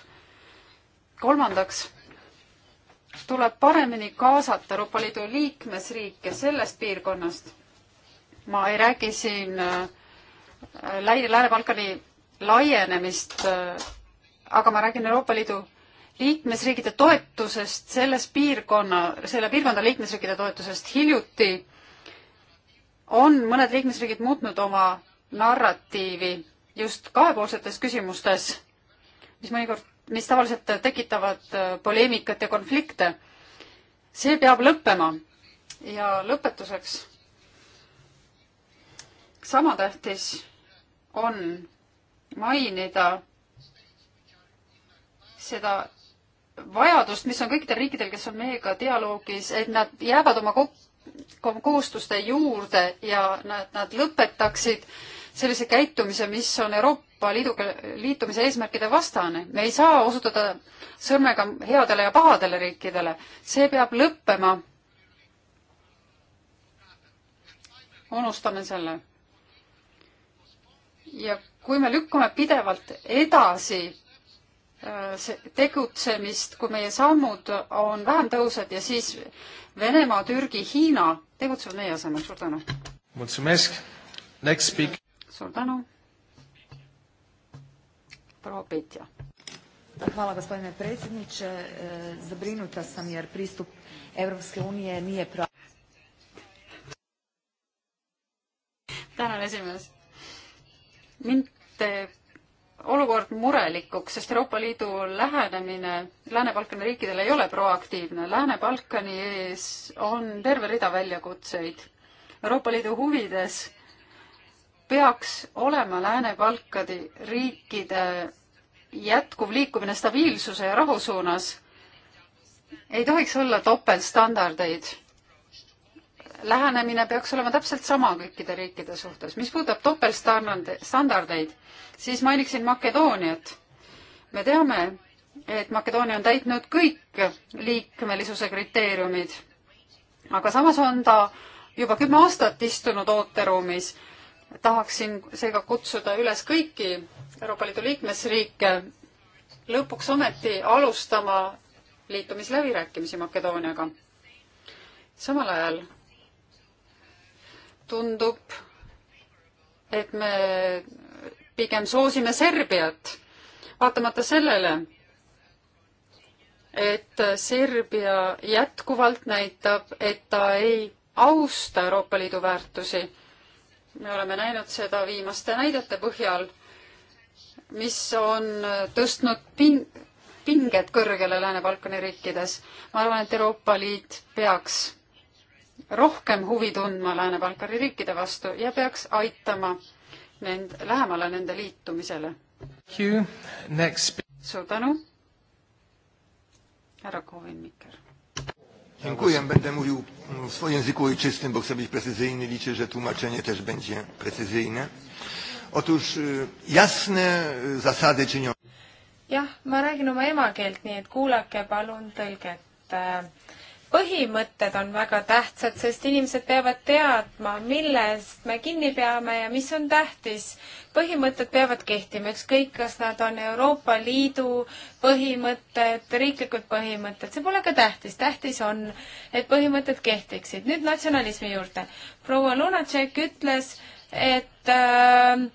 kolmandaks tuleb paremini kaasata Euroopa Liidu liikmesriike sellest piirkonnast. ma ei räägi siin äh, Lääne-Balkani laienemist, äh, aga ma räägin Euroopa Liidu liikmesriikide toetusest selles piirkonna, selle piirkonda liikmesriikide toetusest. hiljuti on mõned liikmesriigid muutnud oma narratiivi just kahepoolsetes küsimustes, mis mõnikord, mis tavaliselt tekitavad äh, poleemikat ja konflikte. see peab lõppema. ja lõpetuseks. sama tähtis on mainida seda vajadust, mis on kõikidel riikidel, kes on meiega dialoogis, et nad jäävad oma ko kohustuste juurde ja nad, nad lõpetaksid äh, sellise käitumise, mis on Euroopa Liiduga liitumise eesmärkide vastane. me ei saa osutada sõrmega headele ja pahadele riikidele. see peab lõppema. unustame selle. ja kui me lükkame pidevalt edasi äh, tegutsemist, kui meie sammud on vähem tõusvad ja siis Venemaa, Türgi, Hiina tegutsevad meie asemel. suur tänu. Mulțumesc. Next speak suur tänu. proua Petja. Hvala gospodine predsjedniče. E, zabrinuta sam jer pristup Europske unije nije pravi. tänan esimees. mind teeb olukord murelikuks, sest Euroopa Liidu lähenemine Lääne-Balkani riikidele ei ole proaktiivne. Lääne-Balkani ees on terve rida väljakutseid. Euroopa Liidu huvides peaks olema Lääne-Balkadi riikide jätkuv liikumine stabiilsuse ja rahu suunas. ei tohiks olla topeltstandardeid. lähenemine peaks olema täpselt sama kõikide riikide suhtes. mis puudutab topeltstandardeid, siis mainiksin Makedooniat. me teame, et Makedoonia on täitnud kõik liikmelisuse kriteeriumid, aga samas on ta juba kümme aastat istunud ooteruumis tahaksin seega kutsuda üles kõiki Euroopa Liidu liikmesriike lõpuks ometi alustama liitumisläbirääkimisi Makedooniaga. samal ajal tundub, et me pigem soosime Serbiat, vaatamata sellele, et Serbia jätkuvalt näitab, et ta ei austa Euroopa Liidu väärtusi me oleme näinud seda viimaste näidete põhjal, mis on tõstnud pin-, pinged kõrgele Lääne-Balkani riikides. ma arvan, et Euroopa Liit peaks rohkem huvi tundma Lääne-Balkani riikide vastu ja peaks aitama nend-, lähemale nende liitumisele. suur tänu, härra Kovin-Mikker. Dziękuję. Będę mówił w swoim języku ojczystym, bo chcę być precyzyjny. Liczę, że tłumaczenie też będzie precyzyjne. Otóż jasne zasady czynią. jah, ma räägin oma emakeelt, nii et kuulake palun tõlget. E, põhimõtted on väga tähtsad, sest inimesed peavad teadma, millest me kinni peame ja mis on tähtis. põhimõtted peavad kehtima, ükskõik, kas nad on Euroopa Liidu põhimõtted, riiklikud põhimõtted, see pole ka tähtis, tähtis on, et põhimõtted kehtiksid. nüüd natsionalismi juurde. proua Lunatšek ütles, et äh,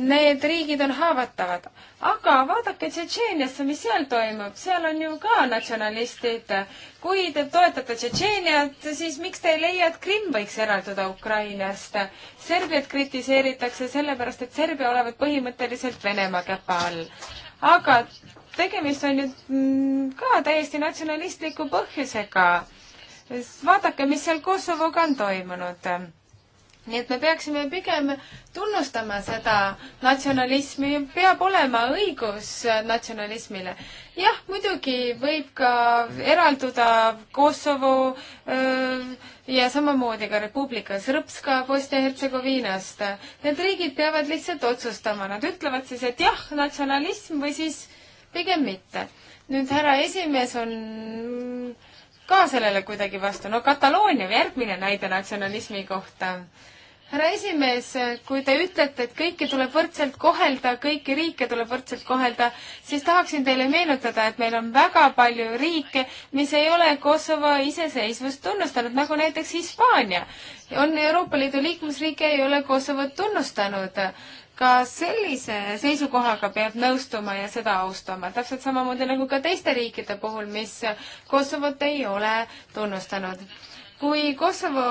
need riigid on haavatavad. aga vaadake Tšetšeeniasse, mis seal toimub, seal on ju ka natsionalistid. kui te toetate Tšetšeeniat, siis miks te ei leia, et Krimm võiks eralduda Ukrainast? Serbiat kritiseeritakse sellepärast, et Serbia olevat põhimõtteliselt Venemaa käpa all. aga tegemist on ju mm, ka täiesti natsionalistliku põhjusega. vaadake, mis seal Kosovoga on toimunud nii et me peaksime pigem tunnustama seda natsionalismi, peab olema õigus natsionalismile. jah, muidugi võib ka eralduda Kosovo öö, ja samamoodi ka Republika Srpska Bosnia-Hertsegoviinast. Need riigid peavad lihtsalt otsustama, nad ütlevad siis, et jah, natsionalism või siis pigem mitte. nüüd härra esimees on ka sellele kuidagi vastu. no Kataloonia, järgmine näide natsionalismi kohta härra esimees, kui te ütlete, et kõiki tuleb võrdselt kohelda, kõiki riike tuleb võrdselt kohelda, siis tahaksin teile meenutada, et meil on väga palju riike, mis ei ole Kosovo iseseisvust tunnustanud, nagu näiteks Hispaania. on Euroopa Liidu liikmesriike, ei ole Kosovot tunnustanud ka sellise seisukohaga peab nõustuma ja seda austama, täpselt samamoodi nagu ka teiste riikide puhul, mis Kosovot ei ole tunnustanud. kui Kosovo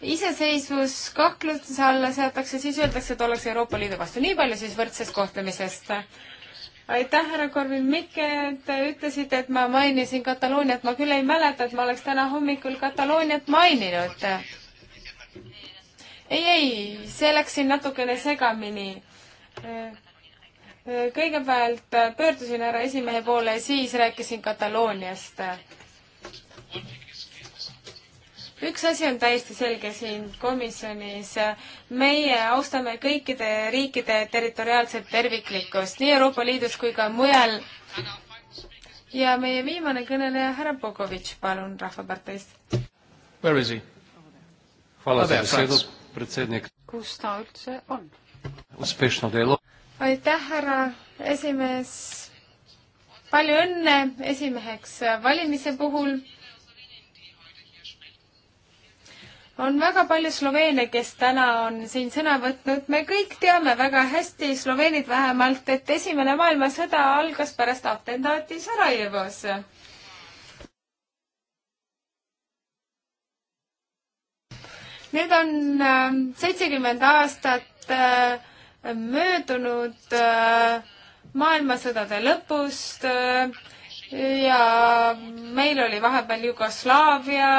iseseisvus kahtluse alla seatakse, siis öeldakse, et ollakse Euroopa Liidu vastu. nii palju siis võrdsest kohtlemisest. aitäh, härra Korvin Mikke, te ütlesite, et ma mainisin Katalooniat. ma küll ei mäleta, et ma oleks täna hommikul Katalooniat maininud. ei, ei, see läks siin natukene segamini kõigepealt pöördusin härra esimehe poole, siis rääkisin Katalooniast üks asi on täiesti selge siin komisjonis. meie austame kõikide riikide territoriaalset terviklikkust nii Euroopa Liidus kui ka mujal. ja meie viimane kõneleja, härra Bogovitš, palun Rahvaparteist. Where is he? kus ta üldse on? aitäh, härra esimees. palju õnne esimeheks valimise puhul on väga palju sloveene, kes täna on siin sõna võtnud. me kõik teame väga hästi, sloveenid vähemalt, et Esimene maailmasõda algas pärast atentaati Sarajevos. nüüd on ähm, seitsekümmend aastat äh, möödunud äh, maailmasõdade lõpust äh, ja meil oli vahepeal Jugoslaavia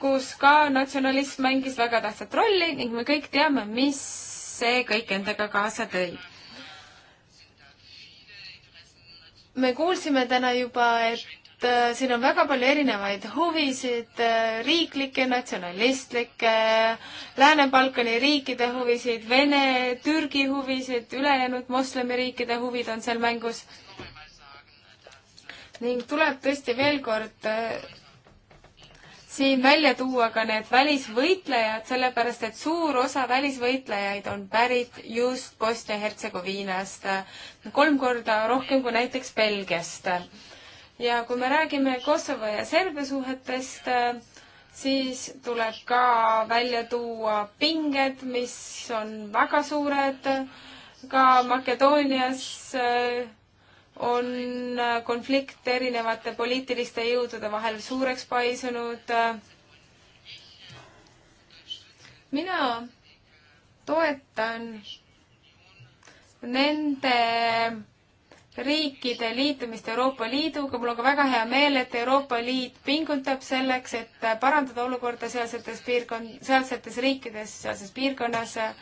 kus ka natsionalism mängis väga tähtsat rolli ning me kõik teame, mis see kõik endaga kaasa tõi. me kuulsime täna juba, et äh, siin on väga palju erinevaid huvisid, äh, riiklikke, natsionalistlikke, Lääne-Balkani riikide huvisid, Vene, Türgi huvisid, ülejäänud moslemiriikide huvid on seal mängus. ning tuleb tõesti veel kord äh, siin välja tuua ka need välisvõitlejad, sellepärast et suur osa välisvõitlejaid on pärit just Bosnia-Hertsegoviinast, kolm korda rohkem kui näiteks Belgiast. ja kui me räägime Kosovo ja Serbia suhetest, siis tuleb ka välja tuua pinged, mis on väga suured, ka Makedoonias on äh, konflikt erinevate poliitiliste jõudude vahel suureks paisunud. mina toetan nende riikide liitumist Euroopa Liiduga, mul on ka väga hea meel, et Euroopa Liit pingutab selleks, et parandada olukorda sealsetes piirkond, sealsetes riikides, sealses piirkonnas äh,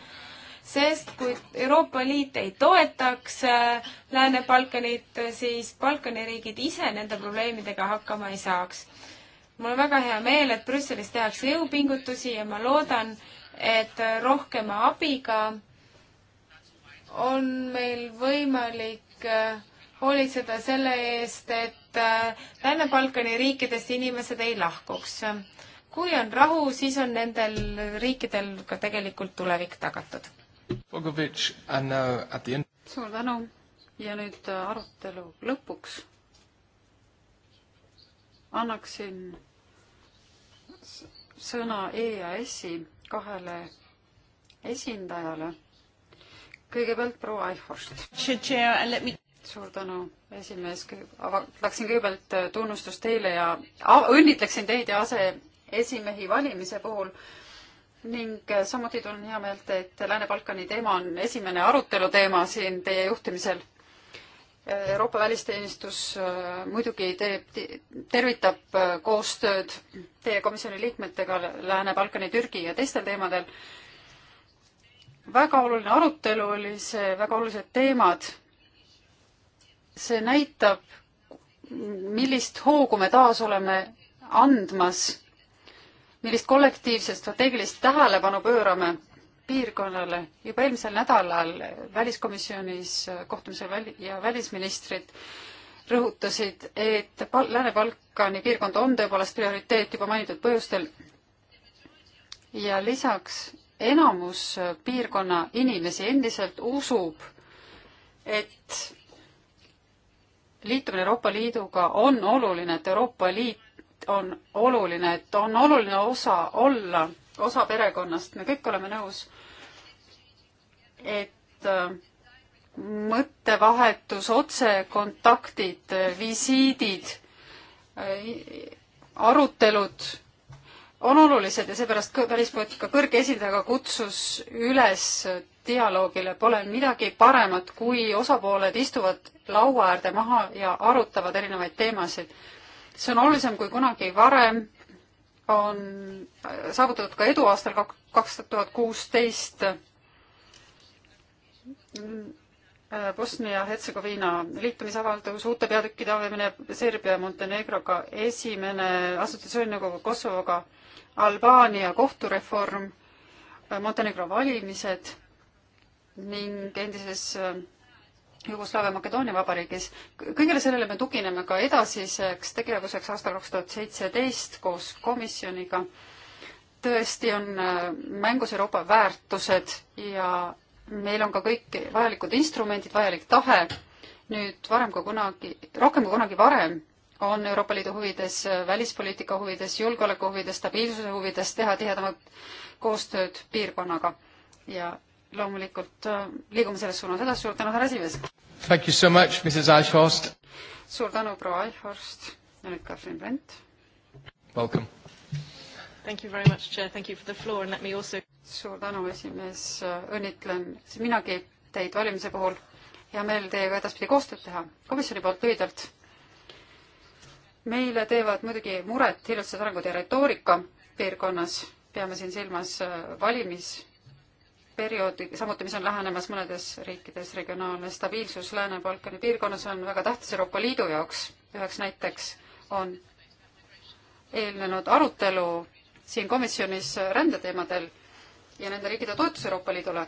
sest kui Euroopa Liit ei toetaks äh, Lääne-Balkanit, äh, siis Balkani riigid ise nende probleemidega hakkama ei saaks. mul on väga hea meel, et Brüsselis tehakse jõupingutusi ja ma loodan, et äh, rohkema abiga on meil võimalik hoolitseda selle eest, et Lääne-Balkani riikidest inimesed ei lahkuks. kui on rahu, siis on nendel riikidel ka tegelikult tulevik tagatud suur tänu ja nüüd äh, arutelu lõpuks annaksin sõna EAS-i kahele esindajale. kõigepealt proua Eichhorst. suur tänu, esimees, tahaksin kõigepealt äh, tunnustust teile ja õnnitleksin teid ja aseesimehi valimise puhul ning eh, samuti tunnen hea meelt, et Lääne-Balkani teema on esimene aruteluteema siin teie juhtimisel. Eh, Euroopa välisteenistus eh, muidugi teeb, tervitab koostööd teie komisjoni liikmetega Lääne-Balkani, Türgi ja teistel teemadel. väga oluline arutelu oli see, väga olulised teemad. see näitab, millist hoogu me taas oleme andmas millist kollektiivset strateegilist tähelepanu pöörame piirkonnale. juba eelmisel nädalal väliskomisjonis kohtumisel väl- ja välisministrid rõhutasid, et pal-, Lääne-Balkani piirkond on tõepoolest prioriteet juba mainitud põhjustel ja lisaks enamus piirkonna inimesi endiselt usub, et liitumine Euroopa Liiduga on oluline, et Euroopa Liit on oluline, et on oluline osa olla, osa perekonnast, me kõik oleme nõus, et äh, mõttevahetus, otsekontaktid, äh, visiidid, äh, arutelud on olulised ja seepärast välispoliitika kõrge esindajaga kutsus üles dialoogile, pole midagi paremat, kui osapooled istuvad laua äärde maha ja arutavad erinevaid teemasid see on olulisem kui kunagi varem, on saavutatud ka edu aastal kaks tuhat kuusteist Bosnia-Hertsegoviina liitumisavaldus, uute peatükkide avamine Serbia ja Montenegroga, esimene assotsiatsiooninõukogu Kosovoga, Albaania kohtureform, Montenegro valimised ning endises Jugoslaavia Makedoonia Vabariigis. kõigele sellele me tugineme ka edasiseks tegevuseks aastal kaks tuhat seitseteist koos komisjoniga. tõesti on äh, mängus Euroopa väärtused ja meil on ka kõik vajalikud instrumendid, vajalik tahe. nüüd varem kui kunagi, rohkem kui kunagi varem on Euroopa Liidu huvides, äh, välispoliitika huvides, julgeoleku huvides, stabiilsuse huvides teha tihedamat koostööd piirkonnaga ja loomulikult äh, liigume selles suunas edasi, suur tänu, härra esimees! Thank you so much, Mrs Ashurst! suur tänu, proua Ashurst ja nüüd Katrin Brent! Welcome! Thank you very much, Chair, thank you for the floor and let me also suur tänu, esimees, äh, õnnitlen minagi teid valimise puhul, hea meel teiega edaspidi koostööd teha, komisjoni poolt lühidalt meile teevad muidugi muret hiljutised arengud ja retoorika piirkonnas, peame siin silmas äh, valimis- perioodi, samuti mis on lähenemas mõnedes riikides, regionaalne stabiilsus Lääne-Balkani piirkonnas on väga tähtis Euroopa Liidu jaoks. üheks näiteks on eelnenud arutelu siin komisjonis rändeteemadel ja nende riikide toetus Euroopa Liidule.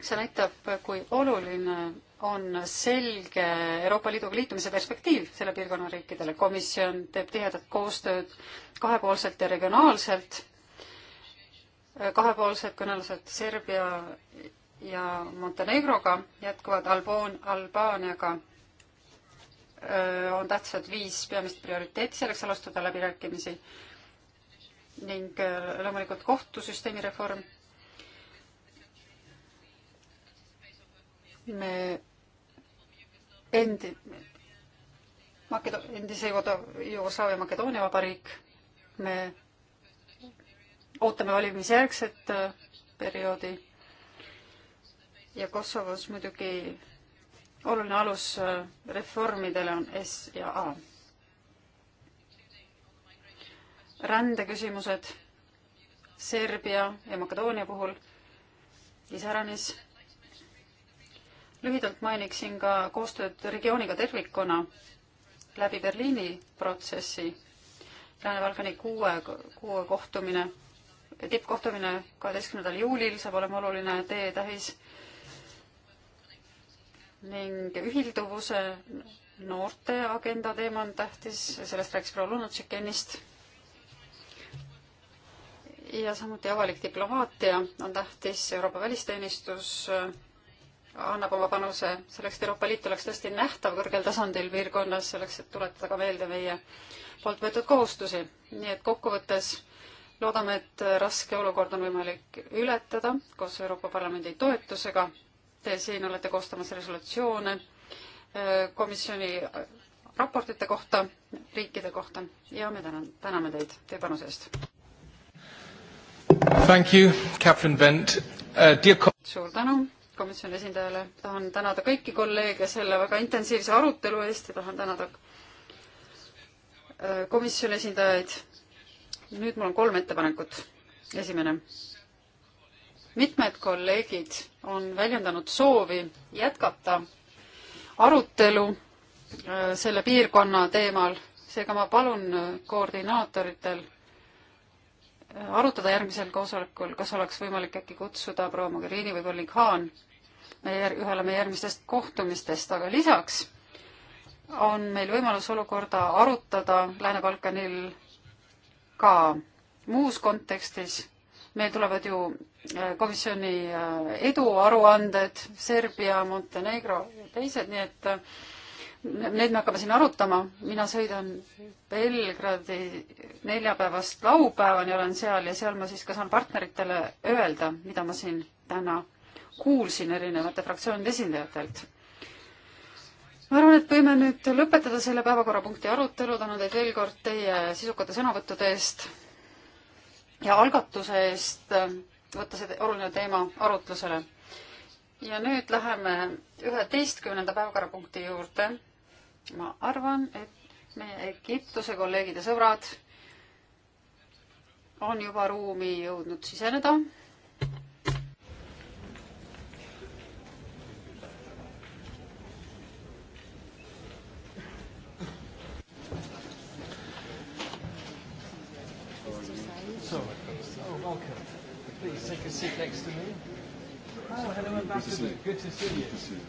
see näitab, kui oluline on selge Euroopa Liiduga liitumise perspektiiv selle piirkonna riikidele. komisjon teeb tihedat koostööd kahepoolselt ja regionaalselt kahepoolsed kõnelused Serbia ja Montenegroga jätkuvad Alboon, Albaaniaga on tähtsad viis peamist prioriteeti selleks alustada läbirääkimisi ning loomulikult kohtusüsteemi reform. me endi-, Makedo-, endise Jugoslaavia Makedoonia vabariik, me ootame valimisjärgset äh, perioodi ja Kosovos muidugi oluline alus äh, reformidele on S ja A. rändeküsimused Serbia ja Makedoonia puhul iseäranis. lühidalt mainiksin ka koostööd regiooniga tervikuna läbi Berliini protsessi, Lääne-Balkani kuue, kuue kohtumine tippkohtumine kaheteistkümnendal juulil saab olema oluline teetähis ning ühilduvuse noorte agenda teema on tähtis, sellest rääkis proua Lunatšik ennist. ja samuti avalik diplomaatia on tähtis, Euroopa välisteenistus annab oma panuse selleks, et Euroopa Liit oleks tõesti nähtav kõrgel tasandil piirkonnas, selleks et tuletada ka meelde meie poolt võetud kohustusi. nii et kokkuvõttes loodame, et raske olukord on võimalik ületada koos Euroopa Parlamendi toetusega. Te siin olete koostamas resolutsioone äh, komisjoni raportite kohta, riikide kohta ja me tänan, täname teid teie panuse eest. Thank you, Catherine Bent uh,. Dear... suur tänu komisjoni esindajale, tahan tänada kõiki kolleege selle väga intensiivse arutelu eest ja tahan tänada äh, komisjoni esindajaid nüüd mul on kolm ettepanekut. esimene. mitmed kolleegid on väljendanud soovi jätkata arutelu äh, selle piirkonna teemal, seega ma palun äh, koordinaatoritel äh, arutada järgmisel koosolekul, kas oleks võimalik äkki kutsuda proua Mogherini või Polly Khan meie, ühele meie järgmistest kohtumistest, aga lisaks on meil võimalus olukorda arutada Lääne-Balkanil ka muus kontekstis. meil tulevad ju äh, komisjoni äh, eduaruanded, Serbia, Montenegro ja teised, nii et äh, need me hakkame siin arutama. mina sõidan Belgradi neljapäevast laupäevani olen seal ja seal ma siis ka saan partneritele öelda, mida ma siin täna kuulsin erinevate fraktsioonide esindajatelt ma arvan, et võime nüüd lõpetada selle päevakorrapunkti arutelu, tänan teid veel kord teie sisukate sõnavõttude eest ja algatuse eest võtta see oluline teema arutlusele. ja nüüd läheme üheteistkümnenda päevakorrapunkti juurde. ma arvan, et meie Egiptuse kolleegid ja sõbrad on juba ruumi jõudnud siseneda. So, oh, welcome. Please take a seat next to me. Oh, hello, Ambassador. Good to see you. Good to see you.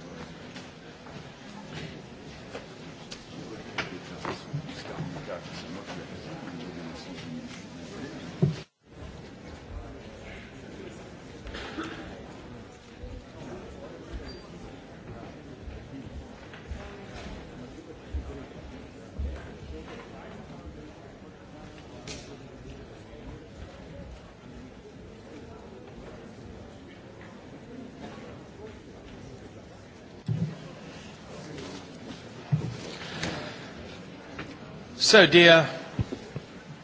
So dear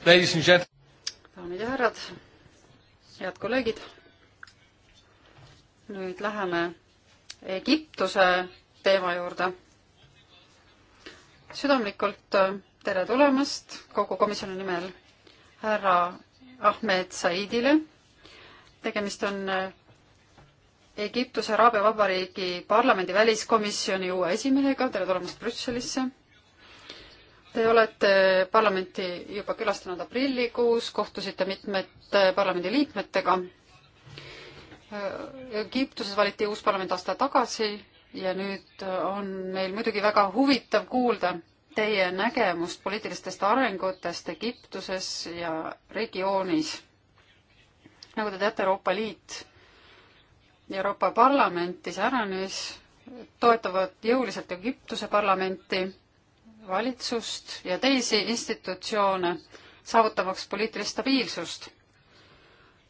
ladies and gentlemen. daamid ja härrad, head kolleegid. nüüd läheme Egiptuse teema juurde. südamlikult äh, tere tulemast kogu komisjoni nimel härra Ahmed Saidile. tegemist on äh, Egiptuse Araabia Vabariigi parlamendi väliskomisjoni uue esimehega, tere tulemast Brüsselisse Te olete parlamenti juba külastanud aprillikuus, kohtusite mitmete parlamendiliikmetega. Egiptuses valiti uus parlament aasta tagasi ja nüüd on meil muidugi väga huvitav kuulda teie nägemust poliitilistest arengutest Egiptuses ja regioonis. nagu te teate, Euroopa Liit ja Euroopa Parlament iseäranis toetavad jõuliselt Egiptuse parlamenti valitsust ja teisi institutsioone, saavutamaks poliitilist stabiilsust.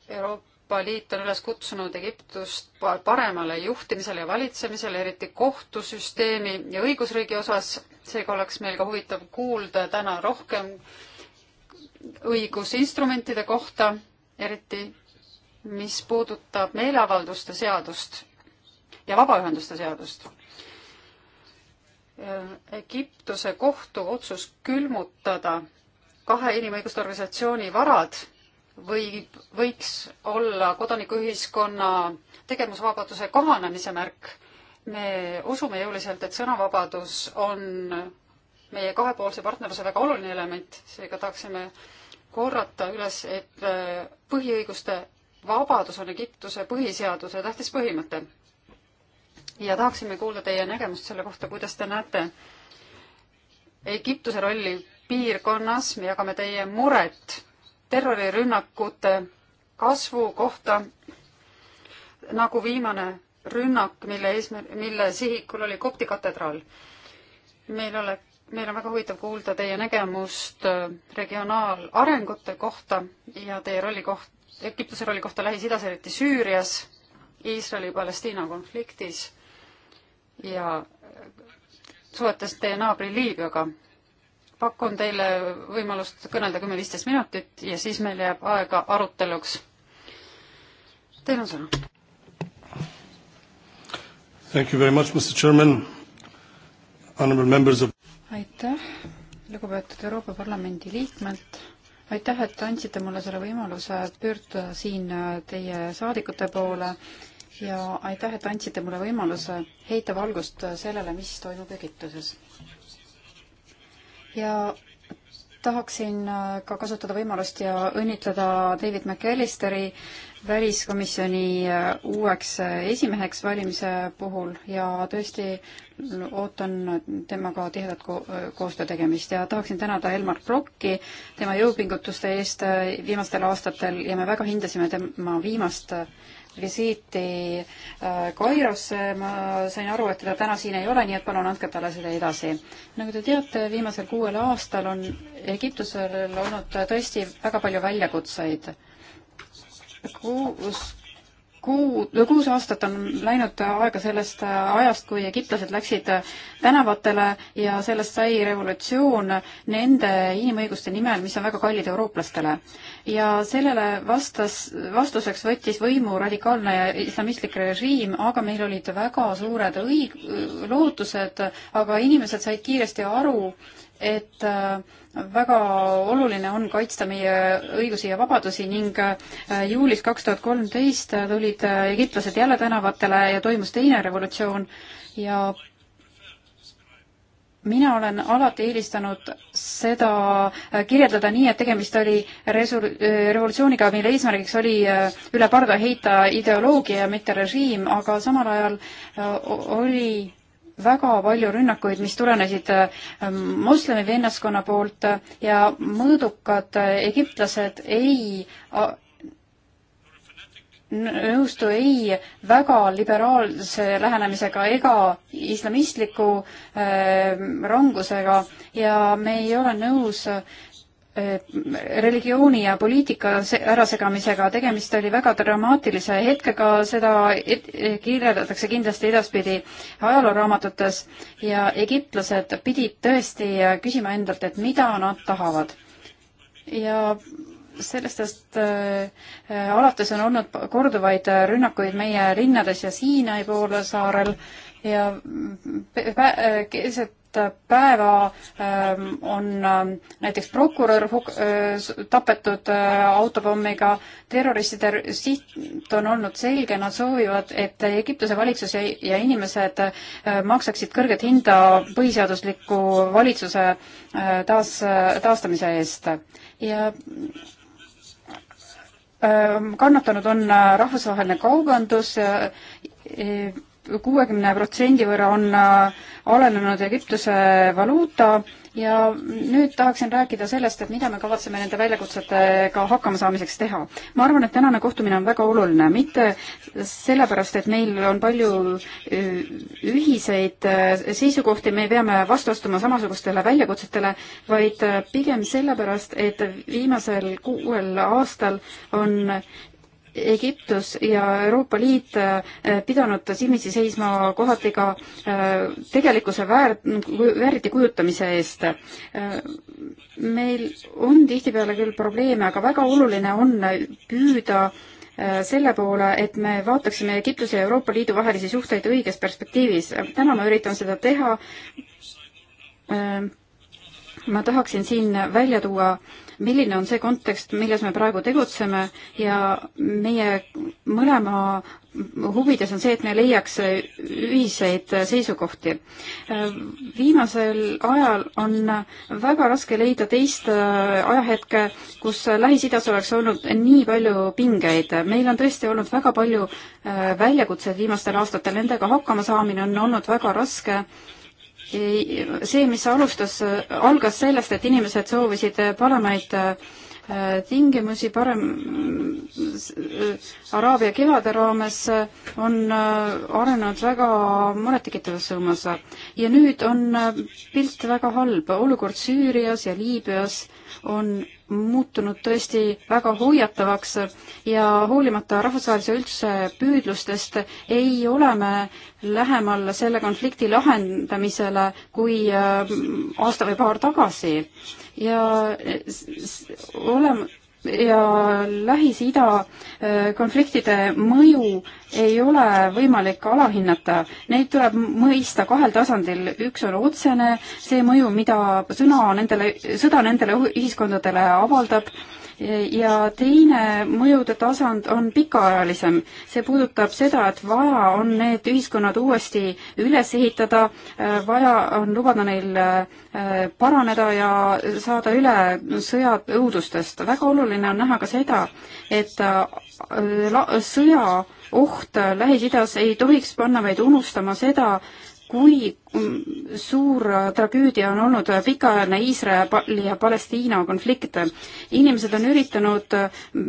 Euroopa Liit on üles kutsunud Egiptust paremale juhtimisele ja valitsemisele, eriti kohtusüsteemi ja õigusriigi osas. seega oleks meil ka huvitav kuulda täna rohkem õigusinstrumentide kohta, eriti mis puudutab meeleavalduste seadust ja vabaühenduste seadust Egiptuse kohtu otsus külmutada kahe inimõiguste organisatsiooni varad või võiks olla kodanikuühiskonna tegevusvabaduse kahanemise märk. me usume jõuliselt, et sõnavabadus on meie kahepoolse partnerluse väga oluline element, seega tahaksime korrata üles, et põhiõiguste vabadus on Egiptuse põhiseaduse tähtis põhimõte ja tahaksime kuulda teie nägemust selle kohta, kuidas te näete Egiptuse rolli piirkonnas, me jagame teie muret terrorirünnakute kasvu kohta, nagu viimane rünnak, mille eesmärk, mille sihikul oli kopti katedraal. meil ole, meil on väga huvitav kuulda teie nägemust äh, regionaalarengute kohta ja teie rolli koht, Egiptuse rolli kohta Lähis-Idas, eriti Süürias, Iisraeli-Palestiina konfliktis ja suhetes teie naabri Liibüaga. pakun teile võimalust kõnelda kümme-viisteist minutit ja siis meil jääb aega aruteluks. Teil on sõna. Thank you very much, Mr Chairman, honourable members of aitäh, lugupeetud Euroopa Parlamendi liikmed, aitäh, et andsite mulle selle võimaluse pöörduda siin äh, teie saadikute poole ja aitäh, et andsite mulle võimaluse heita valgust sellele, mis toimub Egiptuses. ja tahaksin ka kasutada võimalust ja õnnitleda David McAllisteri väliskomisjoni uueks esimeheks valimise puhul ja tõesti ootan temaga tihedat ko koostöö tegemist ja tahaksin tänada Elmar Brocki tema jõupingutuste eest viimastel aastatel ja me väga hindasime tema viimast visiiti äh, Kairosse, ma sain aru, et teda täna siin ei ole, nii et palun andke talle seda edasi. nagu te teate, viimasel kuuel aastal on Egiptusel olnud tõesti väga palju väljakutseid. kuus kuu, kuus aastat on läinud aega sellest ajast, kui egiptlased läksid tänavatele ja sellest sai revolutsioon nende inimõiguste nimel, mis on väga kallid eurooplastele ja sellele vastas, vastuseks võttis võimu radikaalne islamistlik režiim, aga meil olid väga suured õig-, lootused, aga inimesed said kiiresti aru, et äh, väga oluline on kaitsta meie õigusi ja vabadusi ning äh, juulis kaks tuhat kolmteist tulid äh, egiptlased jälle tänavatele ja toimus teine revolutsioon ja mina olen alati eelistanud seda äh, kirjeldada nii, et tegemist oli resol-, äh, revolutsiooniga, mille eesmärgiks oli äh, üle parda heita ideoloogia, mitte režiim, aga samal ajal oli väga palju rünnakuid, mis tulenesid moslemi vennaskonna poolt ja mõõdukad egiptlased ei nõustu ei väga liberaalse lähenemisega ega islamistliku äh, rangusega ja me ei ole nõus äh, religiooni ja poliitika ärasegamisega, tegemist oli väga dramaatilise hetkega, seda kirjeldatakse kindlasti edaspidi ajalooraamatutes ja egiptlased pidid tõesti küsima endalt, et mida nad tahavad. ja sellest ajast äh, alates on olnud korduvaid äh, rünnakuid meie linnades ja Siinai poolsaarel ja äh, keset päeva ähm, on ähm, näiteks prokurör tapetud autopommiga, terroristide siht on olnud selge, nad soovivad, et Egiptuse valitsus ja, ja inimesed maksaksid kõrget hinda põhiseadusliku valitsuse taas, taastamise eest. ja kannatanud on äh, rahvusvaheline kaubandus, e, kuuekümne protsendi võrra on äh, alanenud Egiptuse valuuta ja nüüd tahaksin rääkida sellest, et mida me kavatseme nende väljakutsetega hakkama saamiseks teha. ma arvan, et tänane kohtumine on väga oluline, mitte sellepärast, et meil on palju äh, ühiseid äh, seisukohti, me peame vastu astuma samasugustele väljakutsetele, vaid äh, pigem sellepärast, et viimasel kuuel aastal on Egiptus ja Euroopa Liit äh, pidanud silmitsi seisma kohati ka äh, tegelikkuse väär-, vääriti kujutamise eest. Äh, meil on tihtipeale küll probleeme, aga väga oluline on püüda selle poole, et me vaataksime Egiptuse ja Euroopa Liidu vahelisi suhteid õiges perspektiivis. täna ma üritan seda teha. ma tahaksin siin välja tuua äh, milline on see kontekst, milles me praegu tegutseme ja meie mõlema huvides on see, et me leiaks ühiseid seisukohti. viimasel ajal on väga raske leida teist ajahetke, kus Lähis-Idas oleks olnud nii palju pingeid. meil on tõesti olnud väga palju väljakutseid viimastel aastatel, nendega hakkama saamine on olnud väga raske see, mis alustas, algas sellest, et inimesed soovisid paremaid äh, Äh, tingimusi parem äh, Araabia kevade raames äh, on arenenud väga murettekitavas suunas. ja nüüd on pilt väga halb, olukord Süürias ja Liibüas on muutunud tõesti väga hoiatavaks ja hoolimata rahvusvahelise üldsuse püüdlustest ei ole me lähemal selle konflikti lahendamisele kui aasta või paar tagasi ja olema ja Lähis-Ida äh, konfliktide mõju ei ole võimalik alahinnata. Neid tuleb mõista kahel tasandil, üks on otsene, see mõju, mida sõna nendele, sõda nendele ühiskondadele avaldab ja teine mõjude tasand on pikaajalisem. see puudutab seda, et vaja on need ühiskonnad uuesti üles ehitada, äh, vaja on lubada neil äh, paraneda ja saada üle sõja õudustest. väga oluline on näha ka seda, et äh, sõja oht Lähis-Idas ei tohiks panna meid unustama seda, kui mm, suur tragöödia on olnud pikaajaline Iisraeli ja Palestiina konflikt. inimesed on üritanud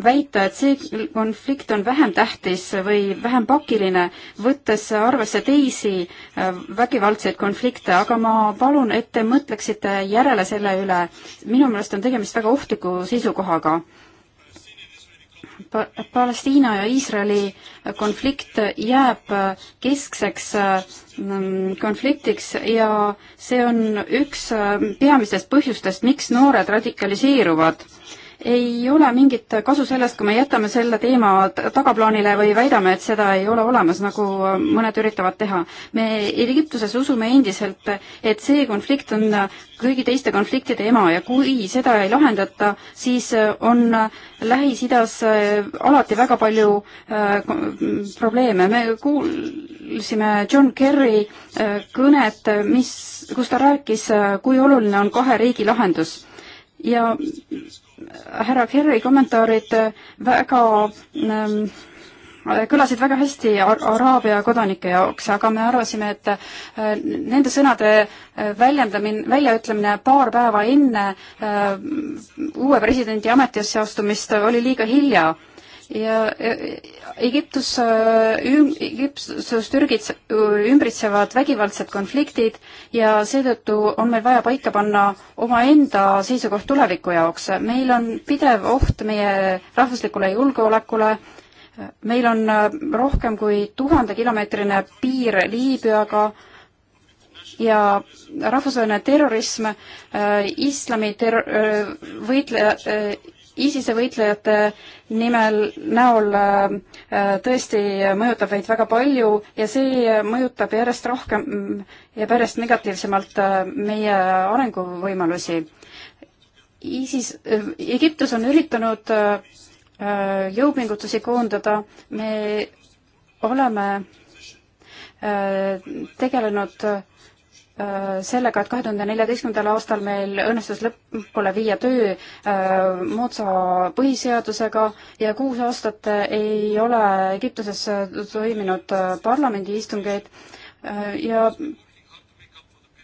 väita, et see konflikt on vähem tähtis või vähem pakiline, võttes arvesse teisi äh, vägivaldseid konflikte, aga ma palun, et te mõtleksite järele selle üle. minu meelest on tegemist väga ohtliku seisukohaga pa Palestiina ja Iisraeli konflikt jääb äh, keskseks äh, mm, konfliktiks ja see on üks äh, peamistest põhjustest, miks noored radikaliseeruvad ei ole mingit kasu sellest, kui me jätame selle teema tagaplaanile või väidame, et seda ei ole olemas, nagu mõned üritavad teha. me Egiptuses usume endiselt, et see konflikt on kõigi teiste konfliktide ema ja kui seda ei lahendata, siis on Lähis-Idas alati väga palju äh, probleeme. me kuulsime John Kerry äh, kõnet, mis, kus ta rääkis, äh, kui oluline on kahe riigi lahendus ja härra Kerri kommentaarid väga ähm, kõlasid väga hästi Araabia kodanike jaoks, aga me arvasime, et äh, nende sõnade äh, väljendamine, väljaütlemine paar päeva enne äh, uue presidendi ametisse astumist oli liiga hilja ja Egiptus, äh, Egiptus, Türgit ümbritsevad vägivaldsed konfliktid ja seetõttu on meil vaja paika panna omaenda seisukoht tuleviku jaoks. meil on pidev oht meie rahvuslikule julgeolekule, meil on äh, rohkem kui tuhandekilomeetrine piir Liibüaga ja rahvusvaheline terrorism, äh, islami ter-, võitleja, ISISe võitlejate nimel, näol äh, tõesti mõjutab meid väga palju ja see mõjutab järjest rohkem ja järjest negatiivsemalt äh, meie arenguvõimalusi. ISIS, äh, Egiptus on üritanud jõupingutusi koondada, me oleme tegelenud Äh, sellega, et kahe tuhande neljateistkümnendal aastal meil õnnestus lõpule viia töö äh, moodsa põhiseadusega ja kuus aastat ei ole Egiptuses toiminud äh, parlamendi istungeid ja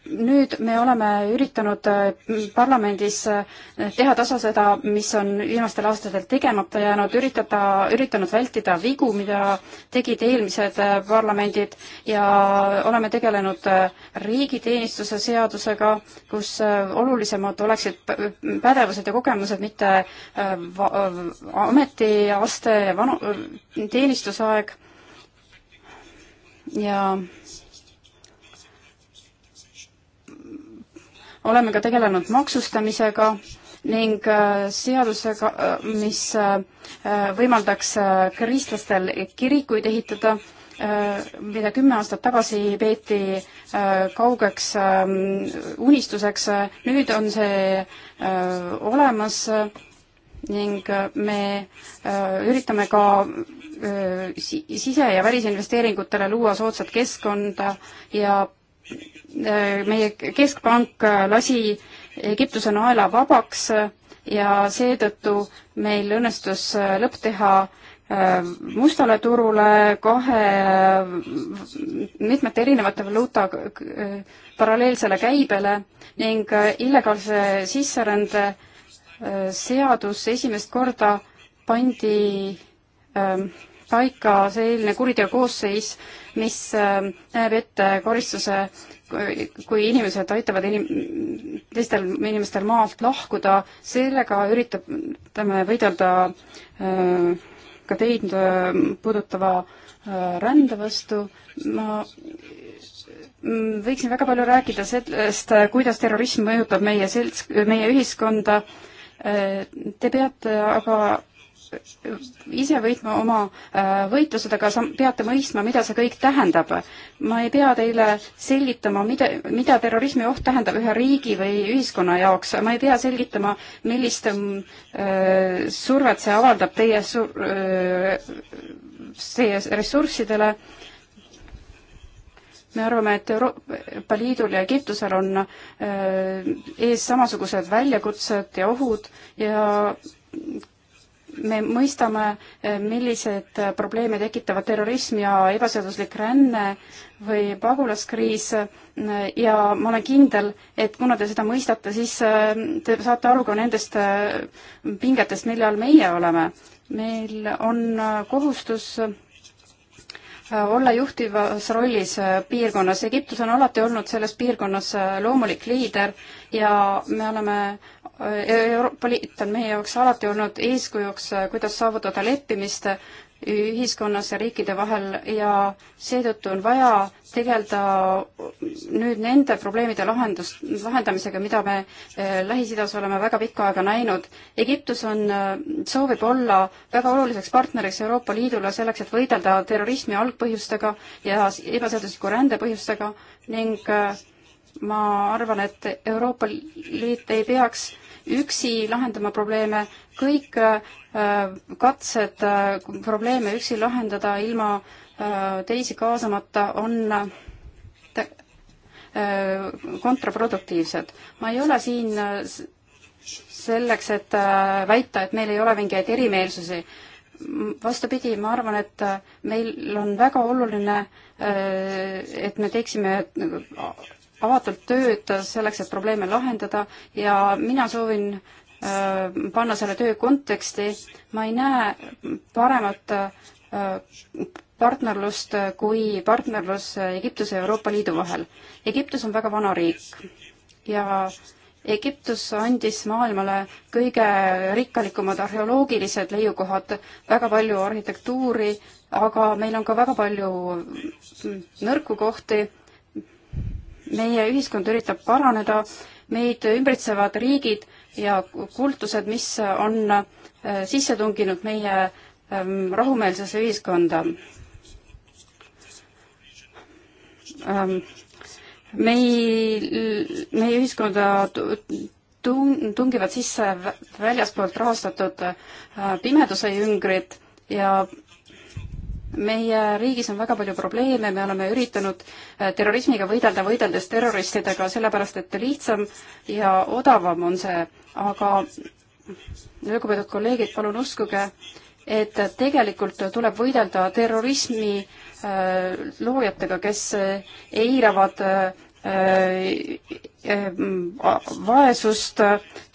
nüüd me oleme üritanud äh, parlamendis äh, teha tasa seda, mis on viimastel aastatel tegemata jäänud, üritada, üritanud vältida vigu, mida tegid eelmised äh, parlamendid ja oleme tegelenud riigiteenistuse seadusega, kus olulisemad oleksid pädevused ja kogemused, mitte ametiaste ja vanu, teenistusaeg ja oleme ka tegelenud maksustamisega ning äh, seadusega, äh, mis äh, võimaldaks kristlastel kirikuid ehitada, mida kümme aastat tagasi peeti kaugeks ähm, unistuseks, nüüd on see olemas ning me üritame ka sise- ja välisinvesteeringutele luua soodsat keskkonda ja Äh, meie keskpank äh, lasi Egiptuse naela vabaks äh, ja seetõttu meil õnnestus lõpp teha mustale turule kahe mitmete erinevate valuuta paralleelsele käibele ning illegaalse sisserände seadus esimest korda pandi ähm, paika selline kuriteokoosseis, mis äh, näeb ette karistuse, kui inimesed aitavad inim-, teistel inimestel maalt lahkuda, sellega üritame võidelda äh, ka teid äh, puudutava rände vastu, ma mm, võiksin väga palju rääkida sellest, kuidas terrorism mõjutab meie selts-, meie ühiskonda, te peate aga ise võitma oma äh, võitlusedega, sa peate mõistma, mida see kõik tähendab. ma ei pea teile selgitama, mida, mida terrorismi oht tähendab ühe riigi või ühiskonna jaoks, ma ei pea selgitama, millist ähm, äh, survet see avaldab teie sur- äh,, teie ressurssidele. me arvame, et Euroopa Liidul ja Egiptusel on äh, ees samasugused väljakutsed ja ohud ja me mõistame, eh, millised eh, probleeme tekitavad terrorism ja ebaseaduslik ränne või pagulaskriis eh, ja ma olen kindel, et kuna te seda mõistate, siis te saate aru ka nendest pingetest, mille all meie oleme. meil on kohustus olla juhtivas rollis piirkonnas. Egiptus on alati olnud selles piirkonnas loomulik liider ja me oleme Euroopa Liit on meie jaoks alati olnud eeskujuks, äh, kuidas saavutada leppimist äh, ühiskonnas ja riikide vahel ja seetõttu on vaja tegeleda äh, nüüd nende probleemide lahendus, lahendamisega, mida me Lähis-Idas oleme väga pikka aega näinud. Egiptus on, soovib olla väga oluliseks partneriks Euroopa Liidule selleks, et võidelda terrorismi algpõhjustega ja ebaseadusliku rände põhjustega ning ma arvan, et Euroopa Liit ei peaks üksi lahendama probleeme, kõik äh, katsed äh, probleeme üksi lahendada ilma äh, teisi kaasamata on kontraproduktiivsed. ma ei ole siin selleks, et väita, et meil ei ole mingeid erimeelsusi. vastupidi, ma arvan, et meil on väga oluline, et me teeksime avatult tööd selleks, et probleeme lahendada ja mina soovin äh, panna selle töö konteksti, ma ei näe paremat äh, partnerlust kui partnerlus Egiptuse ja Euroopa Liidu vahel. Egiptus on väga vana riik ja Egiptus andis maailmale kõige rikkalikumad arheoloogilised leiukohad, väga palju arhitektuuri, aga meil on ka väga palju mm, nõrku kohti meie ühiskond üritab paraneda, meid ümbritsevad riigid ja kultused, mis on äh, sisse tunginud meie ähm, rahumeelsesse ühiskonda. Ähm, meil, meie ühiskonda tung-, tungivad sisse väljaspoolt rahastatud äh, pimeduse jüngrid ja meie riigis on väga palju probleeme, me oleme üritanud äh, terrorismiga võidelda, võideldes terroristidega, sellepärast et lihtsam ja odavam on see, aga lugupeetud kolleegid, palun uskuge, et tegelikult tuleb võidelda terrorismi äh, loojatega, kes äh, eiravad vaesust,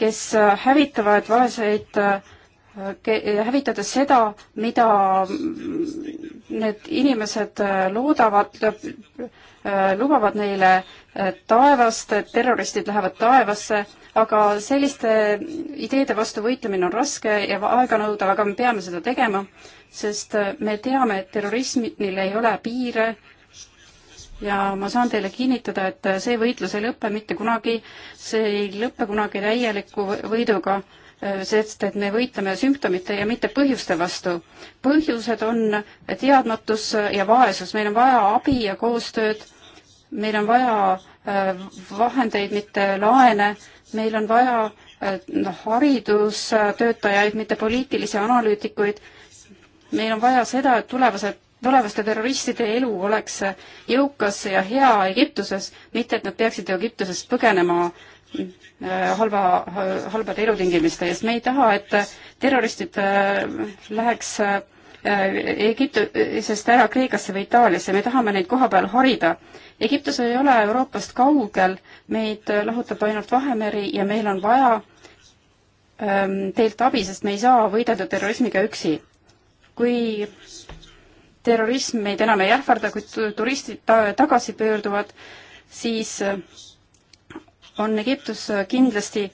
kes hävitavad vaeseid hävitades seda, mida need inimesed äh, loodavad, äh, lubavad neile äh, taevast, et terroristid lähevad taevasse, aga selliste ideede vastu võitlemine on raske ja aeganõudav, aga me peame seda tegema, sest me teame, et terrorismil ei ole piire ja ma saan teile kinnitada, et see võitlus ei lõpe mitte kunagi, see ei lõpe kunagi täieliku võiduga Äh, sest et me võitleme sümptomite ja mitte põhjuste vastu. põhjused on teadmatus ja vaesus, meil on vaja abi ja koostööd, meil on vaja äh, vahendeid, mitte laene, meil on vaja äh, noh, haridustöötajaid, mitte poliitilisi analüütikuid, meil on vaja seda, et tulevased tulevaste terroristide elu oleks jõukas ja hea Egiptuses, mitte et nad peaksid Egiptusest põgenema Äh, halva, halbade elutingimuste eest. me ei taha, et terroristid äh, läheks äh, Egiptusest ära Kreekasse või Itaaliasse, me tahame neid koha peal harida. Egiptus ei ole Euroopast kaugel, meid lahutab ainult Vahemeri ja meil on vaja ähm, teilt abi, sest me ei saa võidelda terrorismiga üksi. kui terrorism meid enam ei ähvarda, kui turistid ta tagasi pöörduvad, siis on Egiptus kindlasti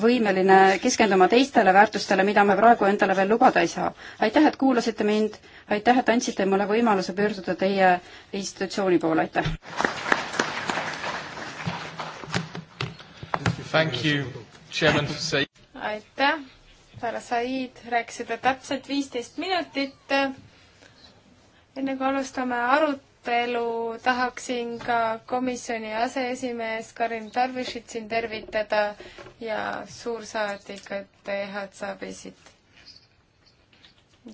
võimeline keskenduma teistele väärtustele, mida me praegu endale veel lubada ei saa. aitäh, et kuulasite mind, aitäh, et andsite mulle võimaluse pöörduda teie institutsiooni poole, aitäh! aitäh, härra Said, rääkisite täpselt viisteist minutit enne kui alustame arut-, arutelu, tahaksin ka komisjoni aseesimees Karin Tarvišit siin tervitada ja suursaadikat Ehatsabist,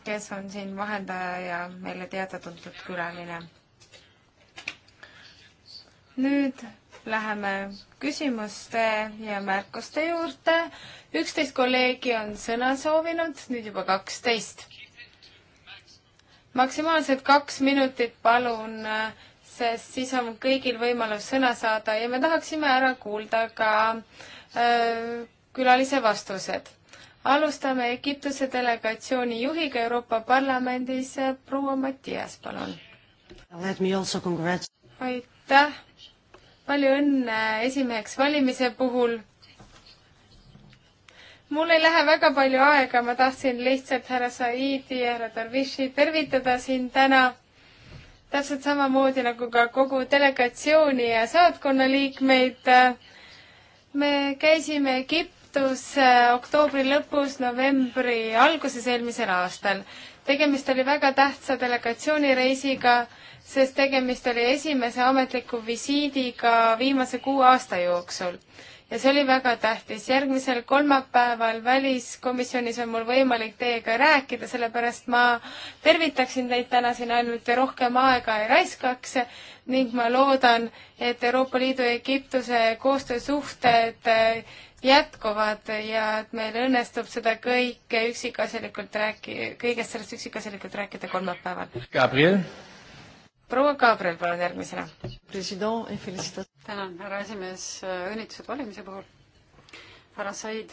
kes on siin vahendaja ja meile teada-tuntud külaline. nüüd läheme küsimuste ja märkuste juurde. üksteist kolleegi on sõna soovinud, nüüd juba kaksteist maksimaalselt kaks minutit, palun, sest siis on kõigil võimalus sõna saada ja me tahaksime ära kuulda ka öö, äh, külalise vastused. alustame Egiptuse delegatsiooni juhiga Euroopa Parlamendis, proua Mattias, palun. aitäh, palju õnne esimeheks valimise puhul mul ei lähe väga palju aega, ma tahtsin lihtsalt härra Saidi ja härra Darvishi tervitada siin täna. täpselt samamoodi nagu ka kogu delegatsiooni ja saatkonna liikmeid. me käisime Egiptus äh, oktoobri lõpus, novembri alguses eelmisel aastal. tegemist oli väga tähtsa delegatsioonireisiga, sest tegemist oli esimese ametliku visiidiga viimase kuue aasta jooksul ja see oli väga tähtis. järgmisel kolmapäeval väliskomisjonis on mul võimalik teiega rääkida, sellepärast ma tervitaksin teid täna siin ainult ja rohkem aega ei raiskaks ning ma loodan, et Euroopa Liidu ja Egiptuse koostöösuhted jätkuvad ja et meil õnnestub seda kõike üksikasjalikult rääki-, kõigest sellest üksikasjalikult rääkida kolmapäeval. Gabriel proua Gabriel, palun järgmisena. tänan, härra esimees, õnnitlused valimise puhul. härra Said,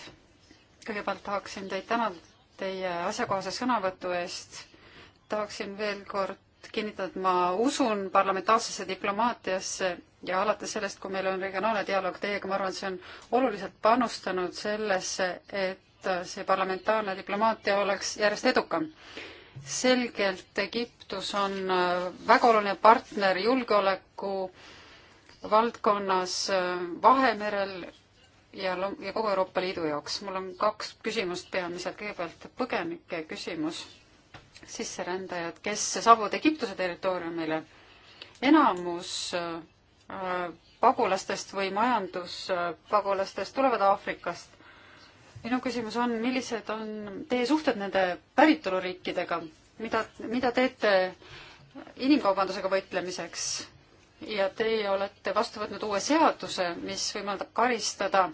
kõigepealt tahaksin teid tänada teie asjakohase sõnavõtu eest. tahaksin veel kord kinnitada, et ma usun parlamentaarsesse diplomaatiasse ja alates sellest, kui meil on regionaalne dialoog teiega, ma arvan, see on oluliselt panustanud sellesse, et see parlamentaarne diplomaatia oleks järjest edukam selgelt Egiptus on äh, väga oluline partner julgeoleku valdkonnas äh, Vahemerel ja, ja kogu Euroopa Liidu jaoks. mul on kaks küsimust peamiselt. kõigepealt põgenike küsimus, sisserändajad, kes saabuvad Egiptuse territooriumile. enamus äh, pagulastest või majanduspagulastest tulevad Aafrikast minu küsimus on, millised on teie suhted nende päritoluriikidega, mida, mida teete inimkaubandusega võitlemiseks? ja teie olete vastu võtnud uue seaduse, mis võimaldab karistada äh,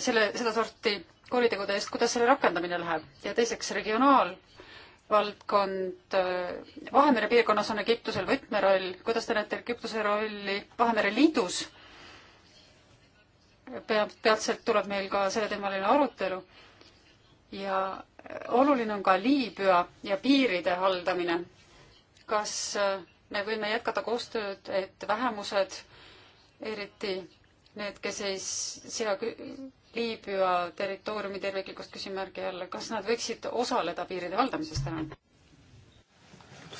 selle, sedasorti kuritegude eest, kuidas selle rakendamine läheb? ja teiseks, regionaalvaldkond äh,, Vahemere piirkonnas on Egiptusel võtmeroll, kuidas te näete Egiptuse rolli Vahemere Liidus peab, peatselt tuleb meil ka selleteemaline arutelu ja oluline on ka Liibüa ja piiride haldamine. kas äh, me võime jätkata koostööd, et vähemused, eriti need, kes ei sea Liibüa territooriumi terviklikust küsimärgi alla, kas nad võiksid osaleda piiride haldamises täna?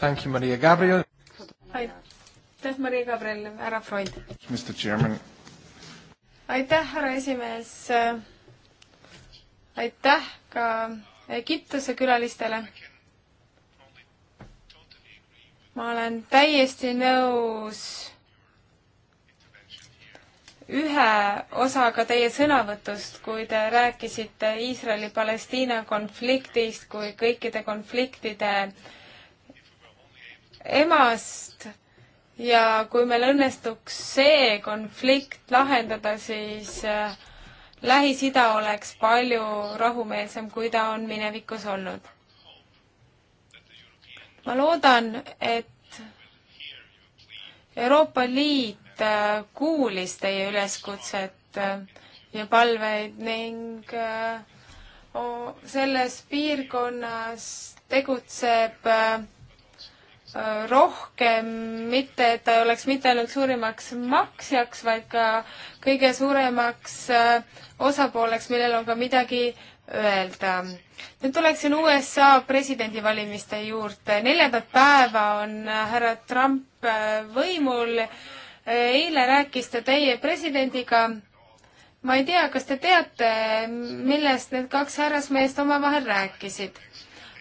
Thank you, Maria Gabriel. aitäh, Maria Gabriel, härra Freund. Mr Chairman aitäh, härra esimees. aitäh ka Egiptuse külalistele. ma olen täiesti nõus ühe osaga teie sõnavõtust, kui te rääkisite Iisraeli-Palestiina konfliktist kui kõikide konfliktide emast ja kui meil õnnestuks see konflikt lahendada, siis äh, Lähis-Ida oleks palju rahumeelsem, kui ta on minevikus olnud. ma loodan, et Euroopa Liit äh, kuulis teie üleskutset äh, ja palveid ning selles piirkonnas tegutseb äh, rohkem, mitte et ta oleks mitte ainult suurimaks maksjaks, vaid ka kõige suuremaks äh, osapooleks, millel on ka midagi öelda. nüüd tuleksin USA presidendivalimiste juurde. neljandat päeva on äh, härra Trump äh, võimul. eile rääkis ta teie presidendiga. ma ei tea, kas te teate, millest need kaks härrasmeest omavahel rääkisid?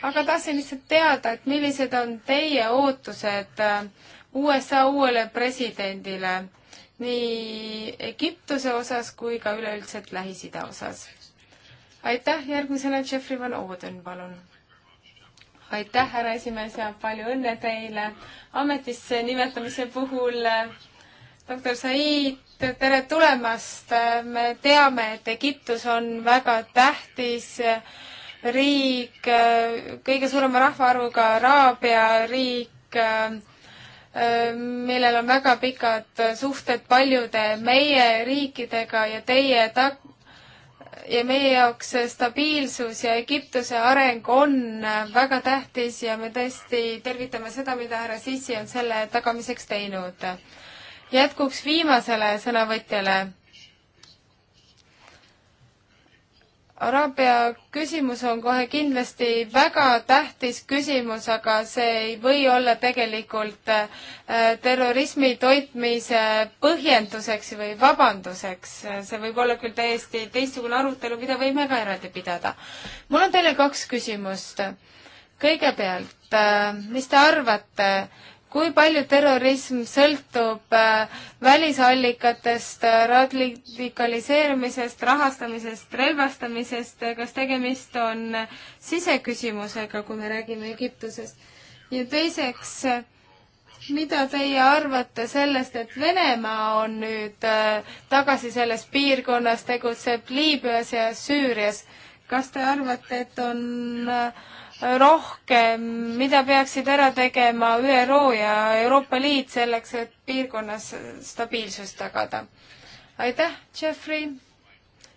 aga tahtsin lihtsalt teada, et millised on teie ootused äh, USA uuele presidendile nii Egiptuse osas kui ka üleüldiselt Lähis-Ida osas. aitäh, järgmisena Jeffrey Van Oden, palun. aitäh, härra esimees ja palju õnne teile ametisse nimetamise puhul. doktor Said, tere tulemast. me teame, et Egiptus on väga tähtis riik, kõige suurema rahvaarvuga Araabia riik, millel on väga pikad suhted paljude meie riikidega ja teie ta-, ja meie jaoks stabiilsus ja Egiptuse areng on väga tähtis ja me tõesti tervitame seda, mida härra Sissi on selle tagamiseks teinud. jätkuks viimasele sõnavõtjale Araabia küsimus on kohe kindlasti väga tähtis küsimus, aga see ei või olla tegelikult äh, terrorismi toitmise põhjenduseks või vabanduseks. see võib olla küll täiesti teistsugune arutelu, mida võime ka eraldi pidada. mul on teile kaks küsimust. kõigepealt, äh, mis te arvate, kui palju terrorism sõltub äh, välisallikatest, äh, radikaliseerumisest, rahastamisest, relvastamisest, kas tegemist on äh, siseküsimusega, kui me räägime Egiptusest? ja teiseks, mida teie arvate sellest, et Venemaa on nüüd tagasi selles piirkonnas, tegutseb Liibüas ja Süürias? kas te arvate, et on äh, rohkem, mida peaksid ära tegema ÜRO ja Euroopa Liit selleks, et piirkonnas stabiilsust tagada? aitäh, Jeffrey.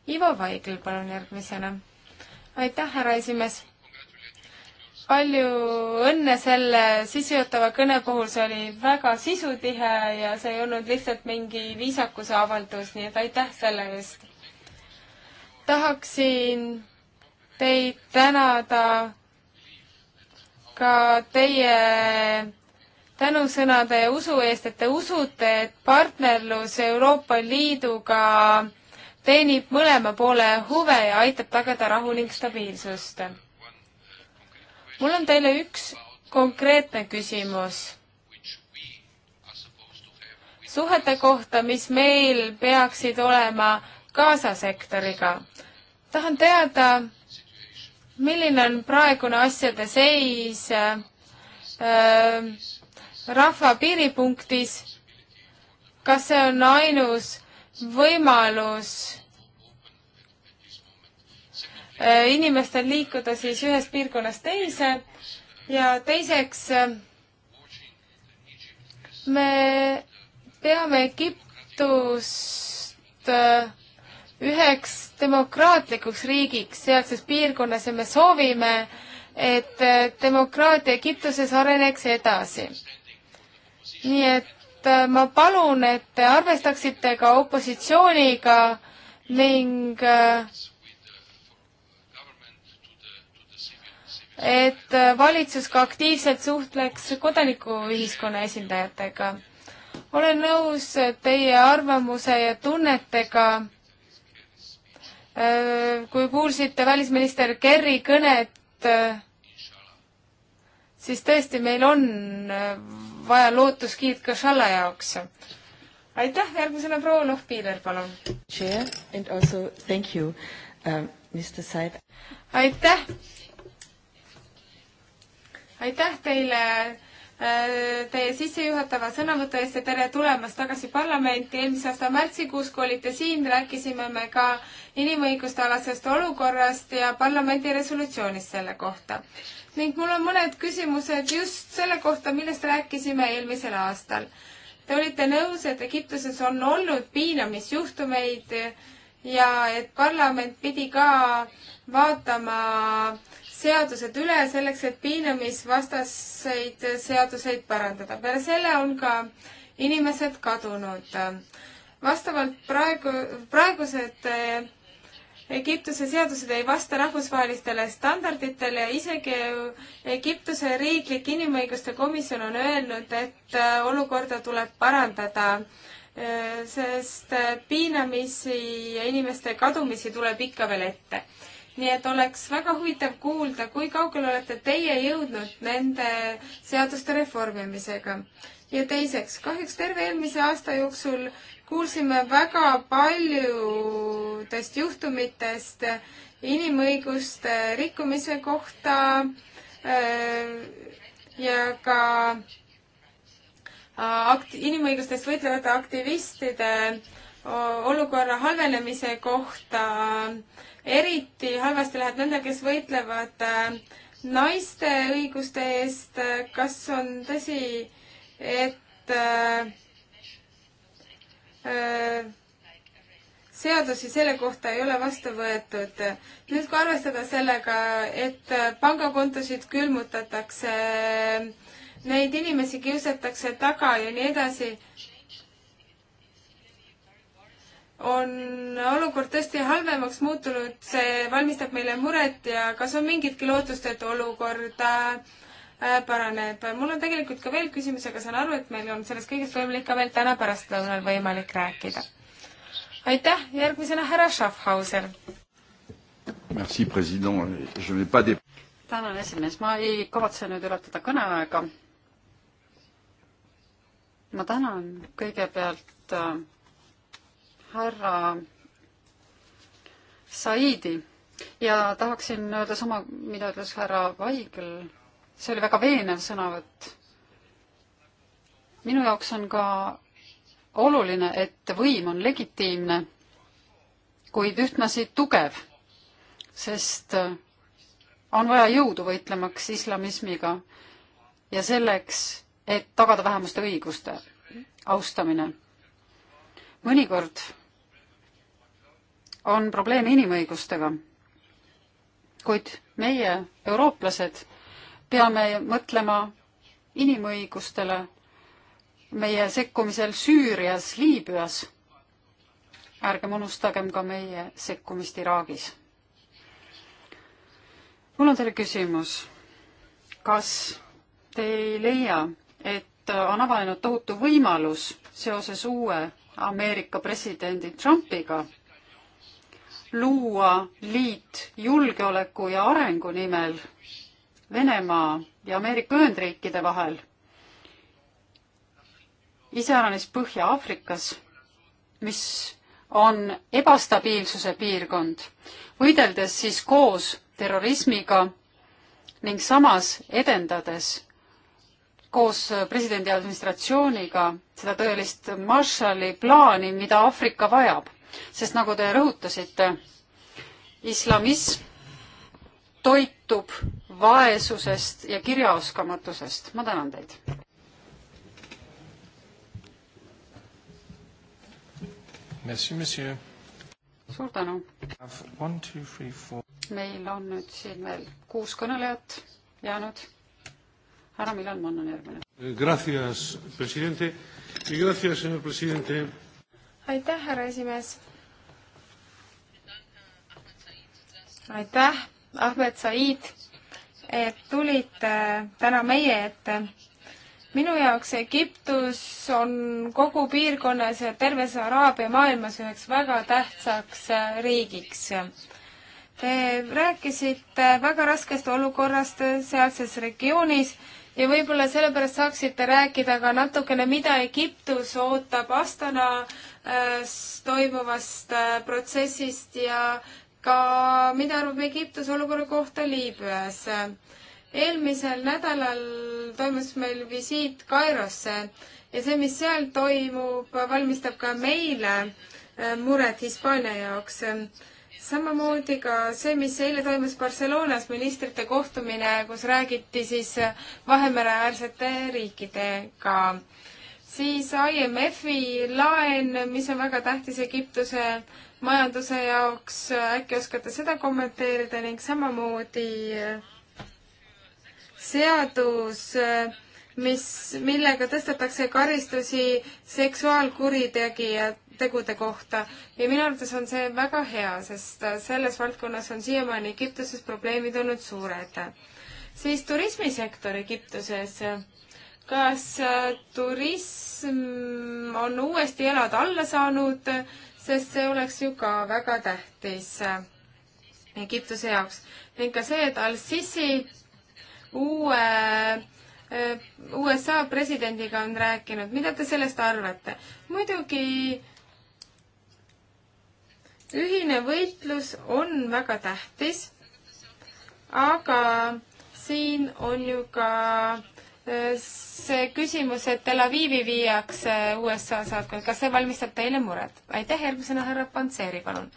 Ivo Vaigel, palun järgmisena. aitäh, härra esimees. palju õnne selle sissejuhatava kõne puhul, see oli väga sisutihe ja see ei olnud lihtsalt mingi viisakuse avaldus, nii et aitäh selle eest. tahaksin teid tänada ka teie tänusõnade ja usu eest, et te usute, et partnerlus Euroopa Liiduga teenib mõlema poole huve ja aitab tagada rahu ning stabiilsust. mul on teile üks konkreetne küsimus suhete kohta, mis meil peaksid olema Gaza sektoriga. tahan teada, milline on praegune asjade seis äh, rahva piiripunktis, kas see on ainus võimalus äh, inimestel liikuda siis ühest piirkonnast teise ja teiseks äh, me peame Egiptust äh, üheks demokraatlikuks riigiks sealses piirkonnas ja me soovime, et äh, demokraatia Egiptuses areneks edasi. nii et äh, ma palun, et te arvestaksite ka opositsiooniga ning äh, et valitsus ka aktiivselt suhtleks kodanikuühiskonna esindajatega. olen nõus teie arvamuse ja tunnetega Äh, kui kuulsite välisminister Kerry kõnet, äh, siis tõesti, meil on äh, vaja lootuskiit ka Shala jaoks. aitäh, järgmisena proua Lohpiiler, palun. Um, aitäh. aitäh teile Äh, teie sissejuhatava sõnavõtu eest ja tere tulemast tagasi parlamenti. eelmise aasta märtsikuus, kui olite siin, rääkisime me ka inimõiguste alasest olukorrast ja parlamendi resolutsioonist selle kohta. ning mul on mõned küsimused just selle kohta, millest rääkisime eelmisel aastal. Te olite nõus, et Egiptuses on olnud piinamisjuhtumeid ja et parlament pidi ka vaatama seadused üle selleks, et piinamisvastaseid seaduseid parandada. peale selle on ka inimesed kadunud. vastavalt praegu, praegused eh, Egiptuse seadused ei vasta rahvusvahelistele standarditele ja isegi Egiptuse riiklik inimõiguste komisjon on öelnud, et eh, olukorda tuleb parandada, eh, sest piinamisi ja inimeste kadumisi tuleb ikka veel ette nii et oleks väga huvitav kuulda, kui kaugele olete teie jõudnud nende seaduste reformimisega. ja teiseks, kahjuks terve eelmise aasta jooksul kuulsime väga paljudest juhtumitest inimõiguste rikkumise kohta äh, ja ka äh, akti-, inimõigustest võitlevate aktivistide äh, olukorra halvenemise kohta eriti halvasti läheb nendel, kes võitlevad äh, naiste õiguste eest. kas on tõsi, et äh, äh, seadusi selle kohta ei ole vastu võetud. nüüd kui arvestada sellega, et pangakontosid külmutatakse, neid inimesi kiusatakse taga ja nii edasi, on olukord tõesti halvemaks muutunud, see valmistab meile muret ja kas on mingitki lootust, et olukord äh, paraneb? mul on tegelikult ka veel küsimus, aga saan aru, et meil on sellest kõigest võimalik ka veel täna pärastlõunal võimalik rääkida. aitäh, järgmisena härra Schaffhauser. Merci, president, je n'ai pas de tänan, esimees, ma ei kavatse nüüd ületada kõneaega. ma tänan kõigepealt äh, härra Saidi ja tahaksin öelda sama, mida ütles härra Vaigel. see oli väga veenev sõnavõtt. minu jaoks on ka oluline, et võim on legitiimne, kuid ühtlasi tugev, sest on vaja jõudu võitlemaks islamismiga ja selleks, et tagada vähemuste õiguste austamine. mõnikord on probleeme inimõigustega. kuid meie, eurooplased, peame mõtlema inimõigustele meie sekkumisel Süürias, Liibüas. ärgem unustagem ka meie sekkumist Iraagis. mul on teile küsimus. kas te ei leia, et on avanenud tohutu võimalus seoses uue Ameerika presidendi Trumpiga luua liit julgeoleku ja arengu nimel Venemaa ja Ameerika Ühendriikide vahel, iseäranis Põhja-Aafrikas, mis on ebastabiilsuse piirkond, võideldes siis koos terrorismiga ning samas edendades koos presidendi administratsiooniga seda tõelist Marshalli plaani, mida Aafrika vajab sest nagu te rõhutasite, islamism toitub vaesusest ja kirjaoskamatusest. ma tänan teid. suur tänu. meil on nüüd siin veel kuus kõnelejat jäänud. härra Milan Mann on järgmine. Gracias, presidente. Gracias, señor presidente aitäh, härra esimees. aitäh, Ahmed Said, et tulite äh, täna meie ette minu jaoks Egiptus on kogu piirkonnas ja terves Araabia maailmas üheks väga tähtsaks äh, riigiks. Te rääkisite väga raskest olukorrast sealses regioonis ja võib-olla sellepärast saaksite rääkida ka natukene, mida Egiptus ootab Astana äh, toimuvast äh, protsessist ja ka mida arvab Egiptus olukorra kohta Liibüas. eelmisel nädalal toimus meil visiit Kairosse ja see, mis seal toimub, valmistab ka meile äh, muret Hispaania jaoks samamoodi ka see, mis eile toimus Barcelonas, ministrite kohtumine, kus räägiti siis Vahemere-äärsete riikidega. siis IMF-i laen, mis on väga tähtis Egiptuse majanduse jaoks, äkki oskate seda kommenteerida ning samamoodi seadus, mis, millega tõstetakse karistusi seksuaalkuritegijatel tegude kohta ja minu arvates on see väga hea, sest selles valdkonnas on siiamaani Egiptuses probleemid olnud suured. siis turismisektor Egiptuses. kas äh, turism on uuesti elad alla saanud, sest see oleks ju ka väga tähtis äh, Egiptuse jaoks ning ka see, et Al-Sisi uue äh, USA presidendiga on rääkinud, mida te sellest arvate? muidugi ühine võitlus on väga tähtis, aga siin on ju ka äh, see küsimus, et Tel Avivi viiakse USA saatkond, kas see valmistab teile muret? aitäh, järgmisena härra Pantseri, palun.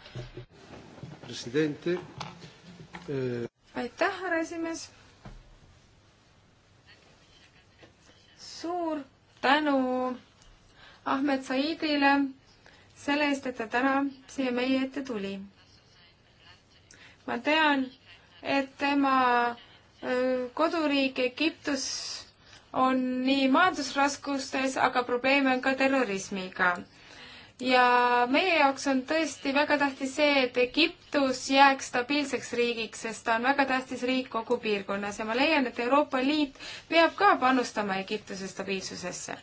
Äh, aitäh, härra esimees. suur tänu Ahmed Saidile selle eest, et ta täna siia meie ette tuli. ma tean, et tema koduriik Egiptus on nii majandusraskustes, aga probleeme on ka terrorismiga. ja meie jaoks on tõesti väga tähtis see, et Egiptus jääks stabiilseks riigiks, sest ta on väga tähtis riik kogu piirkonnas ja ma leian, et Euroopa Liit peab ka panustama Egiptuse stabiilsusesse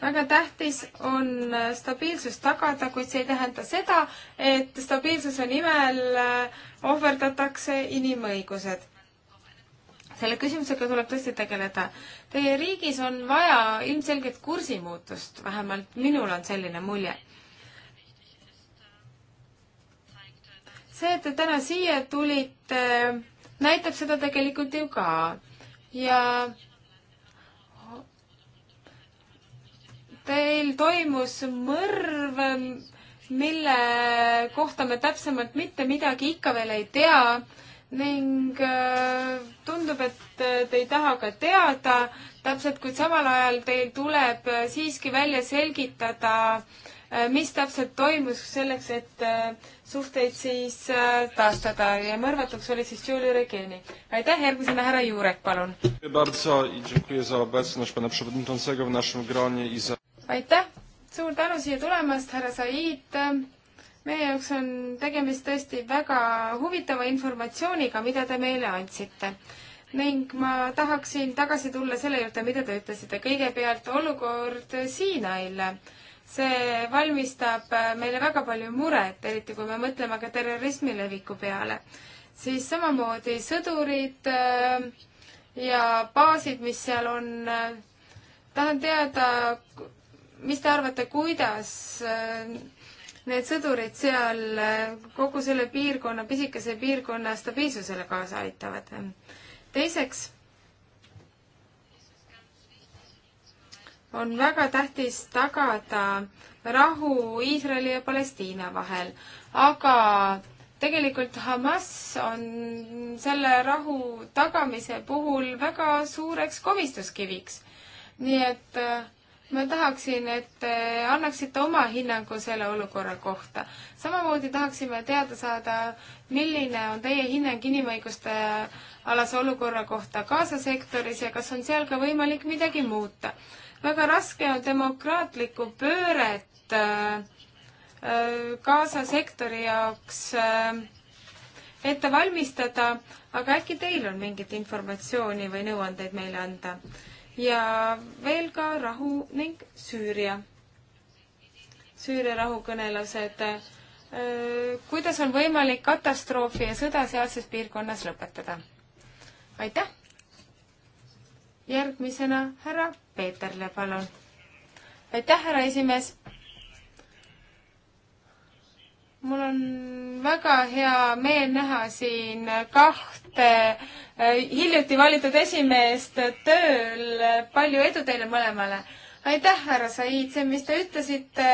väga tähtis on äh, stabiilsus tagada, kuid see ei tähenda seda, et stabiilsuse nimel äh, ohverdatakse inimõigused. selle küsimusega tuleb tõesti tegeleda. Teie riigis on vaja ilmselgelt kursimuutust, vähemalt minul on selline mulje see, et te täna siia tulite, äh, näitab seda tegelikult ju ka. ja Teil toimus mõrv, mille kohta me täpsemalt mitte midagi ikka veel ei tea ning äh, tundub, et äh, te ei taha ka teada täpselt, kuid samal ajal teil tuleb äh, siiski välja selgitada, mis täpselt toimus selleks, et suhteid siis taastada ja mõrvatuks oli siis Julia Regeni. aitäh, järgmisena härra Juurek, palun aitäh, suur tänu siia tulemast, härra Said. meie jaoks on tegemist tõesti väga huvitava informatsiooniga, mida te meile andsite ning ma tahaksin tagasi tulla selle juurde, mida te ütlesite. kõigepealt olukord Siinail. see valmistab meile väga palju muret, eriti kui me mõtleme ka terrorismi leviku peale. siis samamoodi sõdurid äh, ja baasid, mis seal on. Äh, tahan teada, mis te arvate, kuidas äh, need sõdurid seal äh, kogu selle piirkonna, pisikese piirkonna stabiilsusele kaasa aitavad? teiseks on väga tähtis tagada rahu Iisraeli ja Palestiina vahel, aga tegelikult Hamas on selle rahu tagamise puhul väga suureks komistuskiviks. nii et äh, ma tahaksin, et te annaksite oma hinnangu selle olukorra kohta. samamoodi tahaksime teada saada, milline on teie hinnang inimõiguste alase olukorra kohta Gaza sektoris ja kas on seal ka võimalik midagi muuta. väga raske on demokraatlikku pööret äh, äh, Gaza sektori jaoks äh, ette valmistada, aga äkki teil on mingit informatsiooni või nõuandeid meile anda? ja veel ka rahu ning Süüria. Süüria rahukõnelused. Äh, kuidas on võimalik katastroofi ja sõda sealses piirkonnas lõpetada? aitäh! järgmisena härra Peeterle, palun. aitäh, härra esimees! mul on väga hea meel näha siin kahte äh, hiljuti valitud esimeest tööl. palju edu teile mõlemale! aitäh, härra Said, see, mis te ütlesite,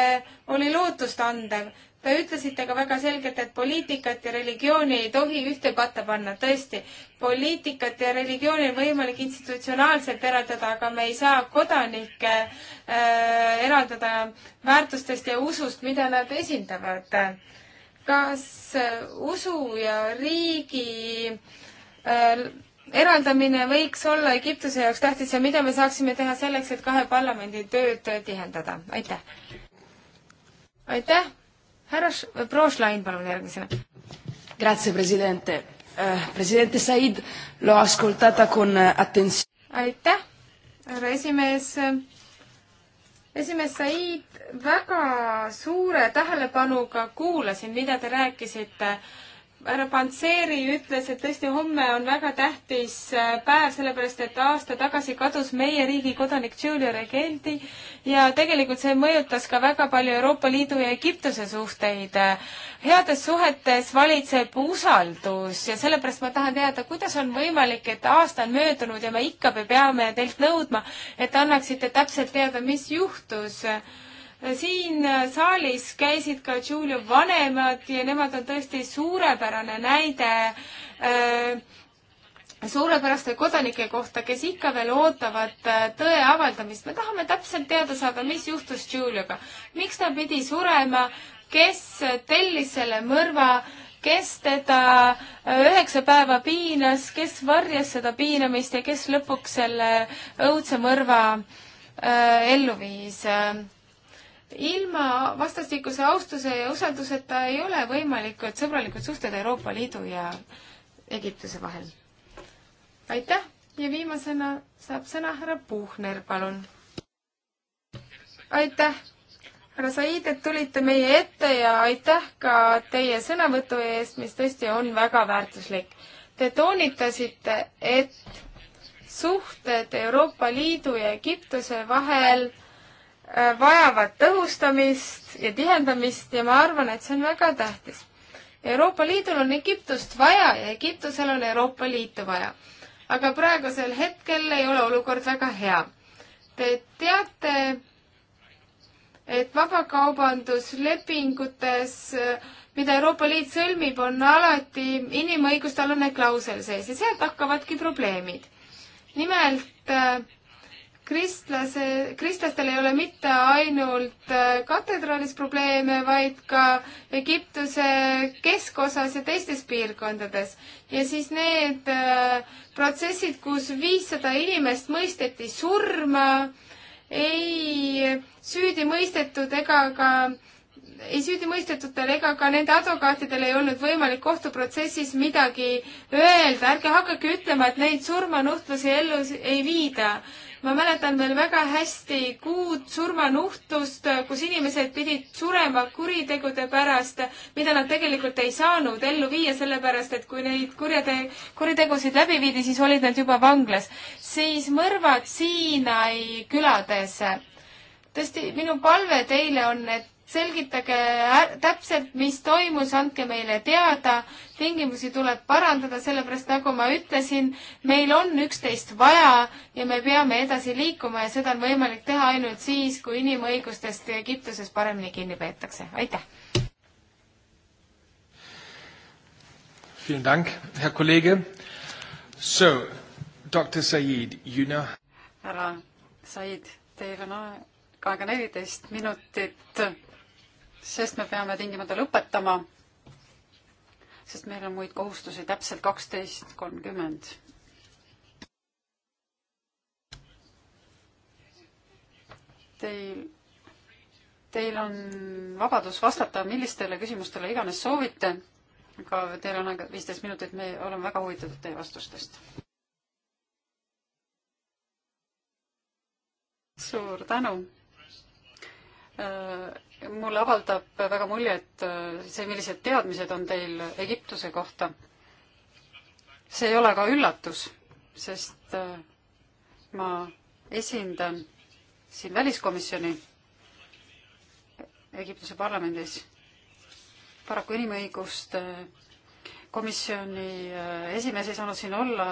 oli lootustandev. Te ütlesite ka väga selgelt, et poliitikat ja religiooni ei tohi ühte patta panna. tõesti, poliitikat ja religiooni on võimalik institutsionaalselt eraldada, aga me ei saa kodanikke äh, eraldada väärtustest ja usust, mida nad esindavad äh, kas usu ja riigi äh, eraldamine võiks olla Egiptuse jaoks tähtis ja mida me saaksime teha selleks, et kahe parlamendi tööd tihendada? aitäh! aitäh! härra äh, Prošlain, palun järgmisena. Grazie, presidente uh,. Presidente Said, lo ascoltata con eh, attenzione. aitäh, härra esimees esimees Said, väga suure tähelepanuga kuulasin, mida te rääkisite härra Panseri ütles, et tõesti homme on väga tähtis äh, päev, sellepärast et aasta tagasi kadus meie riigi kodanik Giulio Regeldi ja tegelikult see mõjutas ka väga palju Euroopa Liidu ja Egiptuse suhteid. heades suhetes valitseb usaldus ja sellepärast ma tahan teada, kuidas on võimalik, et aasta on möödunud ja me ikka peame teilt nõudma, et annaksite täpselt teada, mis juhtus siin äh, saalis käisid ka Giulio vanemad ja nemad on tõesti suurepärane näide äh, suurepäraste kodanike kohta, kes ikka veel ootavad äh, tõe avaldamist. me tahame täpselt teada saada, mis juhtus Giulioga, miks ta pidi surema, kes tellis selle mõrva, kes teda üheksa päeva piinas, kes varjas seda piinamist ja kes lõpuks selle õudse mõrva äh, ellu viis äh, ilma vastastikuse austuse ja usalduseta ei ole võimalikud sõbralikud suhted Euroopa Liidu ja Egiptuse vahel. aitäh ja viimasena saab sõna härra Puhner, palun. aitäh, härra Said, et tulite meie ette ja aitäh ka teie sõnavõtu eest, mis tõesti on väga väärtuslik. Te toonitasite, et suhted Euroopa Liidu ja Egiptuse vahel vajavad tõhustamist ja tihendamist ja ma arvan, et see on väga tähtis. Euroopa Liidul on Egiptust vaja ja Egiptusel on Euroopa Liitu vaja. aga praegusel hetkel ei ole olukord väga hea. Te teate, et vabakaubanduslepingutes, mida Euroopa Liit sõlmib, on alati inimõiguste alane klausel sees ja sealt hakkavadki probleemid. nimelt äh, kristlase, kristlastel ei ole mitte ainult äh, katedraalis probleeme, vaid ka Egiptuse keskosas ja teistes piirkondades. ja siis need äh, protsessid, kus viissada inimest mõisteti surma, ei süüdi mõistetud ega ka ei süüdimõistetutel ega ka nende advokaatidel ei olnud võimalik kohtuprotsessis midagi öelda, ärge hakake ütlema, et neid surmanuhtlusi ellu ei viida ma mäletan veel väga hästi kuud surmanuhtlust, kus inimesed pidid surema kuritegude pärast, mida nad tegelikult ei saanud ellu viia, sellepärast et kui neid kurjate, kuritegusid läbi viidi, siis olid nad juba vanglas. siis mõrvad Siinai külades tõesti, minu palve teile on, et selgitage täpselt, mis toimus, andke meile teada, tingimusi tuleb parandada, sellepärast nagu ma ütlesin, meil on üksteist vaja ja me peame edasi liikuma ja seda on võimalik teha ainult siis, kui inimõigustest Egiptuses paremini kinni peetakse. aitäh! Vielen Dank, Herr Kollege. So, Dr. Said, you know. härra Said, teil on aega neliteist minutit sest me peame tingimata lõpetama, sest meil on muid kohustusi täpselt kaksteist kolmkümmend. Teil, teil on vabadus vastata millistele küsimustele iganes soovite, aga teil on aega viisteist minutit, me oleme väga huvitatud teie vastustest. suur tänu! Äh, mulle avaldab väga mulje, et äh, see, millised teadmised on teil Egiptuse kohta. see ei ole ka üllatus, sest äh, ma esindan siin väliskomisjoni Egiptuse parlamendis. paraku inimõiguste komisjoni äh, esimees ei saanud siin olla,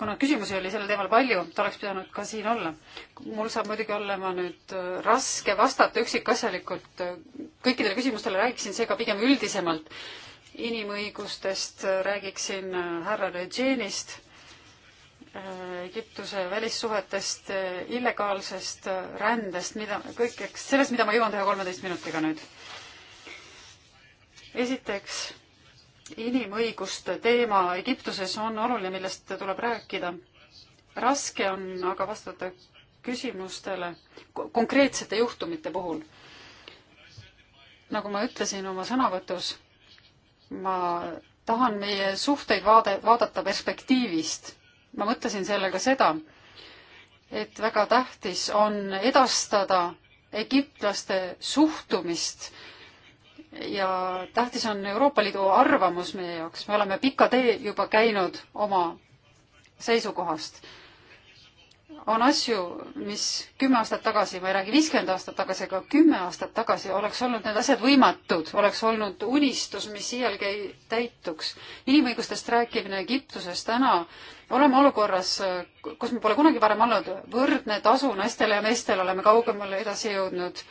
kuna küsimusi oli sellel teemal palju, ta oleks pidanud ka siin olla. mul saab muidugi olema nüüd äh, raske vastata üksikasjalikult, äh, kõikidele küsimustele räägiksin seega pigem üldisemalt. inimõigustest räägiksin härra Regenist, Egiptuse välissuhetest, illegaalsest rändest, mida, kõikeks, sellest, mida ma jõuan teha kolmeteist minutiga nüüd. esiteks inimõiguste teema Egiptuses on oluline, millest tuleb rääkida. raske on aga vastata küsimustele konkreetsete juhtumite puhul. nagu ma ütlesin oma sõnavõtus, ma tahan meie suhteid vaade, vaadata perspektiivist. ma mõtlesin sellega seda, et väga tähtis on edastada egiptlaste suhtumist ja tähtis on Euroopa Liidu arvamus meie jaoks, me oleme pika tee juba käinud oma seisukohast. on asju, mis kümme aastat tagasi, ma ei räägi viiskümmend aastat tagasi, aga kümme aastat tagasi oleks olnud need asjad võimatud, oleks olnud unistus, mis iialgi ei täituks. inimõigustest rääkimine Egiptuses täna, oleme olukorras, kus me pole kunagi varem olnud, võrdne tasu naistele ja meestele oleme kaugemale edasi jõudnud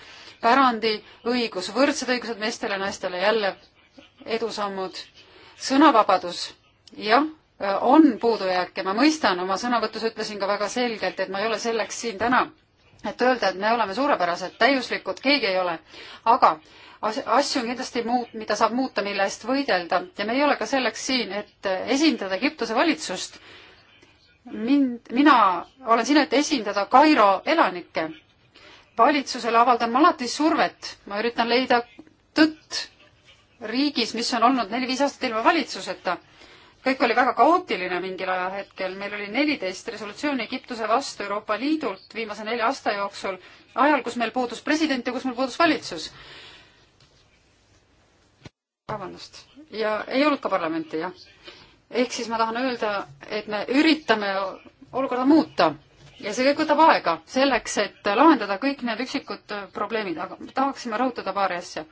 pärandiõigus, võrdsed õigused meestele ja naistele, jälle edusammud. sõnavabadus, jah, on puudujääke, ma mõistan, oma sõnavõtus ütlesin ka väga selgelt, et ma ei ole selleks siin täna, et öelda, et me oleme suurepärased, täiuslikud, keegi ei ole. aga asju on kindlasti muud, mida saab muuta, mille eest võidelda ja me ei ole ka selleks siin, et esindada Egiptuse valitsust. mind, mina olen siin, et esindada Kairo elanikke valitsusele avaldan ma alati survet, ma üritan leida tõtt riigis, mis on olnud neli-viis aastat ilma valitsuseta. kõik oli väga kaootiline mingil ajahetkel, meil oli neliteist resolutsiooni Egiptuse vastu Euroopa Liidult viimase nelja aasta jooksul, ajal, kus meil puudus president ja kus meil puudus valitsus. vabandust, ja ei olnud ka parlamenti, jah. ehk siis ma tahan öelda, et me üritame olukorda muuta ja see kõik võtab aega selleks, et lahendada kõik need üksikud probleemid, aga tahaksime rõhutada paari asja.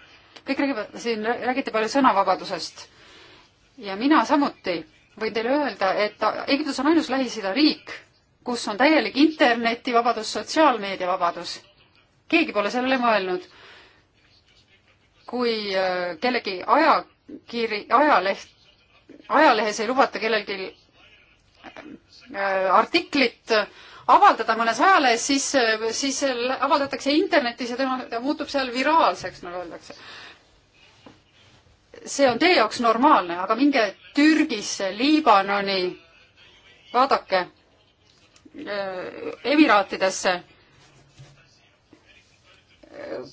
kõik räägivad, siin räägiti palju sõnavabadusest ja mina samuti võin teile öelda, et Egiptus on ainus Lähis-Ida riik, kus on täielik internetivabadus, sotsiaalmeediavabadus. keegi pole sellele mõelnud. kui äh, kellegi ajakiri, ajaleht, ajalehes ei lubata kellelgi äh, artiklit avaldada mõnes ajalehes, siis, siis avaldatakse internetis ja tema, ta muutub seal viraalseks, nagu öeldakse. see on teie jaoks normaalne, aga minge Türgisse, Liibanoni, vaadake, äh, Emiraatidesse,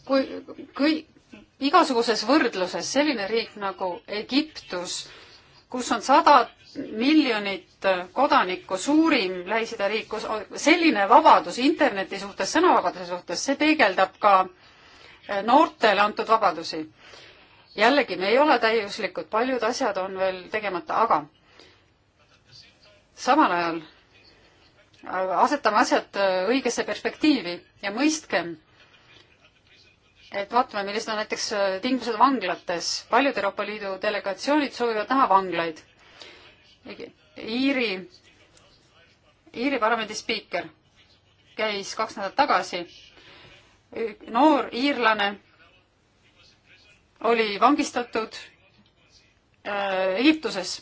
kui, kui igasuguses võrdluses selline riik nagu Egiptus äh, kus on sada miljonit kodanikku, suurim Lähis-Ida riik, kus selline vabadus interneti suhtes, sõnavabaduse suhtes, see peegeldab ka eh, noortele antud vabadusi. jällegi, me ei ole täiuslikud, paljud asjad on veel tegemata, aga samal ajal asetame asjad eh, õigesse perspektiivi ja mõistkem et vaatame, millised on näiteks äh, tingimused vanglates. paljud Euroopa Liidu delegatsioonid soovivad näha vanglaid. Iiri, Iiri parlamendi spiiker käis kaks nädalat tagasi. noor iirlane oli vangistatud äh, Egiptuses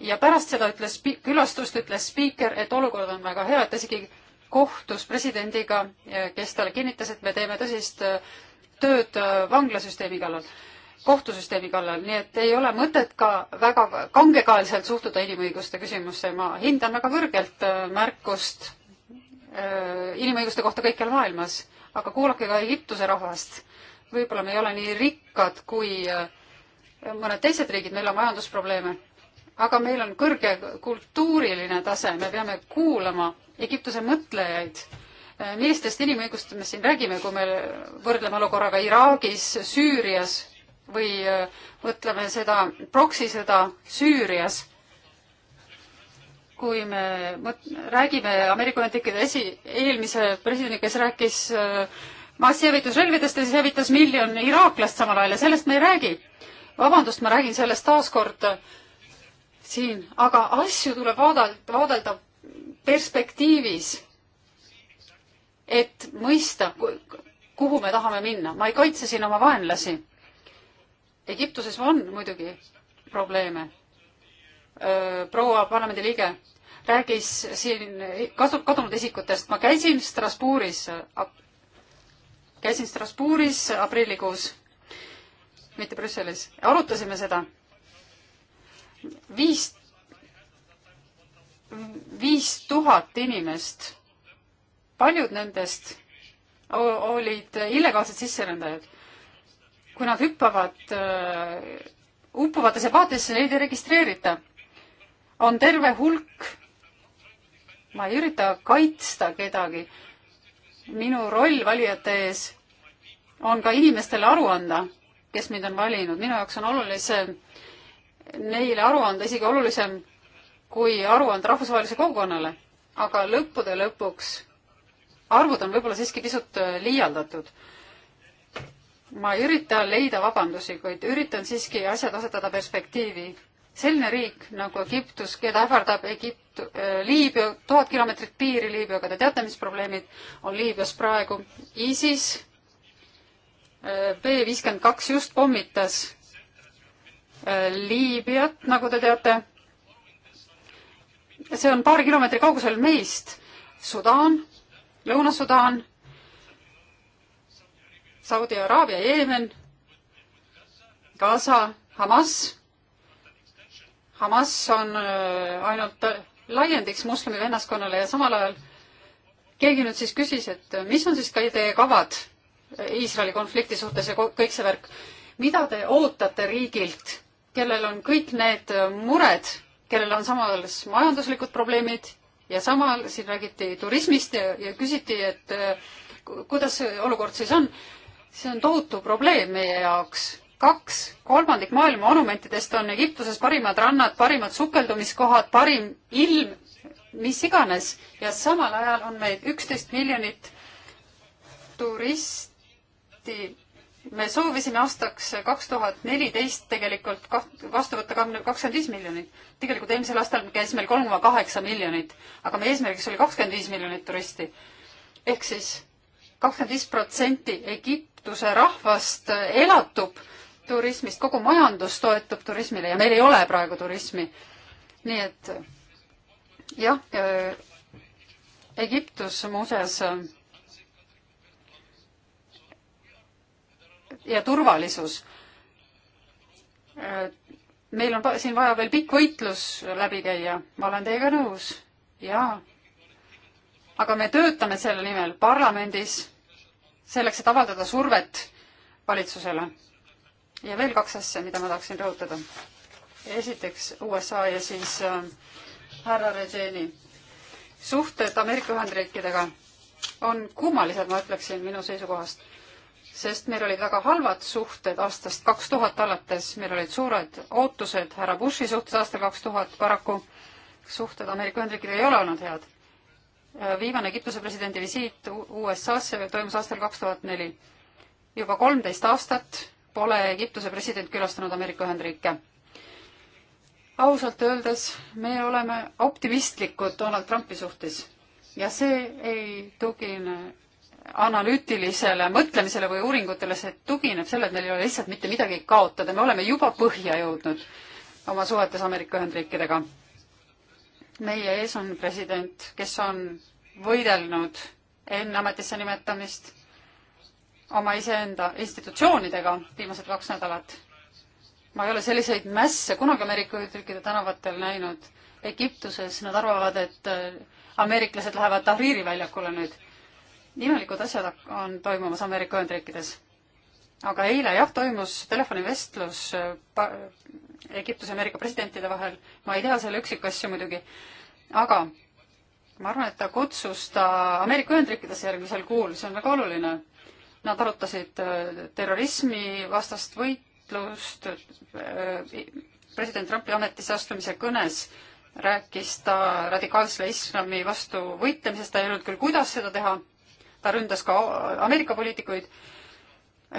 ja pärast seda ütles, külastust ütles spiiker, et olukord on väga hea, et ta isegi kohtus presidendiga, kes talle kinnitas, et me teeme tõsist äh, tööd äh, vanglasüsteemi kallal, kohtusüsteemi kallal, nii et ei ole mõtet ka väga kangekaelselt suhtuda inimõiguste küsimusse. ma hindan väga kõrgelt äh, märkust äh, inimõiguste kohta kõikjal maailmas, aga kuulake ka Egiptuse rahvast. võib-olla me ei ole nii rikkad kui mõned teised riigid, meil on majandusprobleeme, aga meil on kõrge kultuuriline tase, me peame kuulama Egiptuse mõtlejaid Äh, millistest inimõigustest me siin räägime, kui me võrdleme olukorraga Iraagis, Süürias või äh, mõtleme seda proksisõda Süürias? kui me mõt-, räägime Ameerika Ühendriikide esi, eelmise presidendi, kes rääkis äh, massihävitusrelvidest ja siis hävitas miljon iraaklast samal ajal ja sellest me ei räägi. vabandust, ma räägin sellest taaskord siin, aga asju tuleb vaadata, vaadelda perspektiivis et mõista, kuhu me tahame minna. ma ei kaitse siin oma vaenlasi. Egiptuses on muidugi probleeme. proua parlamendiliige räägis siin kasu-, kadunud isikutest. ma käisin Strasbourgis, käisin Strasbourgis aprillikuus, mitte Brüsselis. arutasime seda. viis, viis tuhat inimest paljud nendest olid illegaalsed sisserändajad. kui nad hüppavad äh, uppuvatesse paatidesse, neid ei registreerita. on terve hulk, ma ei ürita kaitsta kedagi, minu roll valijate ees on ka inimestele aru anda, kes mind on valinud, minu jaoks on olulisem neile aru anda, isegi olulisem kui aru anda rahvusvahelise kogukonnale. aga lõppude lõpuks arvud on võib-olla siiski pisut äh, liialdatud. ma ei ürita leida vabandusi, kuid üritan siiski asjad asetada perspektiivi. selline riik nagu Egiptus, keda ähvardab Egipt-, äh, Liibüa, tuhat kilomeetrit piiri Liibüaga, te teate, mis probleemid on Liibüas praegu. ISIS äh, B viiskümmend kaks just pommitas Liibüat, nagu te teate. see on paari kilomeetri kaugusel meist. Sudaan Lõuna-Sudaan, Saudi Araabia, Jeemen, Gaza, Hamas. Hamas on äh, ainult äh, laiendiks moslemi vennaskonnale ja samal ajal keegi nüüd siis küsis, et äh, mis on siis ka teie kavad Iisraeli konflikti suhtes ja kõik see värk. mida te ootate riigilt, kellel on kõik need mured, kellel on samas majanduslikud probleemid ja samal siin räägiti turismist ja, ja küsiti, et kuidas see olukord siis on. see on tohutu probleem meie jaoks. kaks kolmandik maailma monumentidest on Egiptuses parimad rannad, parimad sukeldumiskohad, parim ilm, mis iganes ja samal ajal on meil üksteist miljonit turisti me soovisime aastaks kaks tuhat neliteist tegelikult vastu võtta kakskümmend viis miljonit. tegelikult eelmisel aastal käis meil kolm koma kaheksa miljonit, aga meie eesmärgiks oli kakskümmend viis miljonit turisti. ehk siis kakskümmend viis protsenti Egiptuse rahvast elatub turismist, kogu majandus toetub turismile ja meil ei ole praegu turismi. nii et jah, Egiptus muuseas ja turvalisus. meil on siin vaja veel pikk võitlus läbi käia, ma olen teiega nõus, jaa. aga me töötame selle nimel parlamendis, selleks, et avaldada survet valitsusele. ja veel kaks asja, mida ma tahaksin rõhutada. esiteks USA ja siis äh, härra Regeni suhted Ameerika Ühendriikidega on kummalised, ma ütleksin minu seisukohast sest meil olid väga halvad suhted aastast kaks tuhat alates, meil olid suured ootused härra Bushi suhtes aastal kaks tuhat, paraku suhted Ameerika Ühendriikidega ei ole olnud head. viimane Egiptuse presidendi visiit USA-sse toimus aastal kaks tuhat neli. juba kolmteist aastat pole Egiptuse president külastanud Ameerika Ühendriike. ausalt öeldes me oleme optimistlikud Donald Trumpi suhtes ja see ei tugine analüütilisele mõtlemisele või uuringutele, see tugineb sellele, et meil ei ole lihtsalt mitte midagi kaotada, me oleme juba põhja jõudnud oma suhetes Ameerika Ühendriikidega. meie ees on president, kes on võidelnud enne ametisse nimetamist oma iseenda institutsioonidega viimased kaks nädalat. ma ei ole selliseid mässe kunagi Ameerika Ühendriikide tänavatel näinud. Egiptuses nad arvavad, et äh, ameeriklased lähevad Tahriri väljakule nüüd imelikud asjad on toimumas Ameerika Ühendriikides. aga eile jah, toimus telefonivestlus äh, Egiptuse ja Ameerika presidentide vahel, ma ei tea selle üksikasju muidugi, aga ma arvan, et ta kutsus ta Ameerika Ühendriikidesse järgmisel kuul, see on väga oluline. Nad arutasid äh, terrorismi vastast võitlust, äh, president Trumpi ametisse astumise kõnes rääkis ta radikaalsele islami vastu võitlemisest, ta ei öelnud küll, kuidas seda teha, ta ründas ka Ameerika poliitikuid.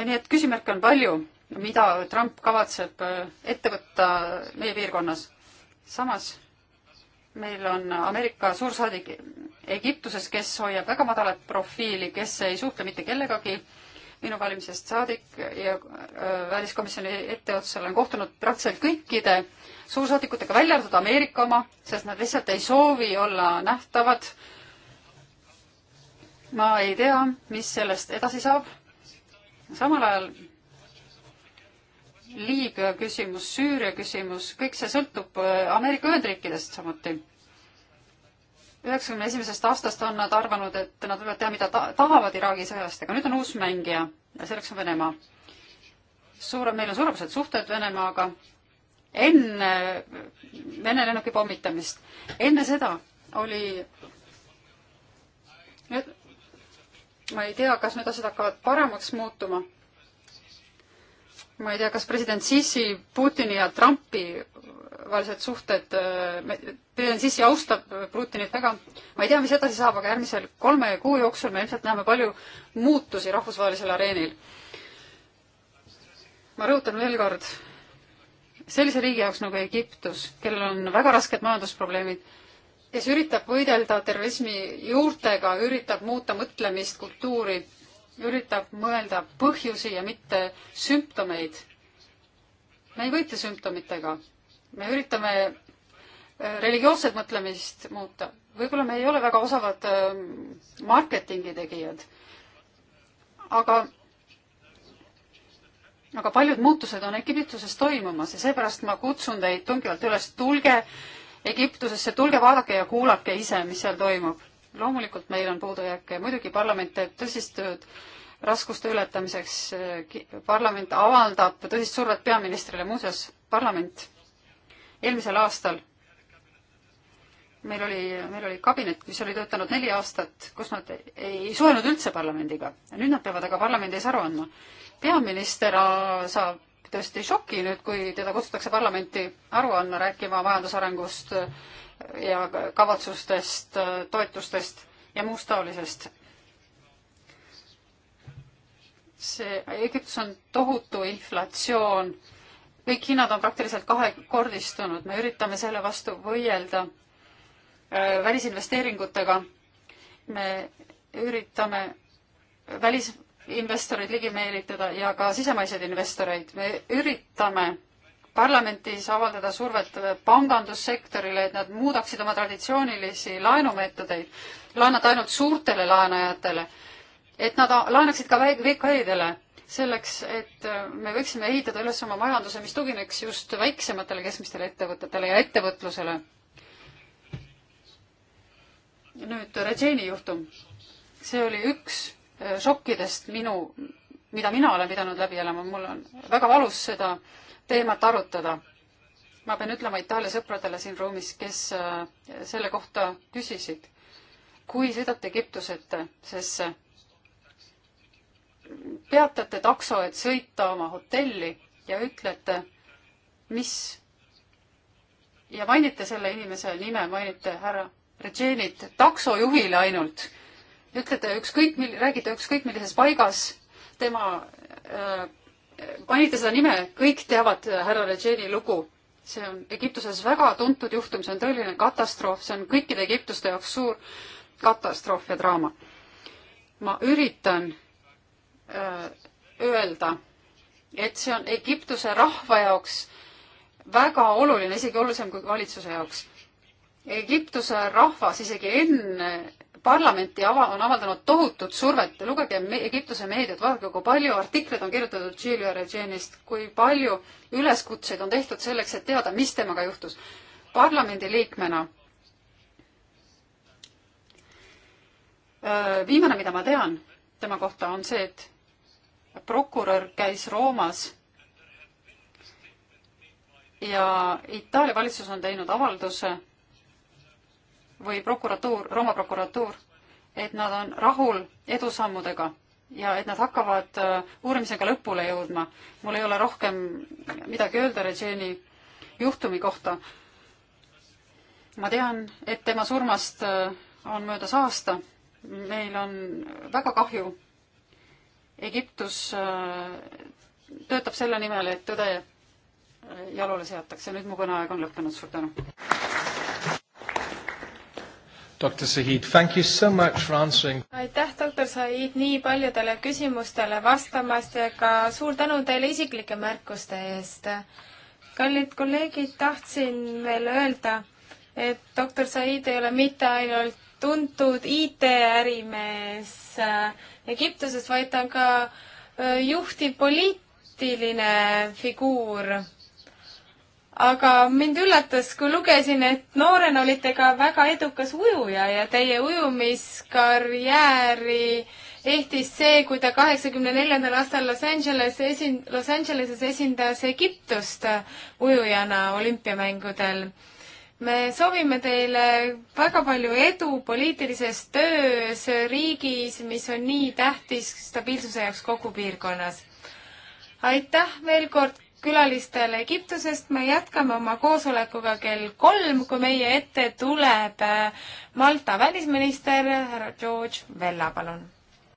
nii et küsimärke on palju, mida Trump kavatseb äh, ette võtta meie piirkonnas. samas meil on Ameerika suursaadik Egiptuses, kes hoiab väga madalat profiili, kes ei suhtle mitte kellegagi minu valimisest saadik ja äh, väliskomisjoni etteotsal olen kohtunud praktiliselt kõikide suursaadikutega, välja arvatud Ameerika oma, sest nad lihtsalt ei soovi olla nähtavad ma ei tea, mis sellest edasi saab. samal ajal Liibüa küsimus, Süüria küsimus, kõik see sõltub äh, Ameerika Ühendriikidest samuti. üheksakümne esimesest aastast on nad arvanud, et nad võivad teha, mida ta tahavad Iraagi sõjast, aga nüüd on uus mängija ja selleks on Venemaa. suure, meil on suurepärased suhted Venemaaga enne Vene lennuki pommitamist. enne seda oli, ma ei tea, kas need asjad hakkavad paremaks muutuma. ma ei tea, kas president Sissi, Putini ja Trumpi vahelised suhted, president Sissi austab Putinit väga. ma ei tea, mis edasi saab, aga järgmisel kolme kuu jooksul me ilmselt näeme palju muutusi rahvusvahelisel areenil. ma rõhutan veel kord, sellise riigi jaoks nagu Egiptus, kellel on väga rasked majandusprobleemid kes üritab võidelda terrorismi juurtega, üritab muuta mõtlemist, kultuuri, üritab mõelda põhjusi ja mitte sümptomeid. me ei võitle sümptomitega, me üritame äh, religioosset mõtlemist muuta. võib-olla me ei ole väga osavad äh, marketingi tegijad, aga aga paljud muutused on Egiptuses toimumas ja seepärast ma kutsun teid tungivalt üles, tulge Egiptusesse, tulge vaadake ja kuulake ise, mis seal toimub. loomulikult meil on puudujääke, muidugi parlament teeb tõsist tööd raskuste ületamiseks, parlament avaldab tõsist survet peaministrile, muuseas parlament eelmisel aastal meil oli, meil oli kabinet, mis oli töötanud neli aastat, kus nad ei, ei suhelnud üldse parlamendiga ja nüüd nad peavad aga parlamendi ees aru andma. peaminister saab tõesti šoki nüüd, kui teda kutsutakse parlamenti aru andma, rääkima majandusarengust ja kavatsustest, toetustest ja muust taolisest. see, Egiptus on tohutu inflatsioon, kõik hinnad on praktiliselt kahekordistunud, me üritame selle vastu võidelda äh, välisinvesteeringutega, me üritame välis, investoreid ligi meelitada ja ka sisemaiseid investoreid. me üritame parlamendis avaldada survet pangandussektorile, et nad muudaksid oma traditsioonilisi laenumeetodeid, laenata ainult suurtele laenajatele, et nad laenaksid ka VKI-dele, selleks et äh, me võiksime ehitada üles oma majanduse, mis tugineks just väiksematele keskmistele ettevõtetele ja ettevõtlusele. nüüd Regeni juhtum. see oli üks šokkidest minu, mida mina olen pidanud läbi elama, mul on väga valus seda teemat arutada. ma pean ütlema Itaalia sõpradele siin ruumis, kes äh, selle kohta küsisid, kui sõidate Egiptusesse, sest peatate takso, et sõita oma hotelli ja ütlete, mis ja mainite selle inimese nime, mainite härra Regenit taksojuhile ainult ütlete ükskõik, räägite ükskõik millises paigas, tema äh,, panite seda nime, kõik teavad äh, härra Regeni lugu. see on Egiptuses väga tuntud juhtum, see on tõeline katastroof, see on kõikide egiptuste jaoks suur katastroof ja draama. ma üritan äh, öelda, et see on Egiptuse rahva jaoks väga oluline, isegi olulisem kui valitsuse jaoks. Egiptuse rahvas isegi enne parlamenti ava-, on avaldanud tohutut survet, lugege me Egiptuse meediat, vaadake, kui palju artikleid on kirjutatud Tšiilio režiimist, kui palju üleskutseid on tehtud selleks, et teada, mis temaga juhtus. parlamendiliikmena äh, viimane, mida ma tean tema kohta, on see, et prokurör käis Roomas ja Itaalia valitsus on teinud avalduse või prokuratuur, Rooma prokuratuur, et nad on rahul edusammudega ja et nad hakkavad äh, uurimisega lõpule jõudma. mul ei ole rohkem midagi öelda Regeni juhtumi kohta. ma tean, et tema surmast äh, on möödas aasta. meil on väga kahju. Egiptus äh, töötab selle nimel, et tõde jalule seatakse. nüüd mu kõneaeg on lõppenud, suur tänu. Dr Sahid, thank you so much for answering. aitäh, doktor Said, nii paljudele küsimustele vastamast ja ka suur tänu teile isiklike märkuste eest. kallid kolleegid, tahtsin veel öelda, et doktor Said ei ole mitte ainult tuntud IT-ärimees äh, Egiptuses, vaid ta on ka äh, juhtiv poliitiline figuur aga mind üllatas, kui lugesin, et noorena olite ka väga edukas ujuja ja teie ujumiskarjääri ehtis see, kui ta kaheksakümne neljandal aastal Los Angeles esin-, Los Angeleses esindas Egiptust ujujana olümpiamängudel. me soovime teile väga palju edu poliitilises töös riigis, mis on nii tähtis stabiilsuse jaoks kogu piirkonnas. aitäh veel kord külalistel Egiptusest. me jätkame oma koosolekuga kell kolm, kui meie ette tuleb äh, Malta välisminister härra George Vella, palun